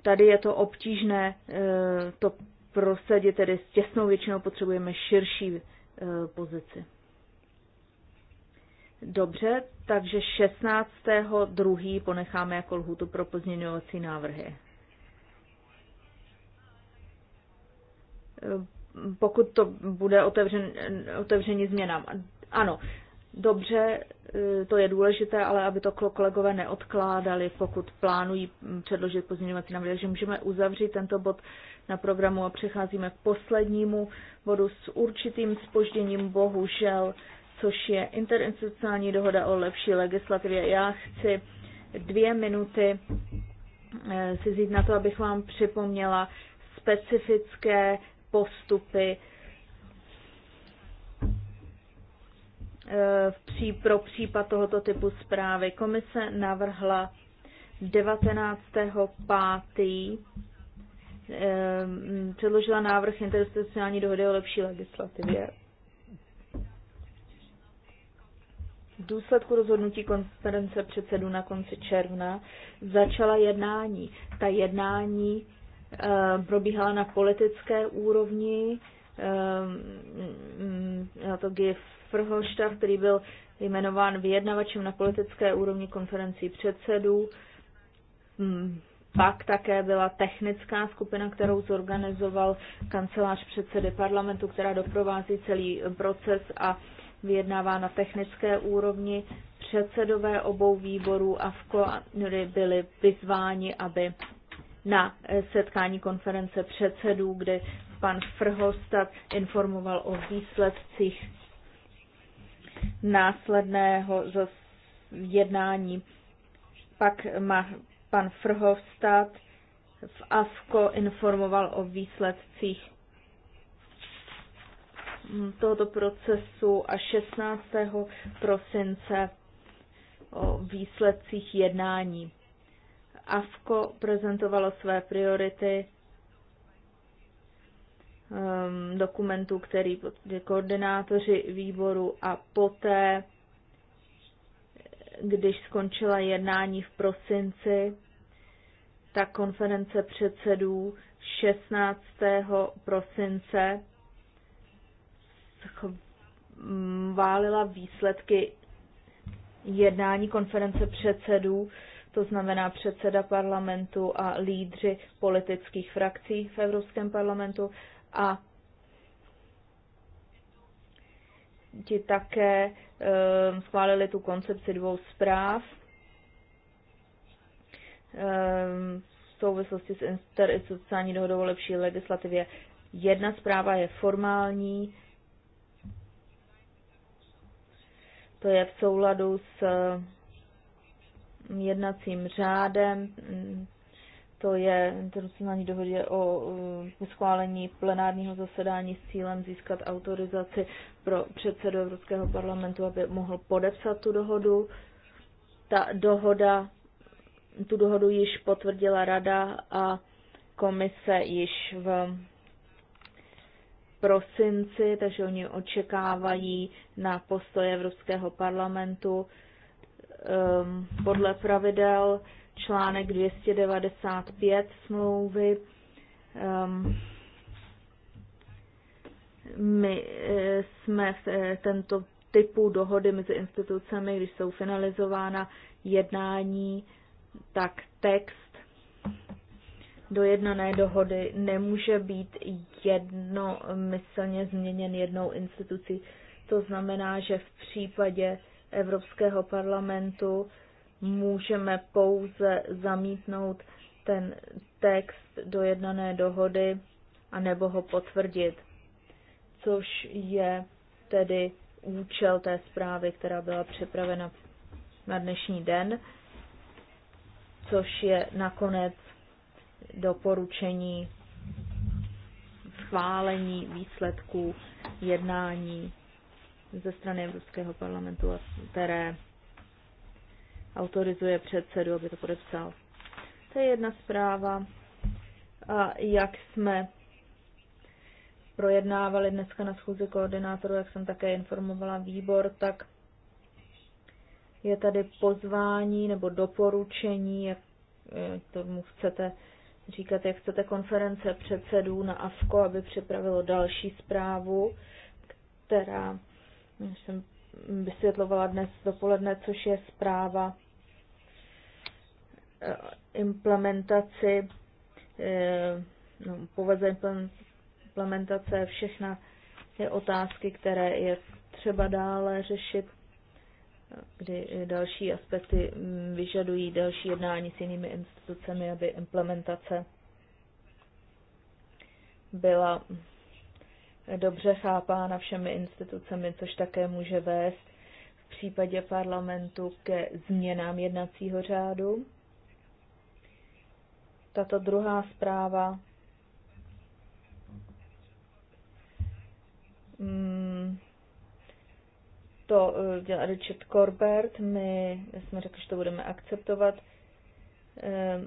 Tady je to obtížné eh, to prosadit, tedy s těsnou většinou potřebujeme širší eh, pozici. Dobře, takže 16.2. ponecháme jako lhutu pro pozměňovací návrhy. Eh, pokud to bude otevřen, otevření změnám. Ano, Dobře, eh, to je důležité, ale aby to kolegové neodkládali, pokud plánují mm, předložit pozměňovací návrh. Takže můžeme uzavřít tento bod na programu a přecházíme k poslednímu bodu s určitým spožděním, bohužel, což je interinstitucionální dohoda o lepší legislativě. Já chci dvě minuty eh, si vzít na to, abych vám připomněla specifické postupy pro případ tohoto typu zprávy. Komise navrhla 19.5. Ehm, předložila návrh interstitucionální dohody o lepší legislativě. V důsledku rozhodnutí konference předsedů na konci června začala jednání. Ta jednání ehm, probíhala na politické úrovni, na ehm, mm, mm, to GIF Verhofstadt, který byl jmenován vyjednavačem na politické úrovni konferencí předsedů. Hmm, pak také byla technická skupina, kterou zorganizoval kancelář předsedy parlamentu, která doprovází celý proces a vyjednává na technické úrovni. Předsedové obou výborů a AFKO byli vyzváni, aby na setkání konference předsedů, kde pan Frhostat informoval o výsledcích následného jednání. Pak má pan Frhovstad v AFKO informoval o výsledcích tohoto procesu a 16. prosince o výsledcích jednání. AFKO prezentovalo své priority um, dokumentu, který koordinátoři výboru a poté, když skončila jednání v prosinci, ta konference předsedů 16. prosince schválila mm, výsledky jednání konference předsedů, to znamená předseda parlamentu a lídři politických frakcí v Evropském parlamentu a ti také ehm, schválili tu koncepci dvou zpráv ehm, v souvislosti s interinstitucionální dohodou o lepší legislativě. Jedna zpráva je formální, to je v souladu s jednacím řádem mm, to je internacionální dohodě o eh, schválení plenárního zasedání s cílem získat autorizaci pro předsedu Evropského parlamentu, aby mohl podepsat tu dohodu. Ta dohoda, tu dohodu již potvrdila rada a komise již v prosinci, takže oni očekávají na postoje Evropského parlamentu eh, podle pravidel článek 295 smlouvy. Um, my e, jsme v e, tento typu dohody mezi institucemi, když jsou finalizována jednání, tak text dojednané dohody nemůže být jednomyslně změněn jednou institucí. To znamená, že v případě Evropského parlamentu můžeme pouze zamítnout ten text dojednané dohody a nebo ho potvrdit, což je tedy účel té zprávy, která byla připravena na dnešní den, což je nakonec doporučení schválení výsledků jednání ze strany Evropského parlamentu, které autorizuje předsedu, aby to podepsal. To je jedna zpráva. A jak jsme projednávali dneska na schůzi koordinátorů, jak jsem také informovala výbor, tak je tady pozvání nebo doporučení, jak eh, tomu chcete říkat, jak chcete konference předsedů na AFKO, aby připravilo další zprávu, která jsem vysvětlovala dnes dopoledne, což je zpráva implementaci, eh, no, povedze implementace, všechna ty otázky, které je třeba dále řešit, kdy další aspekty vyžadují další jednání s jinými institucemi, aby implementace byla dobře chápána všemi institucemi, což také může vést v případě parlamentu ke změnám jednacího řádu tato druhá zpráva mm, to eh, dělal Richard Corbett, my jsme řekli, že to budeme akceptovat, eh,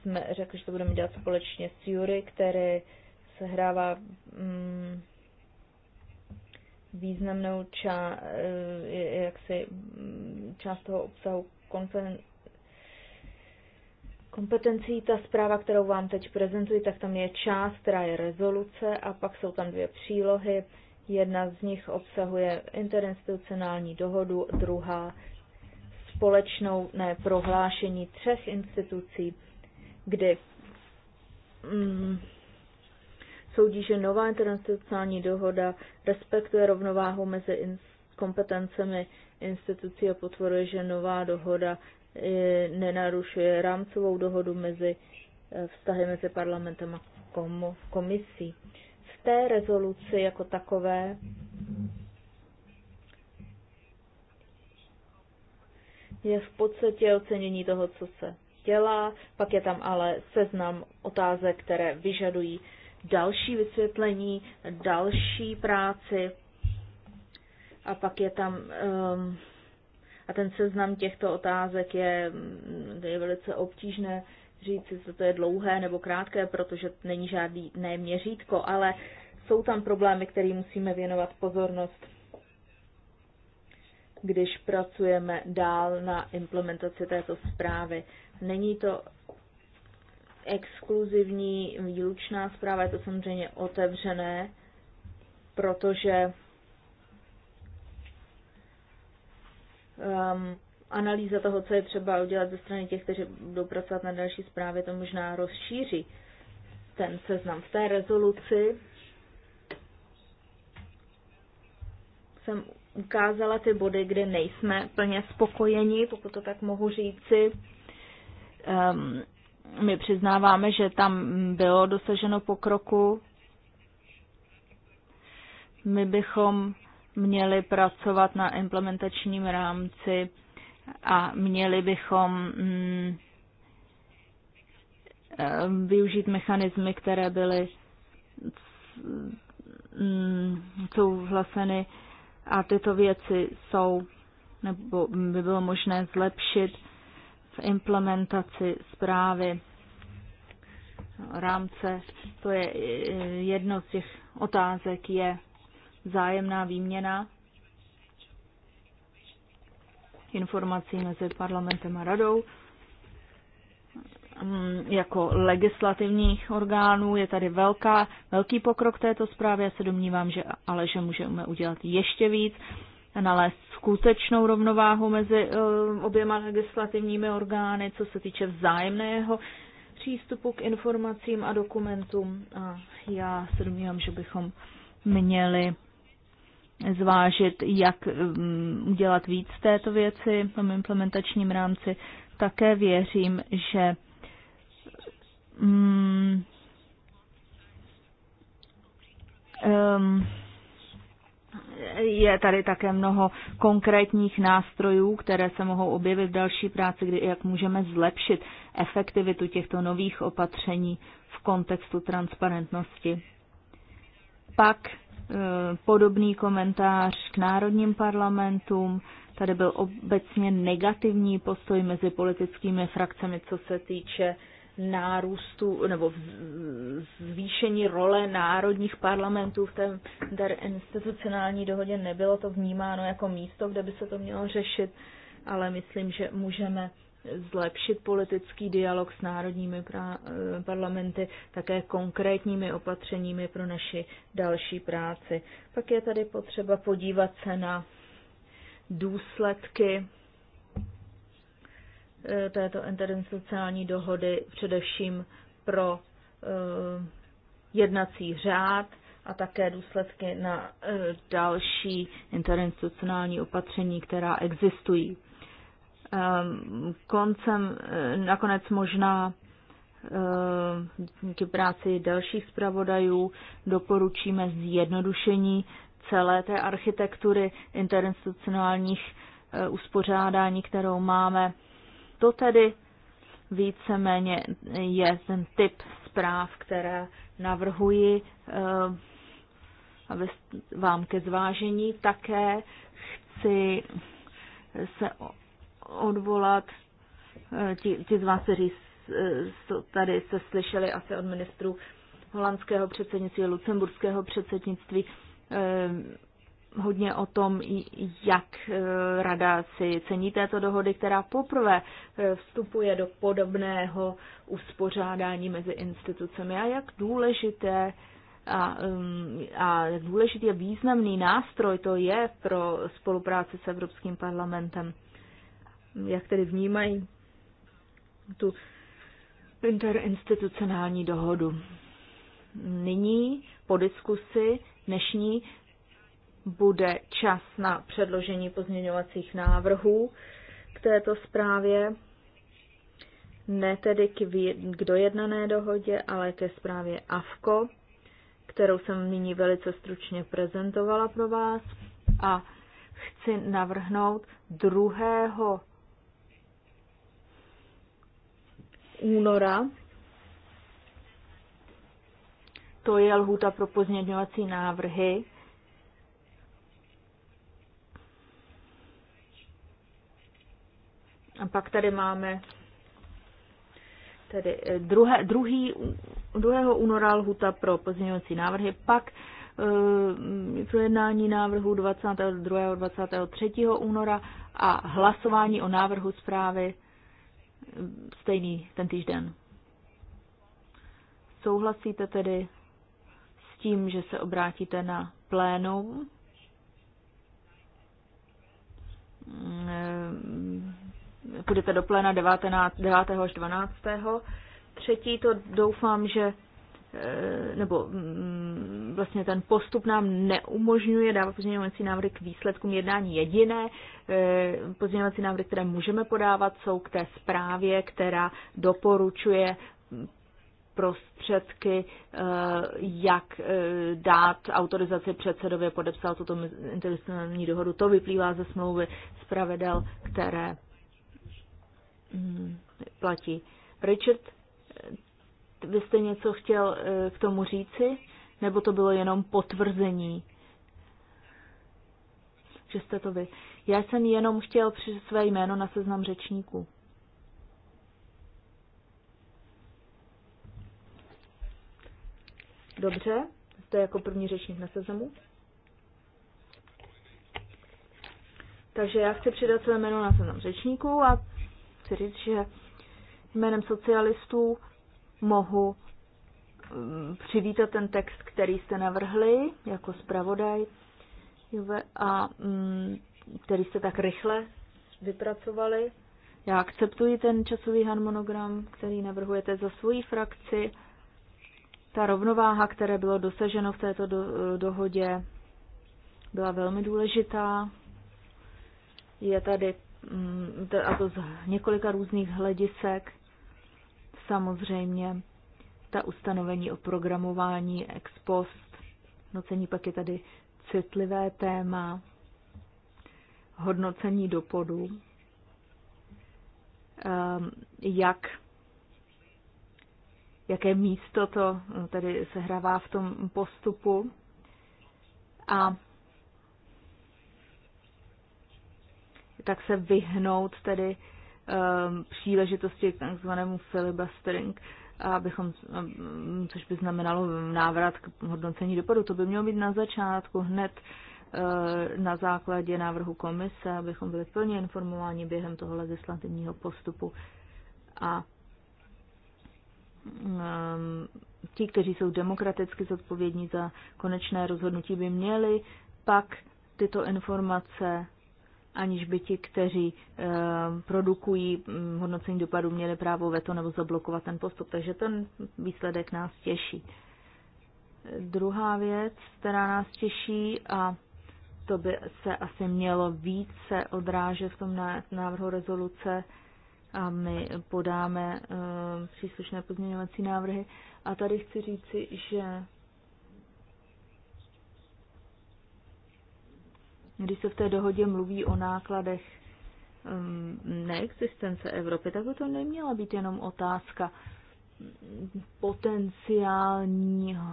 jsme řekli, že to budeme dělat společně s Jury, který sehrává mm, významnou část, eh, jaksi, mm, část toho obsahu konference kompetencí. Ta zpráva, kterou vám teď prezentuji, tak tam je část, která je rezoluce a pak jsou tam dvě přílohy. Jedna z nich obsahuje interinstitucionální dohodu, druhá společnou ne, prohlášení třech institucí, kdy mm, soudí, že nová interinstitucionální dohoda respektuje rovnováhu mezi in, kompetencemi institucí a potvrduje, že nová dohoda E, nenarušuje rámcovou dohodu mezi e, vztahy mezi parlamentem a komisí. V té rezoluci jako takové je v podstatě ocenění toho, co se dělá, pak je tam ale seznam otázek, které vyžadují další vysvětlení, další práci a pak je tam um, a ten seznam těchto otázek je, mm, je velice obtížné říct, jestli to je dlouhé nebo krátké, protože není žádný neměřítko, ale jsou tam problémy, kterým musíme věnovat pozornost, když pracujeme dál na implementaci této zprávy. Není to exkluzivní výlučná zpráva, je to samozřejmě otevřené, protože um, analýza toho, co je třeba udělat ze strany těch, kteří budou pracovat na další zprávě, to možná rozšíří ten seznam. V té rezoluci jsem ukázala ty body, kde nejsme plně spokojeni, pokud to tak mohu říci. Um, my přiznáváme, že tam bylo dosaženo pokroku. My bychom měli pracovat na implementačním rámci a měli bychom mm, eh, využít mechanismy, které byly mm, souhlaseny a tyto věci jsou, nebo by bylo možné zlepšit v implementaci zprávy rámce. To je eh, jedno z těch otázek je, vzájemná výměna informací mezi parlamentem a radou. Mm, jako legislativních orgánů je tady velká, velký pokrok této zprávy. Já se domnívám, že, ale že můžeme udělat ještě víc a nalézt skutečnou rovnováhu mezi eh, oběma legislativními orgány, co se týče vzájemného přístupu k informacím a dokumentům. A já se domnívám, že bychom měli zvážit, jak mm, udělat víc této věci v tom implementačním rámci. Také věřím, že mm, je tady také mnoho konkrétních nástrojů, které se mohou objevit v další práci, kdy, jak můžeme zlepšit efektivitu těchto nových opatření v kontextu transparentnosti. Pak Eh, podobný komentář k národním parlamentům. Tady byl obecně negativní postoj mezi politickými frakcemi, co se týče nárůstu nebo zvýšení role národních parlamentů v té institucionální dohodě. Nebylo to vnímáno jako místo, kde by se to mělo řešit, ale myslím, že můžeme zlepšit politický dialog s národními eh, parlamenty, také konkrétními opatřeními pro naši další práci. Pak je tady potřeba podívat se na důsledky eh, této interinstitucionální dohody, především pro eh, jednací řád a také důsledky na další interinstitucionální opatření, která existují. Ehm, koncem eh, nakonec možná ehm, díky práci dalších zpravodajů doporučíme zjednodušení celé té architektury interinstitucionálních eh, uspořádání, kterou máme. To tedy víceméně je ten typ zpráv, které navrhuji eh, vám ke zvážení. Také chci se odvolat. Eh, ti, ti z vás, kteří eh, tady se slyšeli asi od ministrů holandského předsednictví, lucemburského předsednictví, eh, hodně o tom, jak rada si cení této dohody, která poprvé vstupuje do podobného uspořádání mezi institucemi a jak důležité a, mm, a jak důležitý a významný nástroj to je pro spolupráci s Evropským parlamentem jak tedy vnímají tu interinstitucionální dohodu. Nyní po diskusi dnešní bude čas na předložení pozměňovacích návrhů k této zprávě, ne tedy k dojednané dohodě, ale ke zprávě AFKO, kterou jsem nyní velice stručně prezentovala pro vás a chci navrhnout 2. února. To je lhůta pro pozměňovací návrhy. A pak tady máme tedy eh, druhé, druhý, 2. února lhuta pro pozměňovací návrhy, pak e, projednání návrhu 22. 23. února a hlasování o návrhu zprávy stejný ten týžden. Souhlasíte tedy s tím, že se obrátíte na plénum? Půjdete do pléna 9. až 12. Třetí to doufám, že Eh, nebo mm, vlastně ten postup nám neumožňuje dávat pozměňovací návrhy k výsledkům jednání jediné. Eh, pozměňovací návrhy, které můžeme podávat, jsou k té zprávě, která doporučuje prostředky, eh, jak dát autorizaci předsedově podepsal tuto interinstitucionální dohodu. To vyplývá ze smlouvy z pravidel, které mm, platí. Richard vy jste něco chtěl eh, k tomu říci? Nebo to bylo jenom potvrzení? Že jste to vy. Já jsem jenom chtěl při své jméno na seznam řečníků. Dobře, jste jako první řečník na seznamu. Takže já chci přidat své jméno na seznam řečníků a chci říct, že jménem socialistů mohu mm, přivítat ten text, který jste navrhli jako zpravodaj a mm, který jste tak rychle vypracovali. Já akceptuji ten časový harmonogram, který navrhujete za svoji frakci. Ta rovnováha, které bylo dosaženo v této do, dohodě, byla velmi důležitá. Je tady mm, a to z několika různých hledisek samozřejmě ta ustanovení o programování ex post, nocení pak je tady citlivé téma, hodnocení dopodu, ehm, jak, jaké místo to no, tady sehrává v tom postupu a tak se vyhnout tedy Um, příležitosti k takzvanému filibustering, abychom, um, což by znamenalo návrat k hodnocení dopadu. To by mělo být na začátku hned uh, na základě návrhu komise, abychom byli plně informováni během toho legislativního postupu. A um, ti, kteří jsou demokraticky zodpovědní za konečné rozhodnutí, by měli pak tyto informace aniž by ti, kteří eh, produkují mm, hodnocení dopadu, měli právo veto nebo zablokovat ten postup. Takže ten výsledek nás těší. Druhá věc, která nás těší a to by se asi mělo více odrážet v tom návrhu rezoluce a my podáme eh, příslušné pozměňovací návrhy. A tady chci říci, že Když se v té dohodě mluví o nákladech um, neexistence Evropy, tak by to neměla být jenom otázka potenciálního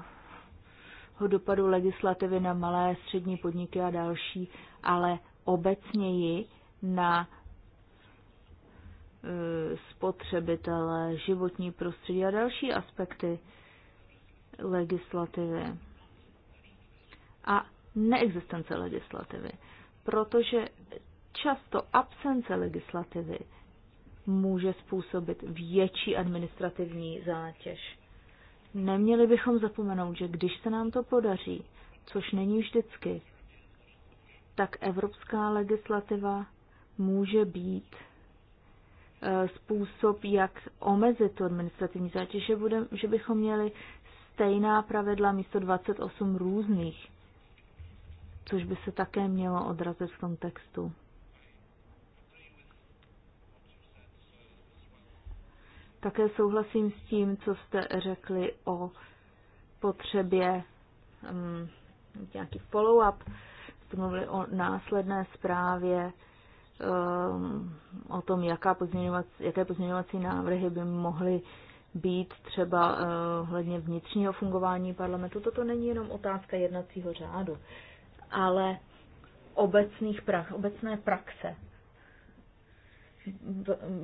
dopadu legislativy na malé, střední podniky a další, ale obecněji na eh, spotřebitele, životní prostředí a další aspekty legislativy. A neexistence legislativy, protože často absence legislativy může způsobit větší administrativní zátěž. Neměli bychom zapomenout, že když se nám to podaří, což není vždycky, tak evropská legislativa může být eh, způsob, jak omezit tu administrativní zátěž, že, bude, že bychom měli stejná pravidla místo 28 různých což by se také mělo odrazit v tom textu. Také souhlasím s tím, co jste řekli o potřebě um, nějaký follow-up. Jste mluvili o následné zprávě, um, o tom, jaká pozměňovací, jaké pozměňovací návrhy by mohly být třeba uh, eh, hledně vnitřního fungování parlamentu. Toto není jenom otázka jednacího řádu ale obecných prax, obecné praxe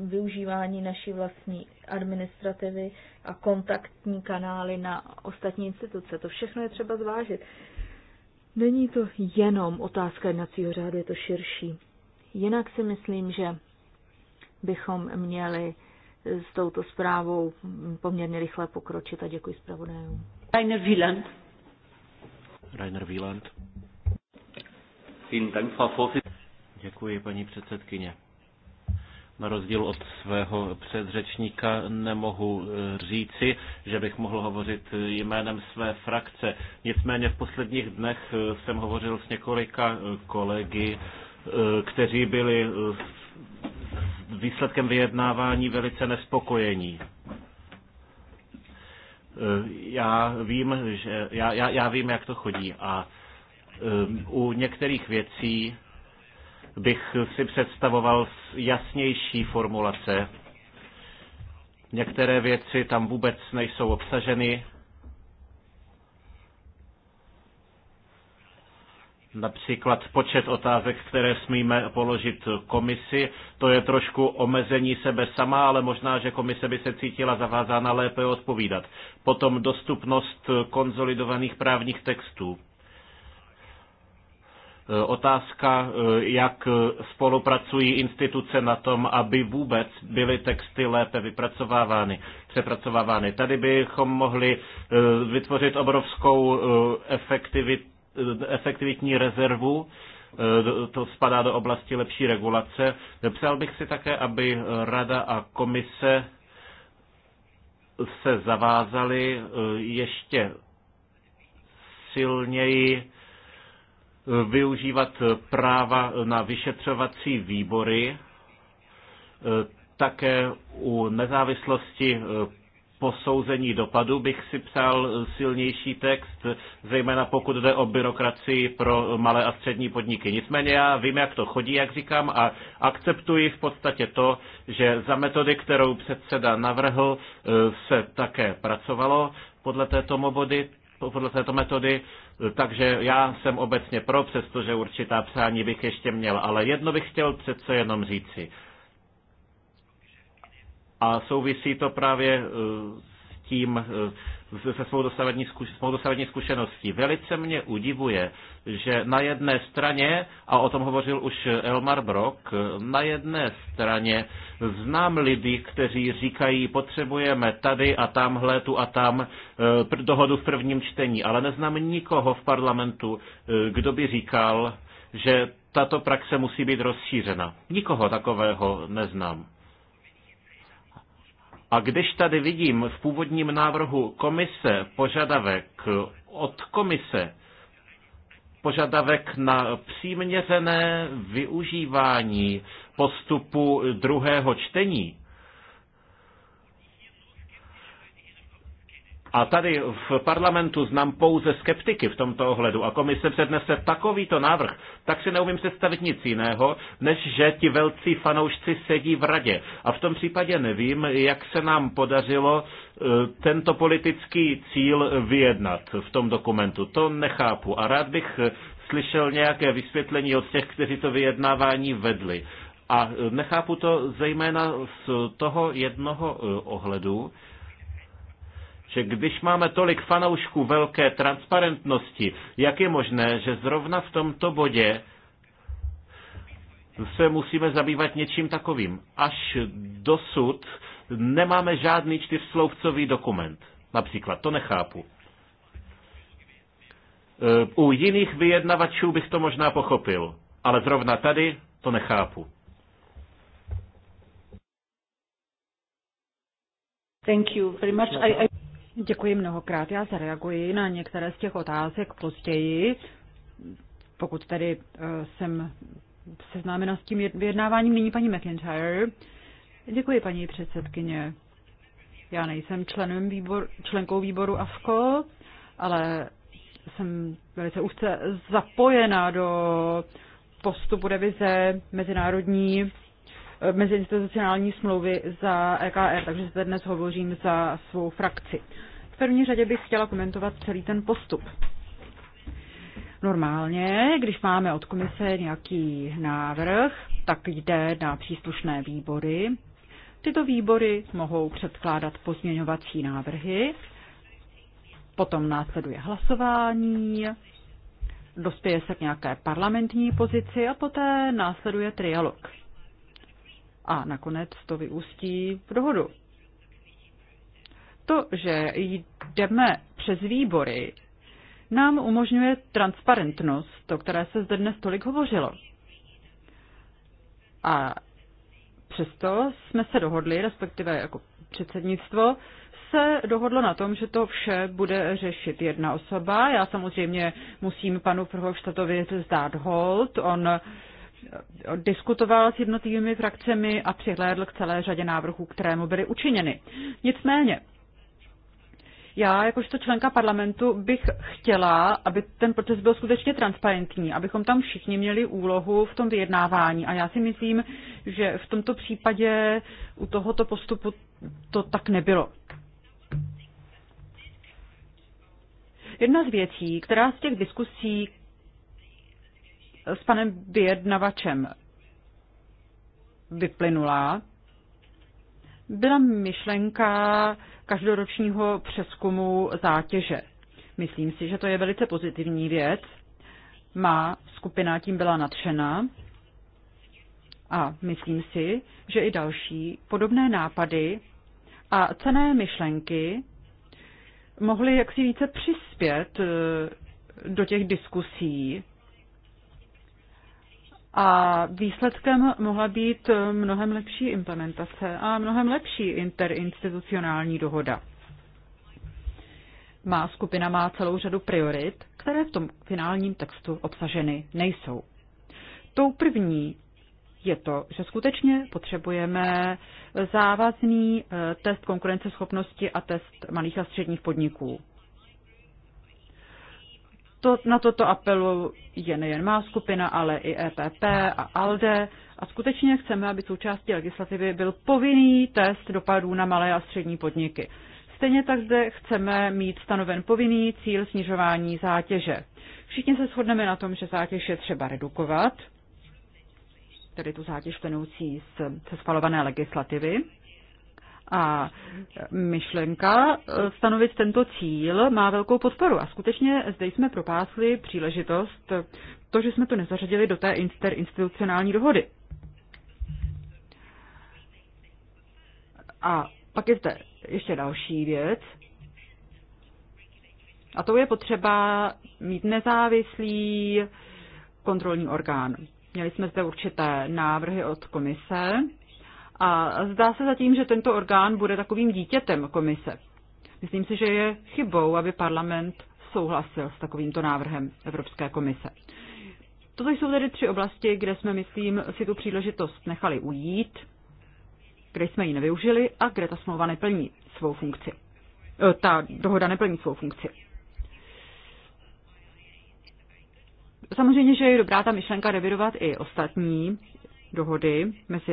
využívání naší vlastní administrativy a kontaktní kanály na ostatní instituce. To všechno je třeba zvážit. Není to jenom otázka jednacího řádu, je to širší. Jinak si myslím, že bychom měli s touto zprávou poměrně rychle pokročit a děkuji zpravodajům. Rainer Wieland. Rainer Wieland. Děkuji, paní předsedkyně. Na rozdíl od svého předřečníka nemohu eh, říci, že bych mohl hovořit eh, jménem své frakce. Nicméně v posledních dnech eh, jsem hovořil s několika kolegy, kteří byli výsledkem vyjednávání velice nespokojení. Já vím, že, já, já, já vím, jak to chodí a Ehm, u některých věcí bych si představoval jasnější formulace. Některé věci tam vůbec nejsou obsaženy. Například počet otázek, které smíme položit komisi, to je trošku omezení sebe sama, ale možná, že komise by se cítila zavázána lépe odpovídat. Potom dostupnost konzolidovaných právních textů Eh, otázka, eh, jak eh, spolupracují instituce na tom, aby vůbec byly texty lépe vypracovávány, přepracovávány. Tady bychom mohli vytvořit obrovskou efektivit, efektivitní rezervu, to spadá do oblasti lepší regulace. Přál bych si také, aby Rada a komise se zavázaly ještě silněji využívat práva na vyšetřovací výbory, e, také u nezávislosti e, posouzení dopadu bych si psal silnější text, zejména pokud jde o byrokracii pro malé a střední podniky. Nicméně já vím, jak to chodí, jak říkám, a akceptuji v podstatě to, že za metody, kterou předseda navrhl, e, se také pracovalo podle této, mobody, podle této metody takže já jsem obecně pro, přestože určitá přání bych ještě měl, ale jedno bych chtěl přece jenom říci. A souvisí to právě eh, tím, eh, se svou dosavadní, zkuš, svou dosavadní zkušeností. Velice mě udivuje, že na jedné straně, a o tom hovořil už Elmar Brock, na jedné straně znám lidi, kteří říkají, potřebujeme tady a tamhle, tu a tam eh, dohodu v prvním čtení, ale neznám nikoho v parlamentu, eh, kdo by říkal, že tato praxe musí být rozšířena. Nikoho takového neznám. A když tady vidím v původním návrhu komise požadavek od komise, požadavek na příměřené využívání postupu druhého čtení, A tady v parlamentu znám pouze skeptiky v tomto ohledu a komise přednese takovýto návrh, tak si neumím představit nic jiného, než že ti velcí fanoušci sedí v radě. A v tom případě nevím, jak se nám podařilo e, tento politický cíl vyjednat v tom dokumentu. To nechápu a rád bych e, slyšel nějaké vysvětlení od těch, kteří to vyjednávání vedli. A e, nechápu to zejména z toho jednoho ohledu, že když máme tolik fanoušků velké transparentnosti, jak je možné, že zrovna v tomto bodě se musíme zabývat něčím takovým. Až dosud nemáme žádný čtyřslovcový dokument. Například, to nechápu. E, u jiných vyjednavačů bych to možná pochopil, ale zrovna tady to nechápu. Thank you very much. I, I... Děkuji mnohokrát. Já zareaguji na některé z těch otázek později, pokud tedy eh, jsem seznámena s tím vyjednáváním. Nyní paní McIntyre. Děkuji, paní předsedkyně. Já nejsem členem výbor, členkou výboru AFKO, ale jsem velice úzce zapojena do postupu revize mezinárodní meziinstitucionální smlouvy za EKR, takže zde dnes hovořím za svou frakci. V první řadě bych chtěla komentovat celý ten postup. Normálně, když máme od komise nějaký návrh, tak jde na příslušné výbory. Tyto výbory mohou předkládat pozměňovací návrhy, potom následuje hlasování, dospěje se k nějaké parlamentní pozici a poté následuje trialog a nakonec to vyústí v dohodu. To, že jdeme přes výbory, nám umožňuje transparentnost, o které se zde dnes tolik hovořilo. A přesto jsme se dohodli, respektive jako předsednictvo, se dohodlo na tom, že to vše bude řešit jedna osoba. Já samozřejmě musím panu Prvoštatovi zdát hold. On diskutoval s jednotlivými frakcemi a přihlédl k celé řadě návrhů, které mu byly učiněny. Nicméně, já jakožto členka parlamentu bych chtěla, aby ten proces byl skutečně transparentní, abychom tam všichni měli úlohu v tom vyjednávání. A já si myslím, že v tomto případě u tohoto postupu to tak nebylo. Jedna z věcí, která z těch diskusí, s panem vyjednavačem vyplynula, byla myšlenka každoročního přeskumu zátěže. Myslím si, že to je velice pozitivní věc. Má skupina tím byla nadšena a myslím si, že i další podobné nápady a cené myšlenky mohly jaksi více přispět eh, do těch diskusí a výsledkem mohla být mnohem lepší implementace a mnohem lepší interinstitucionální dohoda. Má skupina má celou řadu priorit, které v tom finálním textu obsaženy nejsou. Tou první je to, že skutečně potřebujeme závazný eh, test konkurenceschopnosti a test malých a středních podniků to, na toto apelu je nejen má skupina, ale i EPP a ALDE. A skutečně chceme, aby součástí legislativy byl povinný test dopadů na malé a střední podniky. Stejně tak zde chceme mít stanoven povinný cíl snižování zátěže. Všichni se shodneme na tom, že zátěž je třeba redukovat, tedy tu zátěž plenoucí se schvalované legislativy. A myšlenka eh, stanovit tento cíl má velkou podporu. A skutečně zde jsme propásli příležitost to, že jsme to nezařadili do té interinstitucionální dohody. A pak je zde ještě další věc. A to je potřeba mít nezávislý kontrolní orgán. Měli jsme zde určité návrhy od komise, a zdá se zatím, že tento orgán bude takovým dítětem komise. Myslím si, že je chybou, aby parlament souhlasil s takovýmto návrhem Evropské komise. Toto jsou tedy tři oblasti, kde jsme, myslím, si tu příležitost nechali ujít, kde jsme ji nevyužili a kde ta smlouva neplní svou funkci. Eh, ta dohoda neplní svou funkci. Samozřejmě, že je dobrá ta myšlenka revidovat i ostatní dohody mezi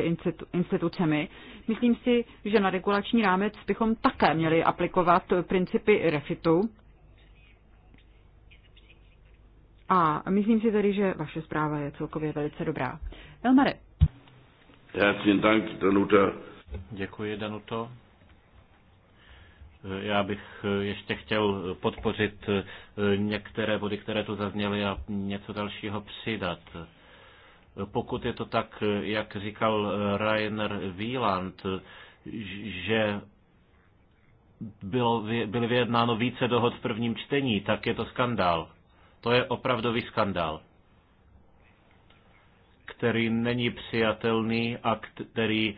institucemi. Myslím si, že na regulační rámec bychom také měli aplikovat principy refitu. A myslím si tedy, že vaše zpráva je celkově velice dobrá. Elmare. Děkuji, Danuto. Já bych ještě chtěl podpořit některé body, které tu zazněly a něco dalšího přidat. Pokud je to tak, jak říkal Rainer Wieland, že bylo, byly vyjednáno více dohod v prvním čtení, tak je to skandál. To je opravdový skandál, který není přijatelný a který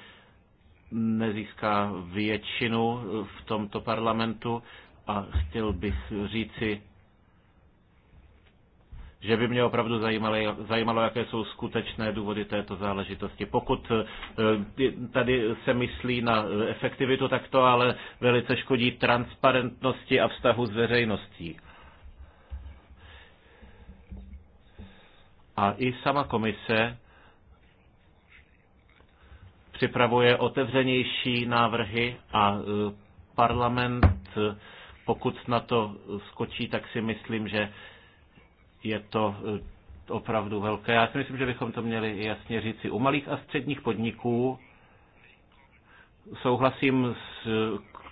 nezíská většinu v tomto parlamentu. A chtěl bych říci, že by mě opravdu zajímalo, zajímalo, jaké jsou skutečné důvody této záležitosti. Pokud eh, tady se myslí na efektivitu, tak to ale velice škodí transparentnosti a vztahu s veřejností. A i sama komise připravuje otevřenější návrhy a eh, parlament, eh, pokud na to skočí, tak si myslím, že je to eh, opravdu velké. Já si myslím, že bychom to měli jasně říci. U malých a středních podniků souhlasím s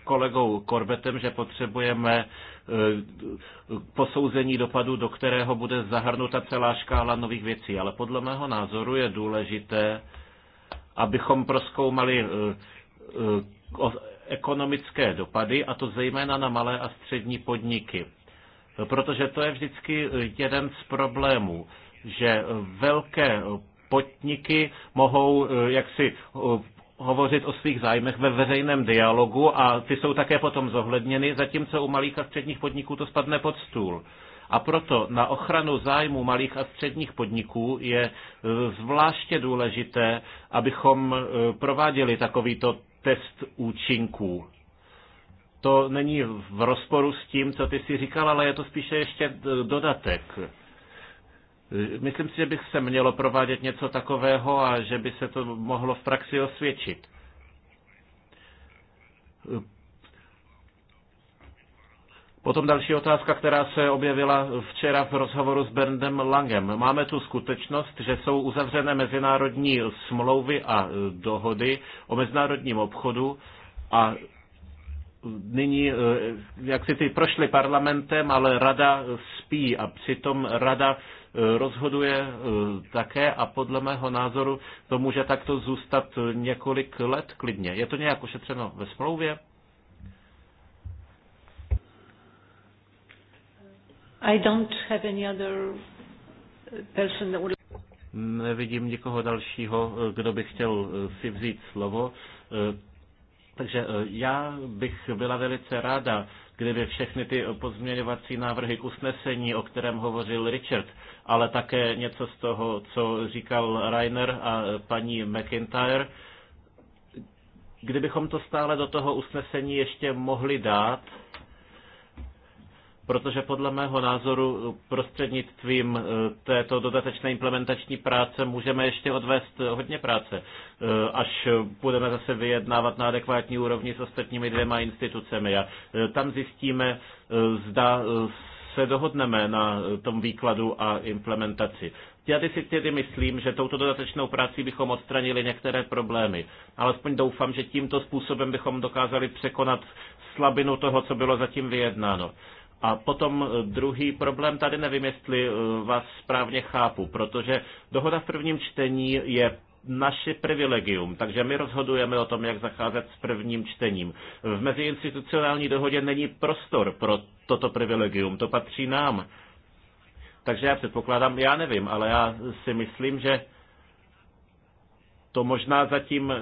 kolegou Korbetem, že potřebujeme eh, posouzení dopadu, do kterého bude zahrnuta celá škála nových věcí. Ale podle mého názoru je důležité, abychom proskoumali eh, ekonomické dopady, a to zejména na malé a střední podniky. Protože to je vždycky jeden z problémů, že velké podniky mohou eh, jaksi eh, hovořit o svých zájmech ve veřejném dialogu a ty jsou také potom zohledněny, zatímco u malých a středních podniků to spadne pod stůl. A proto na ochranu zájmu malých a středních podniků je eh, zvláště důležité, abychom prováděli takovýto test účinků to není v rozporu s tím, co ty si říkal, ale je to spíše ještě dodatek. Myslím si, že bych se mělo provádět něco takového a že by se to mohlo v praxi osvědčit. Potom další otázka, která se objevila včera v rozhovoru s Berndem Langem. Máme tu skutečnost, že jsou uzavřené mezinárodní smlouvy a dohody o mezinárodním obchodu a nyní, eh, jak si ty prošly parlamentem, ale rada spí a přitom rada eh, rozhoduje eh, také a podle mého názoru to může takto zůstat několik let klidně. Je to nějak ošetřeno ve smlouvě? I don't have any other person that would... Nevidím nikoho dalšího, kdo by chtěl si vzít slovo. Takže e, já bych byla velice ráda, kdyby všechny ty pozměňovací návrhy k usnesení, o kterém hovořil Richard, ale také něco z toho, co říkal Rainer a e, paní McIntyre, kdybychom to stále do toho usnesení ještě mohli dát, protože podle mého názoru prostřednictvím eh, této dodatečné implementační práce můžeme ještě odvést hodně práce, eh, až budeme zase vyjednávat na adekvátní úrovni s ostatními dvěma institucemi. A eh, tam zjistíme, zda se dohodneme na tom výkladu a implementaci. Já si tedy myslím, že touto dodatečnou prací bychom odstranili některé problémy. Alespoň doufám, že tímto způsobem bychom dokázali překonat slabinu toho, co bylo zatím vyjednáno. A potom eh, druhý problém, tady nevím, jestli eh, vás správně chápu, protože dohoda v prvním čtení je naše privilegium, takže my rozhodujeme o tom, jak zacházet s prvním čtením. V meziinstitucionální dohodě není prostor pro toto privilegium, to patří nám. Takže já předpokládám, já nevím, ale já si myslím, že to možná zatím eh,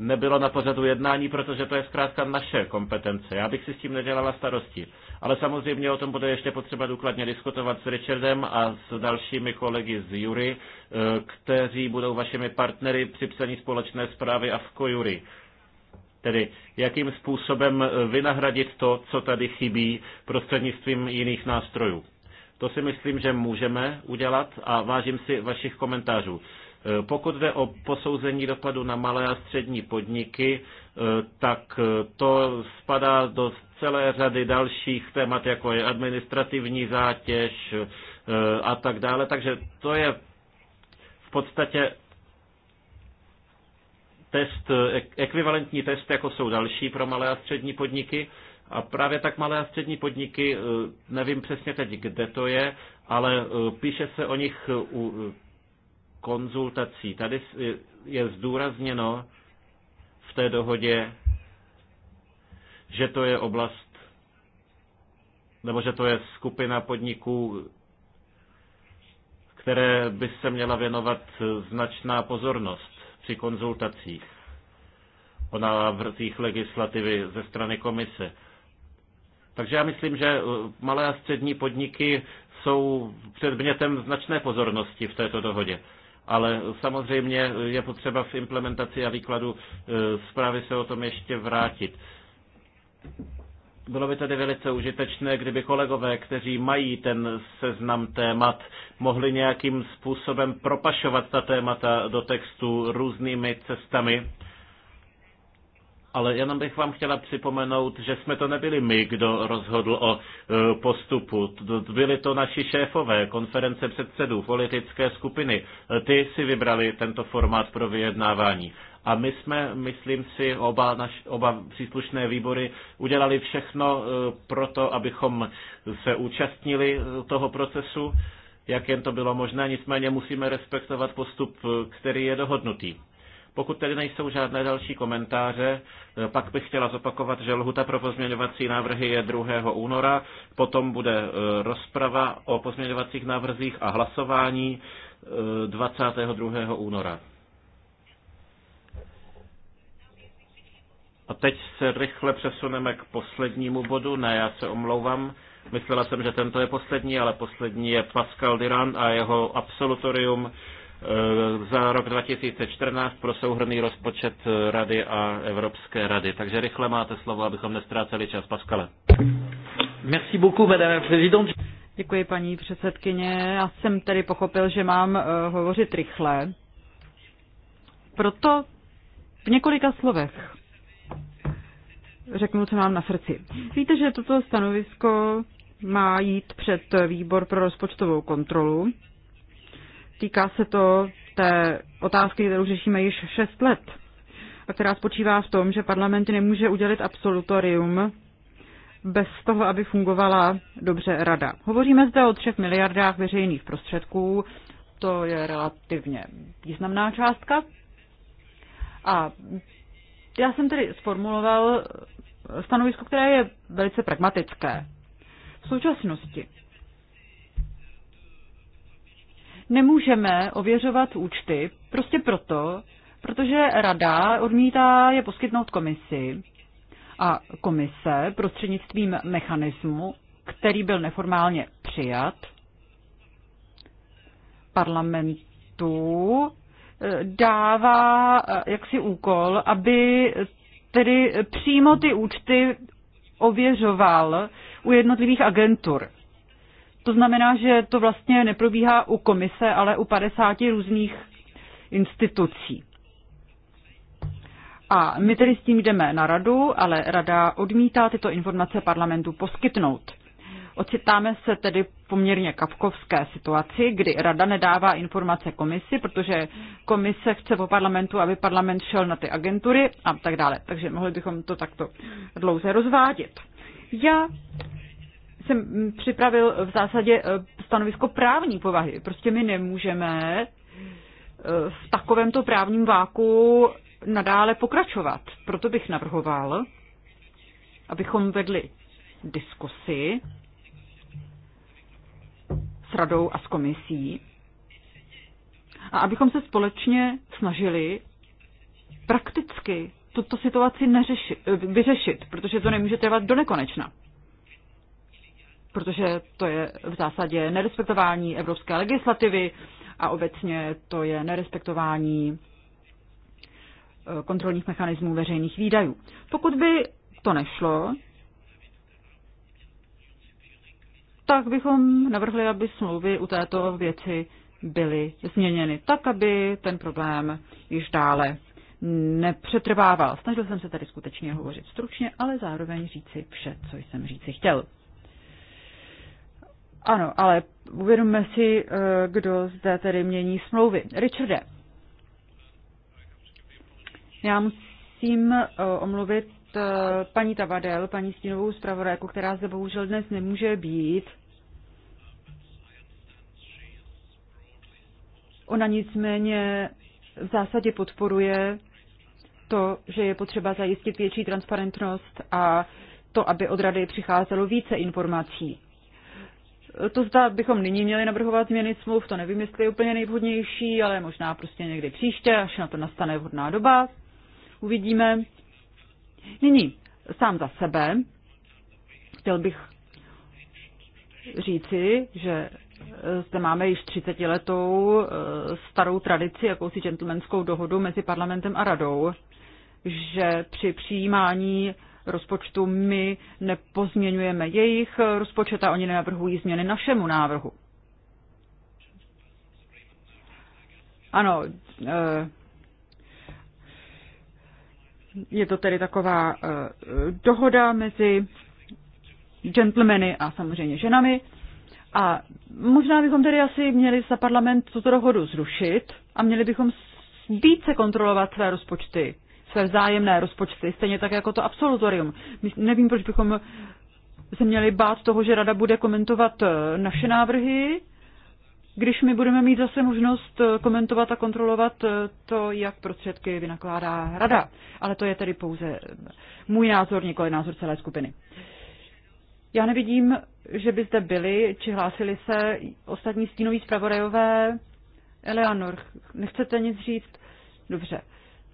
nebylo na pořadu jednání, protože to je zkrátka naše kompetence. Já bych si s tím nedělala starosti. Ale samozřejmě o tom bude ještě potřeba důkladně diskutovat s Richardem a s dalšími kolegy z Jury, eh, kteří budou vašimi partnery při psaní společné zprávy v Kojury. Tedy jakým způsobem eh, vynahradit to, co tady chybí, prostřednictvím jiných nástrojů. To si myslím, že můžeme udělat a vážím si vašich komentářů. Pokud jde o posouzení dopadu na malé a střední podniky, eh, tak eh, to spadá do celé řady dalších témat, jako je administrativní zátěž eh, a tak dále. Takže to je v podstatě test, ekvivalentní test, jako jsou další pro malé a střední podniky. A právě tak malé a střední podniky, nevím přesně teď, kde to je, ale píše se o nich u konzultací. Tady je zdůrazněno v té dohodě, že to je oblast, nebo že to je skupina podniků, které by se měla věnovat značná pozornost při konzultacích o návrzích legislativy ze strany komise. Takže já myslím, že eh, malé a střední podniky jsou předmětem značné pozornosti v této dohodě ale samozřejmě je potřeba v implementaci a výkladu e, zprávy se o tom ještě vrátit. Bylo by tedy velice užitečné, kdyby kolegové, kteří mají ten seznam témat, mohli nějakým způsobem propašovat ta témata do textu různými cestami ale jenom bych vám chtěla připomenout, že jsme to nebyli my, kdo rozhodl o e, postupu. Byli to naši šéfové, konference předsedů, politické skupiny. E, ty si vybrali tento formát pro vyjednávání. A my jsme, myslím si, oba, naš, oba příslušné výbory udělali všechno e, pro to, abychom se účastnili toho procesu, jak jen to bylo možné. Nicméně musíme respektovat postup, který je dohodnutý. Pokud tedy nejsou žádné další komentáře, eh, pak bych chtěla zopakovat, že lhuta pro pozměňovací návrhy je 2. února, potom bude eh, rozprava o pozměňovacích návrzích a hlasování 22. Eh, února. A teď se rychle přesuneme k poslednímu bodu. Ne, já se omlouvám. Myslela jsem, že tento je poslední, ale poslední je Pascal Diran a jeho absolutorium Eh, za rok 2014 pro souhrný rozpočet eh, Rady a Evropské rady. Takže rychle máte slovo, abychom nestráceli čas. Paskale. Merci beaucoup, madame présidente. Děkuji, paní předsedkyně. Já jsem tedy pochopil, že mám uh, hovořit rychle. Proto v několika slovech řeknu, co mám na srdci. Víte, že toto stanovisko má jít před výbor pro rozpočtovou kontrolu Týká se to té otázky, kterou řešíme již 6 let a která spočívá v tom, že parlament nemůže udělit absolutorium bez toho, aby fungovala dobře rada. Hovoříme zde o třech miliardách veřejných prostředků, to je relativně významná částka. A já jsem tedy sformuloval stanovisko, které je velice pragmatické. V současnosti nemůžeme ověřovat účty prostě proto, protože rada odmítá je poskytnout komisi a komise prostřednictvím mechanismu, který byl neformálně přijat parlamentu, dává eh, jaksi úkol, aby tedy přímo ty účty ověřoval u jednotlivých agentur. To znamená, že to vlastně neprobíhá u komise, ale u 50 různých institucí. A my tedy s tím jdeme na radu, ale rada odmítá tyto informace parlamentu poskytnout. Ocitáme se tedy poměrně kavkovské situaci, kdy rada nedává informace komisi, protože komise chce po parlamentu, aby parlament šel na ty agentury a tak dále. Takže mohli bychom to takto dlouze rozvádět. Já jsem mm, připravil v zásadě e, stanovisko právní povahy. Prostě my nemůžeme e, v takovémto právním váku nadále pokračovat. Proto bych navrhoval, abychom vedli diskusy s radou a s komisí a abychom se společně snažili prakticky tuto situaci neřeši, vyřešit, protože to nemůže trvat do nekonečna protože to je v zásadě nerespektování evropské legislativy a obecně to je nerespektování eh, kontrolních mechanismů veřejných výdajů. Pokud by to nešlo, tak bychom navrhli, aby smlouvy u této věci byly změněny tak, aby ten problém již dále nepřetrvával. Snažil jsem se tady skutečně hovořit stručně, ale zároveň říci vše, co jsem říci chtěl. Ano, ale uvědomme si, eh, kdo zde tedy mění smlouvy. Richarde, já musím eh, omluvit eh, paní Tavadel, paní stínovou zpravodajku, která zde bohužel dnes nemůže být. Ona nicméně v zásadě podporuje to, že je potřeba zajistit větší transparentnost a to, aby od rady přicházelo více informací to zda bychom nyní měli navrhovat změny smluv, to nevím, jestli je úplně nejvhodnější, ale možná prostě někdy příště, až na to nastane vhodná doba. Uvidíme. Nyní, sám za sebe, chtěl bych říci, že e, zde máme již 30 letou e, starou tradici, jakousi gentlemanskou dohodu mezi parlamentem a radou, že při přijímání rozpočtu my nepozměňujeme jejich rozpočet a oni nenavrhují změny našemu návrhu. Ano, eh, je to tedy taková eh, dohoda mezi gentlemany a samozřejmě ženami. A možná bychom tedy asi měli za parlament tuto dohodu zrušit a měli bychom více kontrolovat své rozpočty své vzájemné rozpočty, stejně tak jako to absolutorium. Nevím, proč bychom se měli bát toho, že rada bude komentovat eh, naše návrhy, když my budeme mít zase možnost eh, komentovat a kontrolovat eh, to, jak prostředky vynakládá rada. Ale to je tedy pouze můj názor, nikoli názor celé skupiny. Já nevidím, že by zde byli, či hlásili se ostatní stínoví zpravodajové. Eleanor, nechcete nic říct? Dobře.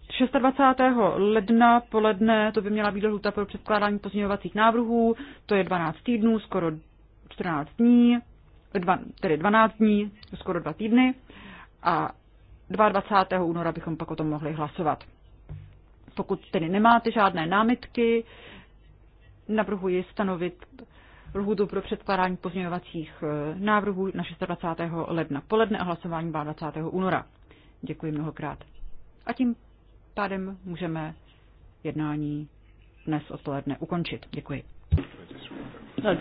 26. ledna poledne to by měla být lhuta pro předkládání pozměňovacích návrhů, to je 12 týdnů, skoro 14 dní, dva, tedy 12 dní, skoro 2 týdny a 22. února bychom pak o tom mohli hlasovat. Pokud tedy nemáte žádné námitky, navrhuji stanovit lhutu pro předkládání pozměňovacích eh, návrhů na 26. ledna poledne a hlasování 22. února. Děkuji mnohokrát. A tím pádem můžeme jednání dnes odpoledne ukončit. Děkuji. No,